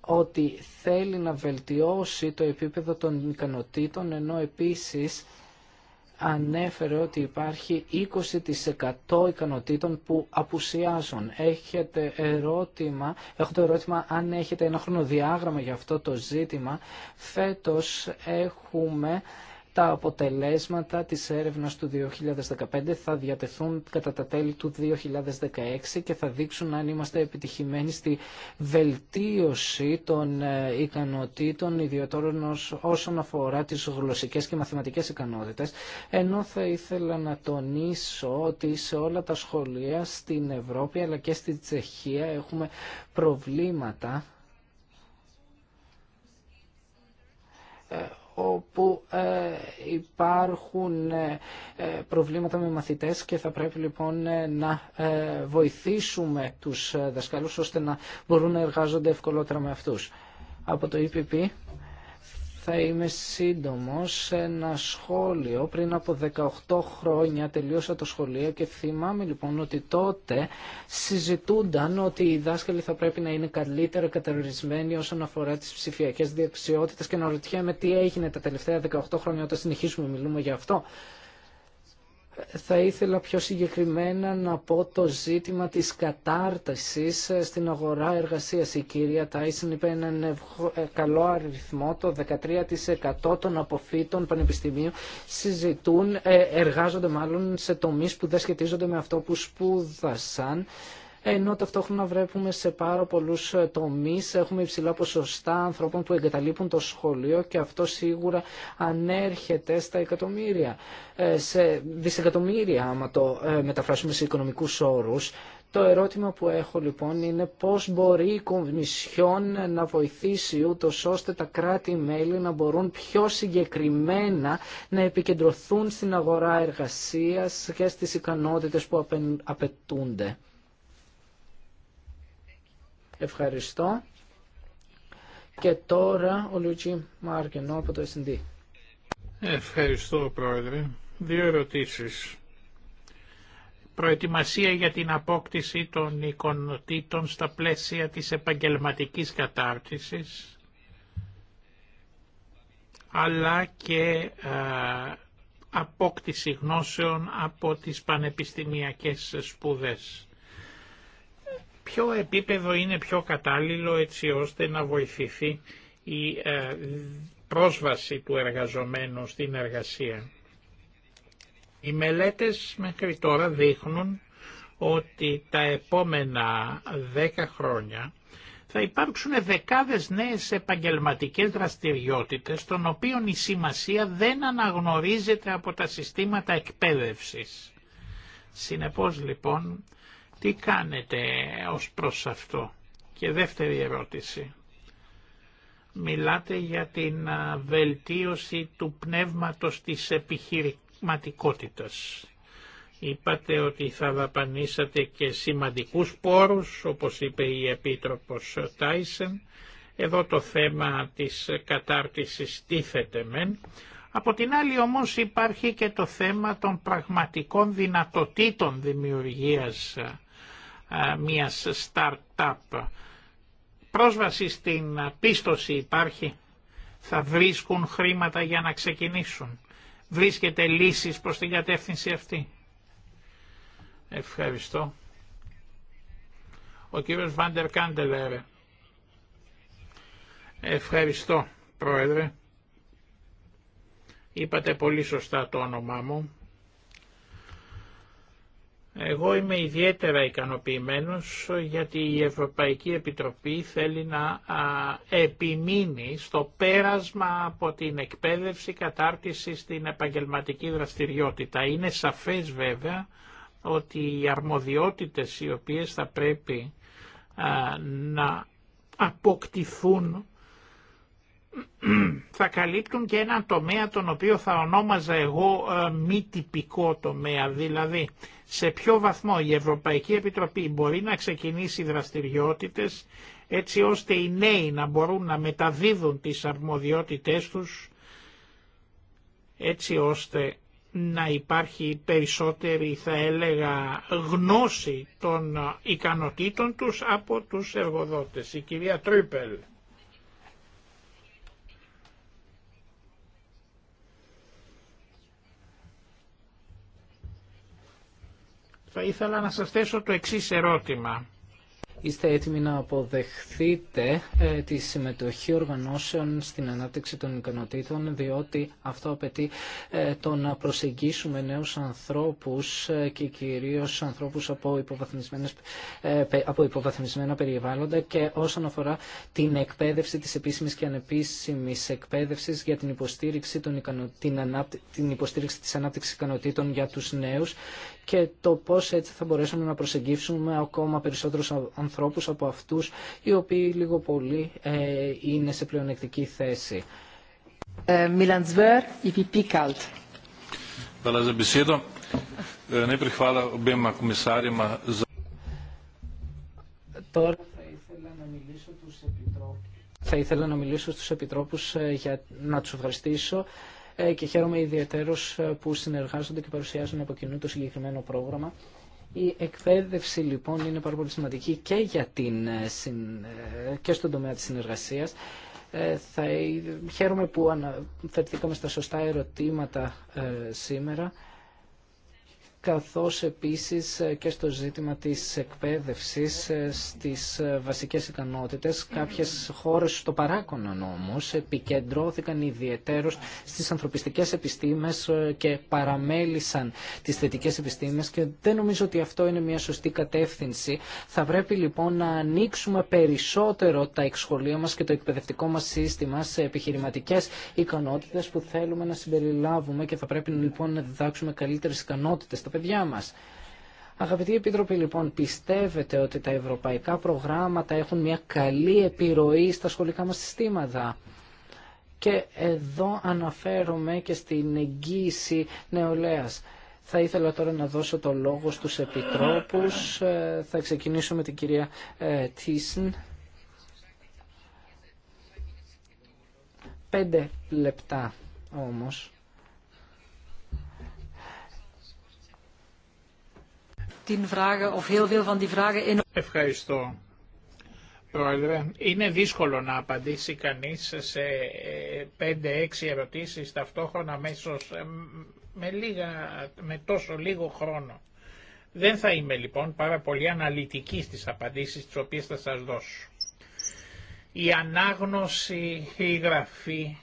ότι θέλει να βελτιώσει το επίπεδο των ικανοτήτων, ενώ επίσης ανέφερε ότι υπάρχει 20% ικανοτήτων που απουσιάζουν. Έχετε ερώτημα, έχω το ερώτημα αν έχετε ένα χρονοδιάγραμμα για αυτό το ζήτημα. Φέτος έχουμε τα αποτελέσματα της έρευνας του 2015 θα διατεθούν κατά τα τέλη του 2016 και θα δείξουν αν είμαστε επιτυχημένοι στη βελτίωση των ε, ικανοτήτων ιδιωτών όσον αφορά τις γλωσσικές και μαθηματικές ικανότητες. Ενώ θα ήθελα να τονίσω ότι σε όλα τα σχολεία στην Ευρώπη αλλά και στη Τσεχία έχουμε προβλήματα ε, όπου ε, υπάρχουν ε, ε, προβλήματα με μαθητές και θα πρέπει λοιπόν να βοηθήσουμε τους δασκάλους ώστε να μπορούν να εργάζονται ευκολότερα με αυτούς. Από το EPP θα είμαι σε Ένα σχόλιο πριν από 18 χρόνια τελείωσα το σχολείο και θυμάμαι λοιπόν ότι τότε συζητούνταν ότι οι δάσκαλοι θα πρέπει να είναι καλύτερα καταρρισμένοι όσον αφορά τις ψηφιακές δεξιότητε και να ρωτιέμαι τι έγινε τα τελευταία 18 χρόνια όταν συνεχίζουμε μιλούμε για αυτό θα ήθελα πιο συγκεκριμένα να πω το ζήτημα της κατάρτασης στην αγορά εργασίας. Η κυρία Τάισεν είπε έναν ε, καλό αριθμό, το 13% των αποφύτων πανεπιστημίου συζητούν, ε, εργάζονται μάλλον σε τομείς που δεν σχετίζονται με αυτό που σπούδασαν ενώ ταυτόχρονα βλέπουμε σε πάρα πολλούς ε, τομείς, έχουμε υψηλά ποσοστά ανθρώπων που εγκαταλείπουν το σχολείο και αυτό σίγουρα ανέρχεται στα εκατομμύρια, ε, σε δισεκατομμύρια άμα το ε, μεταφράσουμε σε οικονομικούς όρους. Το ερώτημα που έχω λοιπόν είναι πώς μπορεί η Κομισιόν να βοηθήσει ούτω ώστε τα κράτη-μέλη να μπορούν πιο συγκεκριμένα να επικεντρωθούν στην αγορά εργασίας και στις ικανότητες που απαιτούνται. Ευχαριστώ. Και τώρα ο Λουτζι Μάρκενο από το S&D. Ευχαριστώ Πρόεδρε. Δύο ερωτήσεις. Προετοιμασία για την απόκτηση των εικονοτήτων στα πλαίσια της επαγγελματικής κατάρτισης αλλά και απόκτηση γνώσεων από τις πανεπιστημιακές σπουδές ποιο επίπεδο είναι πιο κατάλληλο έτσι ώστε να βοηθηθεί η ε, πρόσβαση του εργαζομένου στην εργασία. Οι μελέτες μέχρι τώρα δείχνουν ότι τα επόμενα δέκα χρόνια θα υπάρξουν δεκάδες νέες επαγγελματικές δραστηριότητες των οποίων η σημασία δεν αναγνωρίζεται από τα συστήματα εκπαίδευσης. Συνεπώς λοιπόν τι κάνετε ως προς αυτό. Και δεύτερη ερώτηση. Μιλάτε για την βελτίωση του πνεύματος της επιχειρηματικότητας. Είπατε ότι θα δαπανίσατε και σημαντικούς πόρους, όπως είπε η Επίτροπος Τάισεν. Εδώ το θέμα της κατάρτισης τίθεται μεν. Από την άλλη όμως υπάρχει και το θέμα των πραγματικών δυνατοτήτων δημιουργίας ε, μιας start-up. Πρόσβαση στην πίστοση υπάρχει. Θα βρίσκουν χρήματα για να ξεκινήσουν. Βρίσκεται λύσεις προς την κατεύθυνση αυτή. Ευχαριστώ. Ο κύριος Βάντερ Κάντελερε. Ευχαριστώ, Πρόεδρε. Είπατε πολύ σωστά το όνομά μου. Εγώ είμαι ιδιαίτερα ικανοποιημένος γιατί η Ευρωπαϊκή Επιτροπή θέλει να επιμείνει στο πέρασμα από την εκπαίδευση κατάρτιση στην επαγγελματική δραστηριότητα. Είναι σαφές βέβαια ότι οι αρμοδιότητες οι οποίες θα πρέπει να αποκτηθούν θα καλύπτουν και έναν τομέα τον οποίο θα ονόμαζα εγώ ε, μη τυπικό τομέα. Δηλαδή, σε ποιο βαθμό η Ευρωπαϊκή Επιτροπή μπορεί να ξεκινήσει δραστηριότητες έτσι ώστε οι νέοι να μπορούν να μεταδίδουν τις αρμοδιότητές τους έτσι ώστε να υπάρχει περισσότερη θα έλεγα γνώση των ε, ικανοτήτων τους από τους εργοδότες. Η κυρία Τρίπελ. Θα ήθελα να σας θέσω το εξής ερώτημα. Είστε έτοιμοι να αποδεχθείτε ε, τη συμμετοχή οργανώσεων στην ανάπτυξη των ικανοτήτων διότι αυτό απαιτεί ε, το να προσεγγίσουμε νέους ανθρώπους ε, και κυρίως ανθρώπους από, από υποβαθμισμένα περιβάλλοντα και όσον αφορά την εκπαίδευση της επίσημης και ανεπίσημης εκπαίδευσης για την υποστήριξη, των την ανάπτυξη, την υποστήριξη της ανάπτυξης ικανοτήτων για τους νέους και το πώς έτσι θα μπορέσουμε να προσεγγίσουμε ακόμα περισσότερους ανθρώπους από αυτούς οι οποίοι λίγο πολύ ε, είναι σε πλεονεκτική θέση. Ε, e, Τώρα θα ήθελα να μιλήσω τους επιτρόπους. Θα ήθελα να μιλήσω στους επιτρόπους ε, για να τους ευχαριστήσω ε, και χαίρομαι ιδιαίτερω ε, που συνεργάζονται και παρουσιάζουν από κοινού το συγκεκριμένο πρόγραμμα. Η εκπαίδευση λοιπόν είναι πάρα πολύ σημαντική και, για την, ε, και στον τομέα της συνεργασίας. Θα, χαίρομαι που αναφερθήκαμε στα σωστά ερωτήματα σήμερα καθώς επίσης και στο ζήτημα της εκπαίδευσης ε, στις ε, βασικές ικανότητες. Κάποιες χώρες στο παράκονον όμως επικεντρώθηκαν ιδιαιτέρως στις ανθρωπιστικές επιστήμες ε, και παραμέλησαν τις θετικές επιστήμες και δεν νομίζω ότι αυτό είναι μια σωστή κατεύθυνση. Θα πρέπει λοιπόν να ανοίξουμε περισσότερο τα εξχολεία μας και το εκπαιδευτικό μας σύστημα σε επιχειρηματικές ικανότητες που θέλουμε να συμπεριλάβουμε και θα πρέπει λοιπόν να διδάξουμε καλύτερες ικανότητες παιδιά μας. Αγαπητοί Επίτροποι, λοιπόν, πιστεύετε ότι τα ευρωπαϊκά προγράμματα έχουν μια καλή επιρροή στα σχολικά μας συστήματα. Και εδώ αναφέρομαι και στην εγγύηση νεολαίας. Θα ήθελα τώρα να δώσω το λόγο στους επιτρόπους. Ε, θα ξεκινήσω με την κυρία ε, Τίσν. Πέντε λεπτά όμως. Ευχαριστώ. Πρόεδρε, είναι δύσκολο να απαντήσει κανείς σε 5-6 ε, ερωτήσεις ταυτόχρονα μέσως, ε, με, με τόσο λίγο χρόνο. Δεν θα είμαι λοιπόν πάρα πολύ αναλυτική στις απαντήσεις τις οποίες θα σας δώσω. Η ανάγνωση, η γραφή,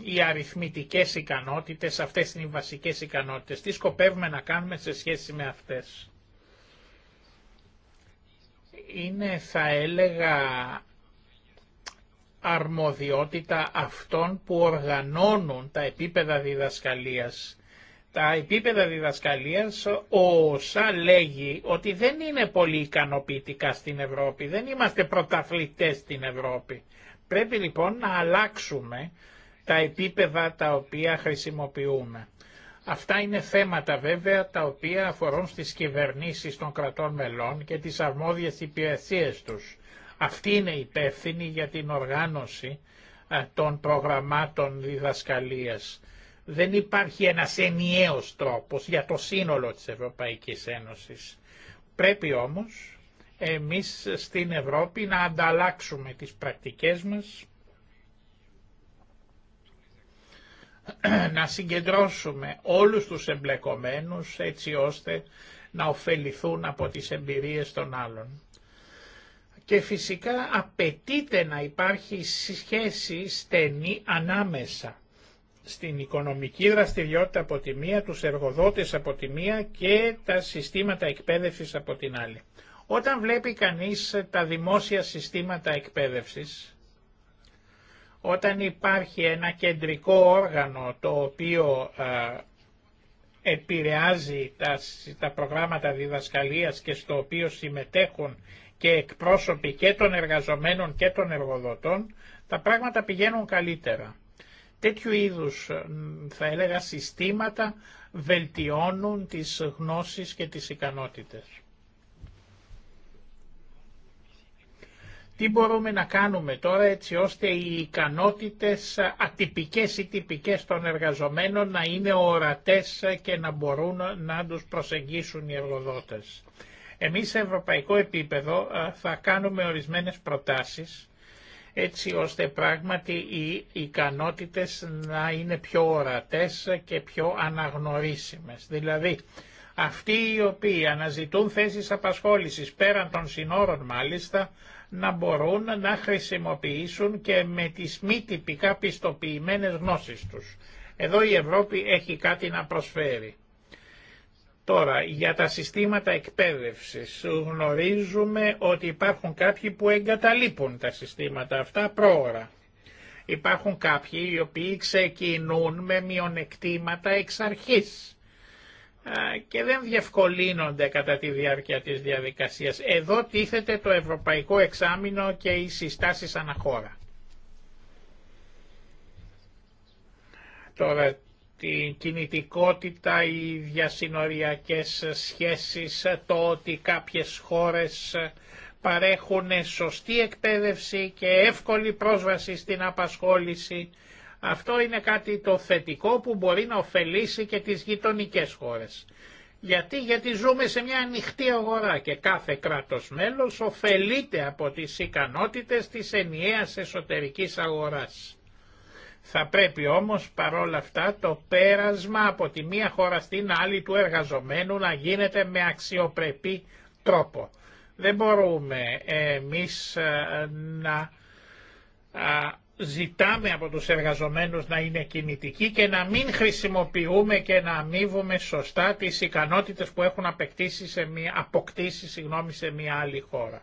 οι αριθμητικές ικανότητες, αυτές είναι οι βασικές ικανότητες. Τι σκοπεύουμε να κάνουμε σε σχέση με αυτές είναι θα έλεγα αρμοδιότητα αυτών που οργανώνουν τα επίπεδα διδασκαλίας. Τα επίπεδα διδασκαλίας ο λέγει ότι δεν είναι πολύ ικανοποιητικά στην Ευρώπη, δεν είμαστε πρωταθλητές στην Ευρώπη. Πρέπει λοιπόν να αλλάξουμε τα επίπεδα τα οποία χρησιμοποιούμε. Αυτά είναι θέματα βέβαια τα οποία αφορούν στις κυβερνήσεις των κρατών μελών και τις αρμόδιες υπηρεσίες τους. Αυτή είναι υπεύθυνη για την οργάνωση των προγραμμάτων διδασκαλίας. Δεν υπάρχει ένας ενιαίος τρόπος για το σύνολο της Ευρωπαϊκής Ένωσης. Πρέπει όμως εμείς στην Ευρώπη να ανταλλάξουμε τις πρακτικές μας να συγκεντρώσουμε όλους τους εμπλεκομένους έτσι ώστε να ωφεληθούν από τις εμπειρίες των άλλων. Και φυσικά απαιτείται να υπάρχει σχέση στενή ανάμεσα στην οικονομική δραστηριότητα από τη μία, τους εργοδότες από τη μία και τα συστήματα εκπαίδευσης από την άλλη. Όταν βλέπει κανείς τα δημόσια συστήματα εκπαίδευσης, όταν υπάρχει ένα κεντρικό όργανο το οποίο ε, επηρεάζει τα, τα προγράμματα διδασκαλίας και στο οποίο συμμετέχουν και εκπρόσωποι και των εργαζομένων και των εργοδοτών, τα πράγματα πηγαίνουν καλύτερα. Τέτοιου είδους, ε, θα έλεγα, συστήματα βελτιώνουν τις γνώσεις και τις ικανότητες. Τι μπορούμε να κάνουμε τώρα έτσι ώστε οι ικανότητες ατυπικές ή τυπικές των εργαζομένων να είναι ορατές και να μπορούν να τους προσεγγίσουν οι εργοδότες. Εμείς σε ευρωπαϊκό επίπεδο θα κάνουμε ορισμένες προτάσεις έτσι ώστε πράγματι οι ικανότητες να είναι πιο ορατές και πιο αναγνωρίσιμες. Δηλαδή, αυτοί οι οποίοι αναζητούν θέσεις απασχόλησης πέραν των συνόρων μάλιστα, να μπορούν να χρησιμοποιήσουν και με τις μη τυπικά πιστοποιημένες γνώσεις τους. Εδώ η Ευρώπη έχει κάτι να προσφέρει. Τώρα, για τα συστήματα εκπαίδευσης γνωρίζουμε ότι υπάρχουν κάποιοι που εγκαταλείπουν τα συστήματα αυτά πρόωρα. Υπάρχουν κάποιοι οι οποίοι ξεκινούν με μειονεκτήματα εξ αρχής και δεν διευκολύνονται κατά τη διάρκεια της διαδικασίας. Εδώ τίθεται το Ευρωπαϊκό Εξάμεινο και οι συστάσεις αναχώρα. Τώρα την κινητικότητα, οι διασυνοριακές σχέσεις, το ότι κάποιες χώρες παρέχουν σωστή εκπαίδευση και εύκολη πρόσβαση στην απασχόληση αυτό είναι κάτι το θετικό που μπορεί να ωφελήσει και τις γειτονικές χώρες. Γιατί, γιατί ζούμε σε μια ανοιχτή αγορά και κάθε κράτος μέλος ωφελείται από τις ικανότητες της ενιαίας εσωτερικής αγοράς. Θα πρέπει όμως παρόλα αυτά το πέρασμα από τη μία χώρα στην άλλη του εργαζομένου να γίνεται με αξιοπρεπή τρόπο. Δεν μπορούμε εμείς ε, να ζητάμε από τους εργαζομένους να είναι κινητικοί και να μην χρησιμοποιούμε και να αμείβουμε σωστά τις ικανότητες που έχουν απεκτήσει σε μια, αποκτήσει σε μια άλλη χώρα.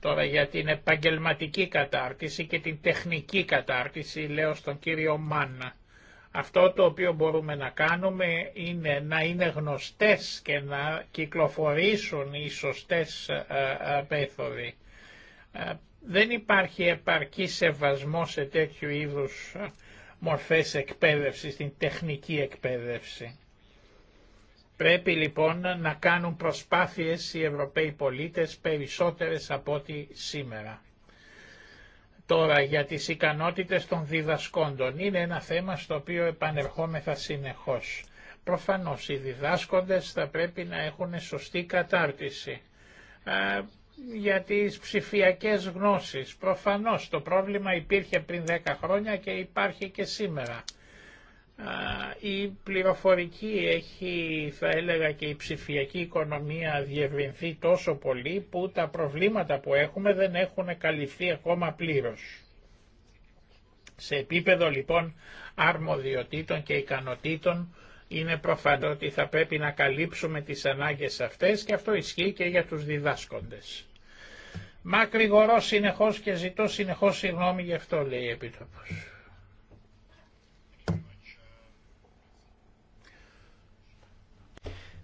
Τώρα για την επαγγελματική κατάρτιση και την τεχνική κατάρτιση λέω στον κύριο Μάννα. Αυτό το οποίο μπορούμε να κάνουμε είναι να είναι γνωστές και να κυκλοφορήσουν οι σωστές ε, ε, μέθοδοι ε, δεν υπάρχει επαρκή σεβασμό σε τέτοιου είδους ε, μορφές εκπαίδευσης, την τεχνική εκπαίδευση. Πρέπει λοιπόν να κάνουν προσπάθειες οι Ευρωπαίοι πολίτες περισσότερες από ό,τι σήμερα. Τώρα για τις ικανότητες των διδασκόντων είναι ένα θέμα στο οποίο επανερχόμεθα συνεχώς. Προφανώς οι διδάσκοντες θα πρέπει να έχουν σωστή κατάρτιση. Ε, για τις ψηφιακές γνώσεις. Προφανώς το πρόβλημα υπήρχε πριν 10 χρόνια και υπάρχει και σήμερα. Η πληροφορική έχει, θα έλεγα και η ψηφιακή οικονομία διευρυνθεί τόσο πολύ που τα προβλήματα που έχουμε δεν έχουν καλυφθεί ακόμα πλήρως. Σε επίπεδο λοιπόν αρμοδιοτήτων και ικανοτήτων είναι προφανό ότι θα πρέπει να καλύψουμε τις ανάγκες αυτές και αυτό ισχύει και για τους διδάσκοντες. Μακρηγορώ συνεχώς και ζητώ συνεχώς συγγνώμη γι' αυτό λέει η Επίτροπος.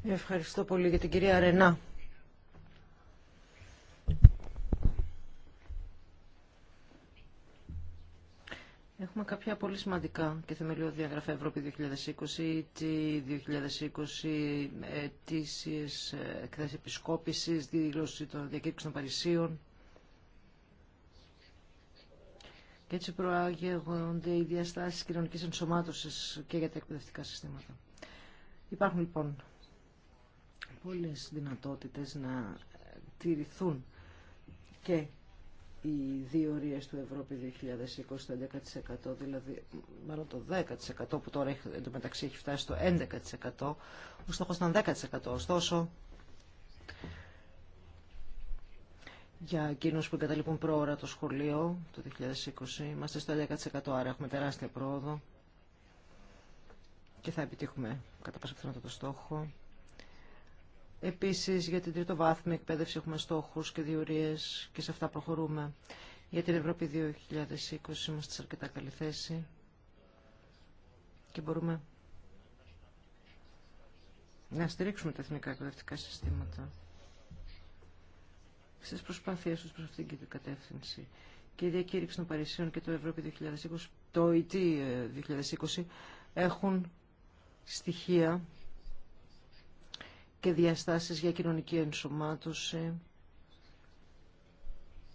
Ευχαριστώ πολύ για την κυρία Ρενά. Έχουμε κάποια πολύ σημαντικά και θεμελιώδη διαγραφή Ευρώπη 2020, τη 2020 τις εκθέσεις επισκόπηση, δήλωση των διακήρυξεων των Παρισίων. Και έτσι προάγονται οι διαστάσει κοινωνική ενσωμάτωσης και για τα εκπαιδευτικά συστήματα. Υπάρχουν λοιπόν πολλές δυνατότητες να τηρηθούν και οι δύο ορίε του Ευρώπη 2020 το 11%, δηλαδή μάλλον το 10% που τώρα εντωμεταξύ έχει φτάσει στο 11%, ο στόχος ήταν 10%. Ωστόσο, για εκείνου που εγκαταλείπουν πρόωρα το σχολείο το 2020, είμαστε στο 11%, άρα έχουμε τεράστια πρόοδο και θα επιτύχουμε κατά πάσα πιθανότητα το στόχο. Επίσης για την τρίτο βάθμη εκπαίδευση έχουμε στόχους και διορίες και σε αυτά προχωρούμε. Για την Ευρώπη 2020 είμαστε σε αρκετά καλή θέση και μπορούμε να στηρίξουμε τα εθνικά εκπαιδευτικά συστήματα στις προσπάθειές τους προς αυτήν την κατεύθυνση. Και η διακήρυξη των Παρισίων και το Ευρώπη 2020, το ΙΤ ε 2020 έχουν στοιχεία και διαστάσεις για κοινωνική ενσωμάτωση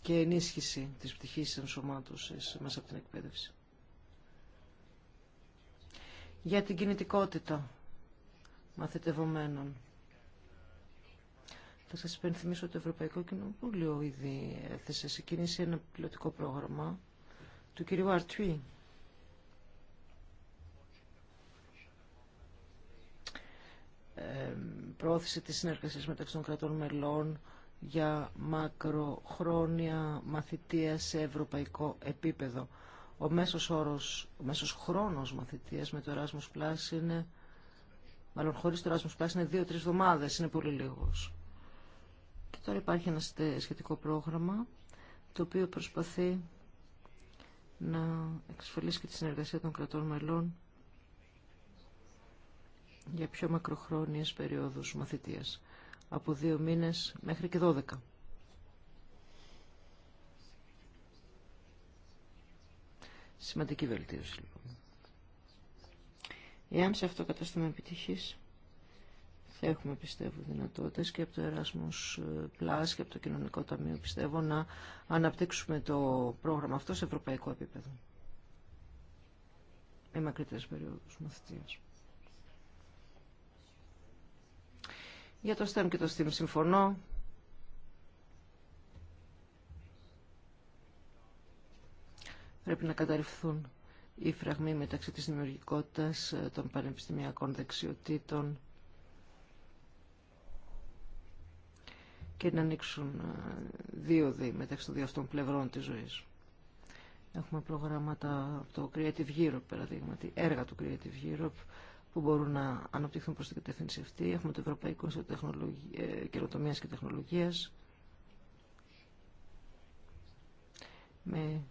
και ενίσχυση της πτυχής ενσωμάτωσης μέσα από την εκπαίδευση. Για την κινητικότητα μαθητευομένων. Θα σας υπενθυμίσω ότι το Ευρωπαϊκό Κοινοβούλιο ήδη έθεσε σε κίνηση ένα πιλωτικό πρόγραμμα του κυρίου Αρτουή. Προώθηση της συνεργασίας μεταξύ των κρατών μελών για μακροχρόνια μαθητεία σε ευρωπαϊκό επίπεδο. Ο μέσος, όρος, ο μέσος χρόνος μαθητείας με το Erasmus Plus είναι, μάλλον χωρίς το Erasmus Plus είναι δύο-τρεις εβδομάδες, είναι πολύ λίγος. Και τώρα υπάρχει ένα σχετικό πρόγραμμα το οποίο προσπαθεί να εξασφαλίσει και τη συνεργασία των κρατών μελών για πιο μακροχρόνιες περιόδους μαθητείας, από δύο μήνες μέχρι και δώδεκα. Σημαντική βελτίωση λοιπόν. Εάν σε αυτό κατάστημα επιτυχής, θα έχουμε πιστεύω δυνατότητες και από το Erasmus Plus και από το Κοινωνικό Ταμείο πιστεύω να αναπτύξουμε το πρόγραμμα αυτό σε ευρωπαϊκό επίπεδο. Με μακρύτερες περιόδους μαθητείας. Για το STEM και το STEAM συμφωνώ. Πρέπει να καταρριφθούν οι φραγμοί μεταξύ της δημιουργικότητας ε, των πανεπιστημιακών δεξιοτήτων και να ανοίξουν ε, δύο δι μεταξύ των δύο αυτών πλευρών της ζωής. Έχουμε προγράμματα από το Creative Europe, παραδείγματι, έργα του Creative Europe, που μπορούν να αναπτυχθούν προς την κατεύθυνση αυτή. Έχουμε το Ευρωπαϊκό Ινστιτούτο ε, και Τεχνολογία. με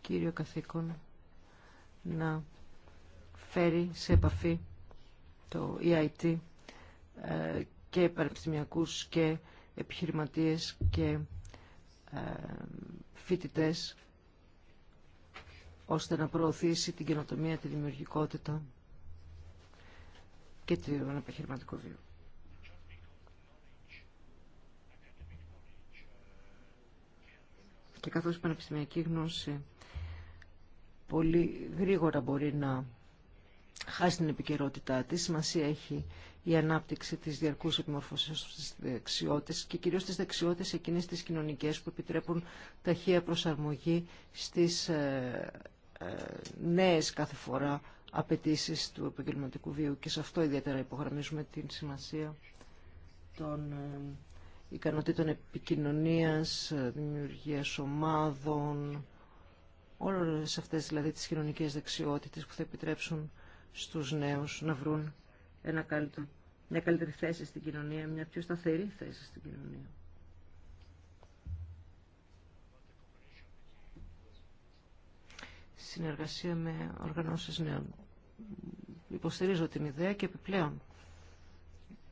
κύριο καθήκον να φέρει σε επαφή το EIT ε, και πανεπιστημιακούς και επιχειρηματίες και ε, φοιτητές ώστε να προωθήσει την καινοτομία, τη δημιουργικότητα και τον επαγγελματικό βίο. Και καθώς η πανεπιστημιακή γνώση πολύ γρήγορα μπορεί να χάσει την επικαιρότητά της, σημασία έχει η ανάπτυξη της διαρκούς επιμορφωσής στις δεξιότητες και κυρίως στις δεξιότητες εκείνες τις κοινωνικές που επιτρέπουν ταχεία προσαρμογή στις ε, ε, νέες κάθε φορά απαιτήσει του επαγγελματικού βίου και σε αυτό ιδιαίτερα υπογραμμίζουμε την σημασία των ε, ικανότητων επικοινωνίας, ε, δημιουργίας ομάδων, όλες αυτές δηλαδή τις κοινωνικές δεξιότητες που θα επιτρέψουν στους νέους να βρουν ένα μια καλύτερη θέση στην κοινωνία, μια πιο σταθερή θέση στην κοινωνία. Συνεργασία με οργανώσεις νέων υποστηρίζω την ιδέα και επιπλέον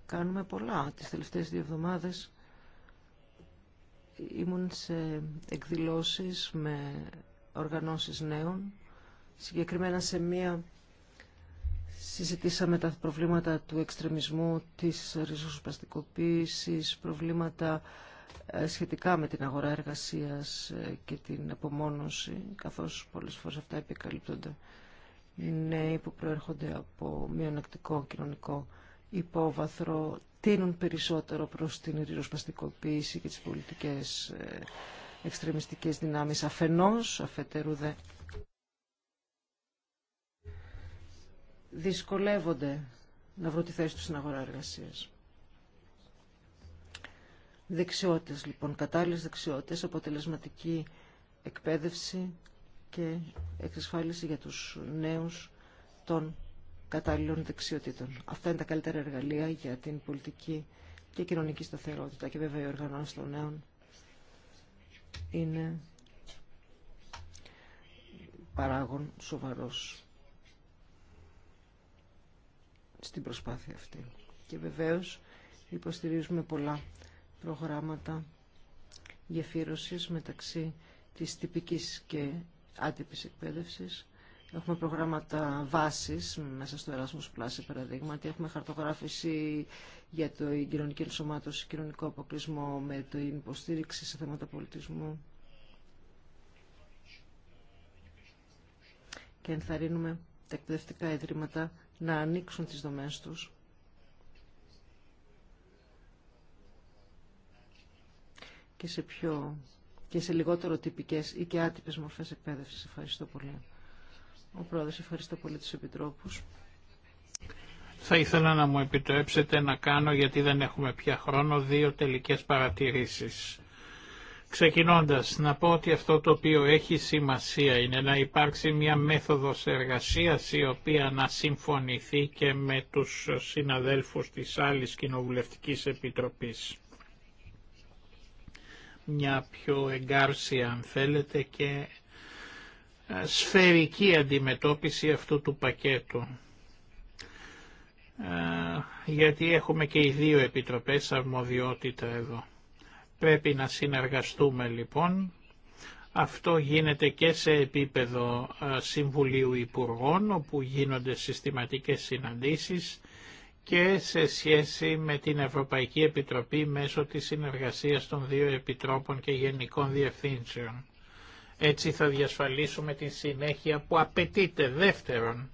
κάνουμε πολλά. Τις τελευταίες δύο εβδομάδες ήμουν σε εκδηλώσεις με οργανώσεις νέων. Συγκεκριμένα σε μία συζητήσαμε τα προβλήματα του εξτρεμισμού, της ριζοσπαστικοποίησης, προβλήματα ε, σχετικά με την αγορά εργασίας ε, και την απομόνωση, καθώς πολλές φορές αυτά επικαλύπτονται νέοι που προέρχονται από μειονεκτικό κοινωνικό υπόβαθρο τίνουν περισσότερο προς την ριζοσπαστικοποίηση και τις πολιτικές ε, εξτρεμιστικές δυνάμεις αφενός, αφετέρου δε. Δυσκολεύονται να βρουν τη θέση τους στην αγορά εργασίας. Δεξιότητες λοιπόν, κατάλληλες δεξιότητες, αποτελεσματική εκπαίδευση, και εξασφάλιση για τους νέους των κατάλληλων δεξιοτήτων. Αυτά είναι τα καλύτερα εργαλεία για την πολιτική και κοινωνική σταθερότητα και βέβαια οι οργανώσεις των νέων είναι παράγον σοβαρός στην προσπάθεια αυτή. Και βεβαίως υποστηρίζουμε πολλά προγράμματα γεφύρωσης μεταξύ της τυπικής και άτυπης εκπαίδευσης. Έχουμε προγράμματα βάσης μέσα στο Erasmus Plus, παραδείγματι. Έχουμε χαρτογράφηση για το κοινωνική ενσωμάτωση, κοινωνικό αποκλεισμό με την υποστήριξη σε θέματα πολιτισμού. Και ενθαρρύνουμε τα εκπαιδευτικά ιδρύματα να ανοίξουν τις δομές τους. και σε πιο και σε λιγότερο τυπικές ή και άτυπες μορφές εκπαίδευσης. Ευχαριστώ πολύ. Ο Πρόεδρος, ευχαριστώ πολύ τους Επιτρόπους. Θα ήθελα να μου επιτρέψετε να κάνω, γιατί δεν έχουμε πια χρόνο, δύο τελικές παρατηρήσεις. Ξεκινώντας, να πω ότι αυτό το οποίο έχει σημασία είναι να υπάρξει μια μέθοδος εργασίας η οποία να συμφωνηθεί και με τους συναδέλφους της άλλης Κοινοβουλευτικής Επιτροπής μια πιο εγκάρσια αν θέλετε και ε, σφαιρική αντιμετώπιση αυτού του πακέτου. Ε, γιατί έχουμε και οι δύο επιτροπές αρμοδιότητα εδώ. Πρέπει να συνεργαστούμε λοιπόν. Αυτό γίνεται και σε επίπεδο ε, Συμβουλίου Υπουργών, όπου γίνονται συστηματικές συναντήσεις και σε σχέση με την Ευρωπαϊκή Επιτροπή μέσω της συνεργασίας των δύο επιτρόπων και γενικών διευθύνσεων. Έτσι θα διασφαλίσουμε τη συνέχεια που απαιτείται δεύτερον.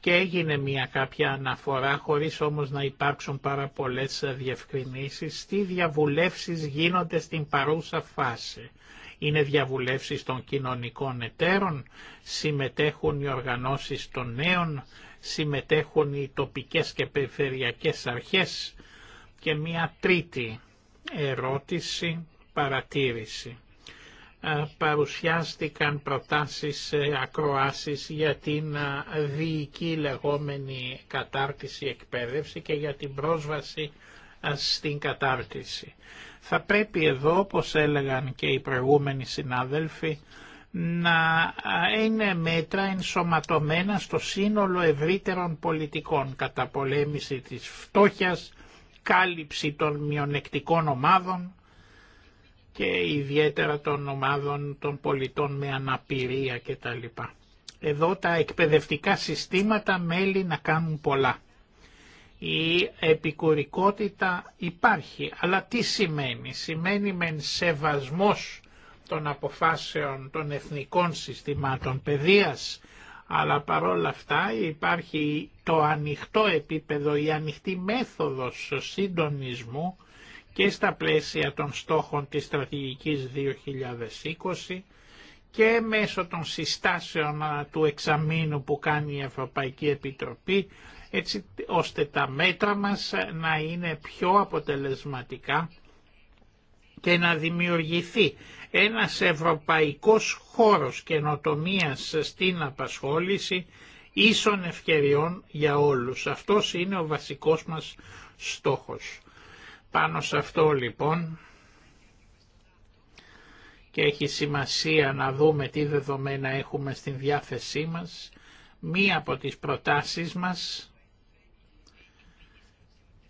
Και έγινε μια κάποια αναφορά χωρίς όμως να υπάρξουν πάρα πολλές διευκρινήσεις. Τι διαβουλεύσεις γίνονται στην παρούσα φάση. Είναι διαβουλεύσεις των κοινωνικών εταίρων, συμμετέχουν οι οργανώσεις των νέων, συμμετέχουν οι τοπικές και περιφερειακές αρχές και μία τρίτη ερώτηση, παρατήρηση. Παρουσιάστηκαν προτάσεις, ακροάσεις για την διοική λεγόμενη κατάρτιση εκπαίδευση και για την πρόσβαση στην κατάρτιση. Θα πρέπει εδώ, όπως έλεγαν και οι προηγούμενοι συνάδελφοι, να είναι μέτρα ενσωματωμένα στο σύνολο ευρύτερων πολιτικών, κατά πολέμηση της φτώχειας, κάλυψη των μειονεκτικών ομάδων και ιδιαίτερα των ομάδων των πολιτών με αναπηρία κτλ. Εδώ τα εκπαιδευτικά συστήματα μέλη να κάνουν πολλά. Η επικουρικότητα υπάρχει, αλλά τι σημαίνει. Σημαίνει μεν σεβασμός των αποφάσεων των εθνικών συστημάτων παιδείας, αλλά παρόλα αυτά υπάρχει το ανοιχτό επίπεδο, η ανοιχτή μέθοδος συντονισμού και στα πλαίσια των στόχων της στρατηγικής 2020 και μέσω των συστάσεων του εξαμήνου που κάνει η Ευρωπαϊκή Επιτροπή έτσι ώστε τα μέτρα μας ε, να είναι πιο αποτελεσματικά και να δημιουργηθεί ένας ευρωπαϊκός χώρος καινοτομίας στην απασχόληση ίσων ευκαιριών για όλους. Αυτός είναι ο βασικός μας στόχος. Πάνω σε αυτό λοιπόν και έχει σημασία να δούμε τι δεδομένα έχουμε στην διάθεσή μας, μία από τις προτάσεις μας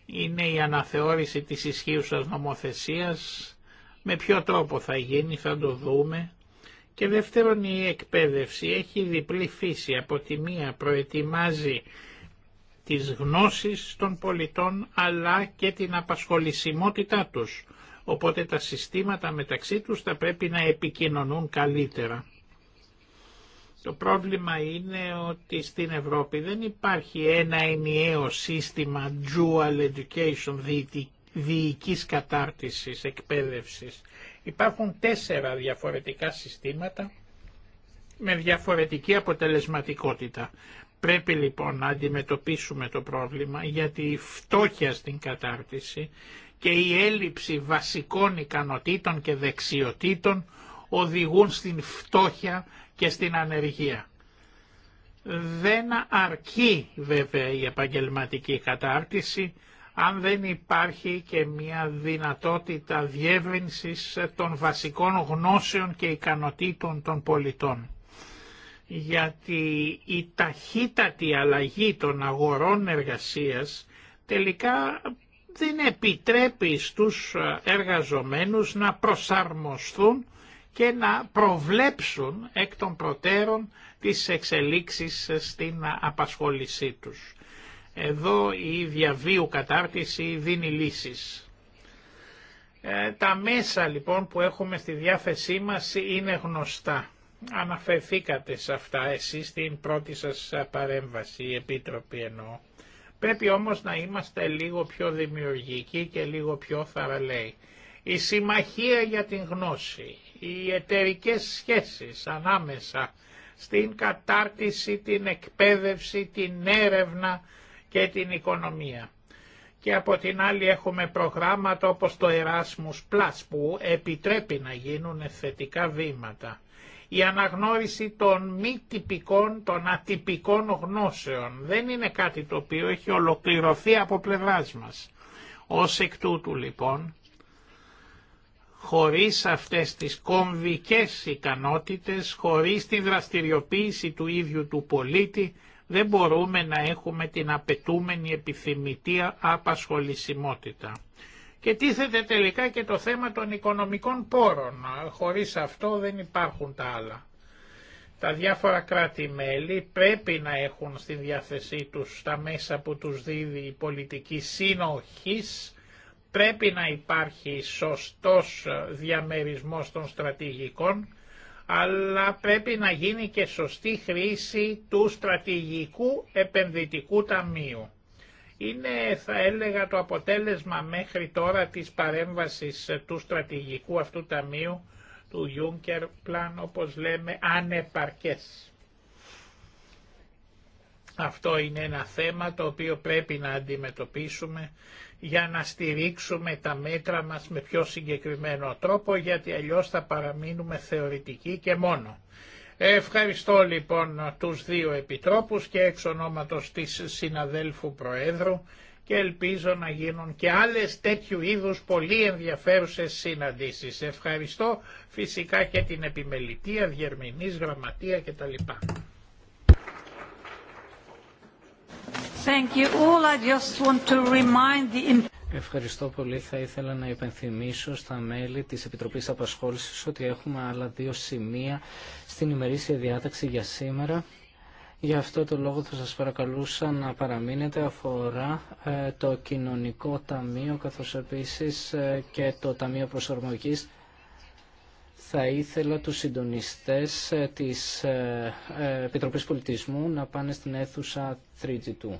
είναι η αναθεώρηση της ισχύουσας νομοθεσίας με ποιο τρόπο θα γίνει θα το δούμε. Και δεύτερον η εκπαίδευση έχει διπλή φύση. Από τη μία προετοιμάζει τις γνώσεις των πολιτών αλλά και την απασχολησιμότητά τους. Οπότε τα συστήματα μεταξύ τους θα πρέπει να επικοινωνούν καλύτερα. Το πρόβλημα είναι ότι στην Ευρώπη δεν υπάρχει ένα ενιαίο σύστημα dual education, διοικής κατάρτισης, εκπαίδευσης. Υπάρχουν τέσσερα διαφορετικά συστήματα με διαφορετική αποτελεσματικότητα. Πρέπει λοιπόν να αντιμετωπίσουμε το πρόβλημα γιατί η φτώχεια στην κατάρτιση και η έλλειψη βασικών ικανοτήτων και δεξιοτήτων οδηγούν στην φτώχεια και στην ανεργία. Δεν αρκεί βέβαια η επαγγελματική κατάρτιση, αν δεν υπάρχει και μια δυνατότητα διεύρυνσης των βασικών γνώσεων και ικανοτήτων των πολιτών. Γιατί η ταχύτατη αλλαγή των αγορών εργασίας τελικά δεν επιτρέπει στους εργαζομένους να προσαρμοστούν και να προβλέψουν εκ των προτέρων τις εξελίξεις στην απασχόλησή τους. Εδώ η διαβίου κατάρτιση δίνει λύσεις. Ε, τα μέσα λοιπόν που έχουμε στη διάθεσή μας είναι γνωστά. Αναφερθήκατε σε αυτά εσείς στην πρώτη σας παρέμβαση, η Επίτροπη εννοώ. Πρέπει όμως να είμαστε λίγο πιο δημιουργικοί και λίγο πιο θαραλέοι. Η συμμαχία για την γνώση, οι εταιρικέ σχέσεις ανάμεσα στην κατάρτιση, την εκπαίδευση, την έρευνα, και την οικονομία. Και από την άλλη έχουμε προγράμματα όπως το Erasmus Plus που επιτρέπει να γίνουν θετικά βήματα. Η αναγνώριση των μη τυπικών, των ατυπικών γνώσεων δεν είναι κάτι το οποίο έχει ολοκληρωθεί από πλευράς μας. Ως εκ τούτου λοιπόν, χωρίς αυτές τις κομβικές ικανότητες, χωρίς τη δραστηριοποίηση του ίδιου του πολίτη, δεν μπορούμε να έχουμε την απαιτούμενη επιθυμητή απασχολησιμότητα. Και τίθεται τελικά και το θέμα των οικονομικών πόρων. Χωρίς αυτό δεν υπάρχουν τα άλλα. Τα διάφορα κράτη-μέλη πρέπει να έχουν στη διάθεσή τους τα μέσα που τους δίδει η πολιτική συνοχής, πρέπει να υπάρχει σωστός διαμερισμός των στρατηγικών αλλά πρέπει να γίνει και σωστή χρήση του στρατηγικού επενδυτικού ταμείου. Είναι, θα έλεγα, το αποτέλεσμα μέχρι τώρα της παρέμβασης του στρατηγικού αυτού ταμείου, του Juncker Plan, όπως λέμε, ανεπαρκές. Αυτό είναι ένα θέμα το οποίο πρέπει να αντιμετωπίσουμε για να στηρίξουμε τα μέτρα μας με πιο συγκεκριμένο τρόπο γιατί αλλιώς θα παραμείνουμε θεωρητικοί και μόνο. Ευχαριστώ λοιπόν τους δύο επιτρόπους και εξ ονόματος της συναδέλφου Προέδρου και ελπίζω να γίνουν και άλλες τέτοιου είδους πολύ ενδιαφέρουσες συναντήσεις. Ευχαριστώ φυσικά και την επιμελητία, διερμηνής, γραμματεία κτλ. Ευχαριστώ πολύ. Θα ήθελα να υπενθυμίσω στα μέλη της Επιτροπής Απασχόλησης ότι έχουμε άλλα δύο σημεία στην ημερήσια διάταξη για σήμερα. Γι' αυτό το λόγο θα σας παρακαλούσα να παραμείνετε αφορά ε, το Κοινωνικό Ταμείο καθώς επίσης ε, και το Ταμείο Προσαρμογής θα ήθελα τους συντονιστές ε, της Επιτροπής Πολιτισμού να πάνε στην αίθουσα 3G2.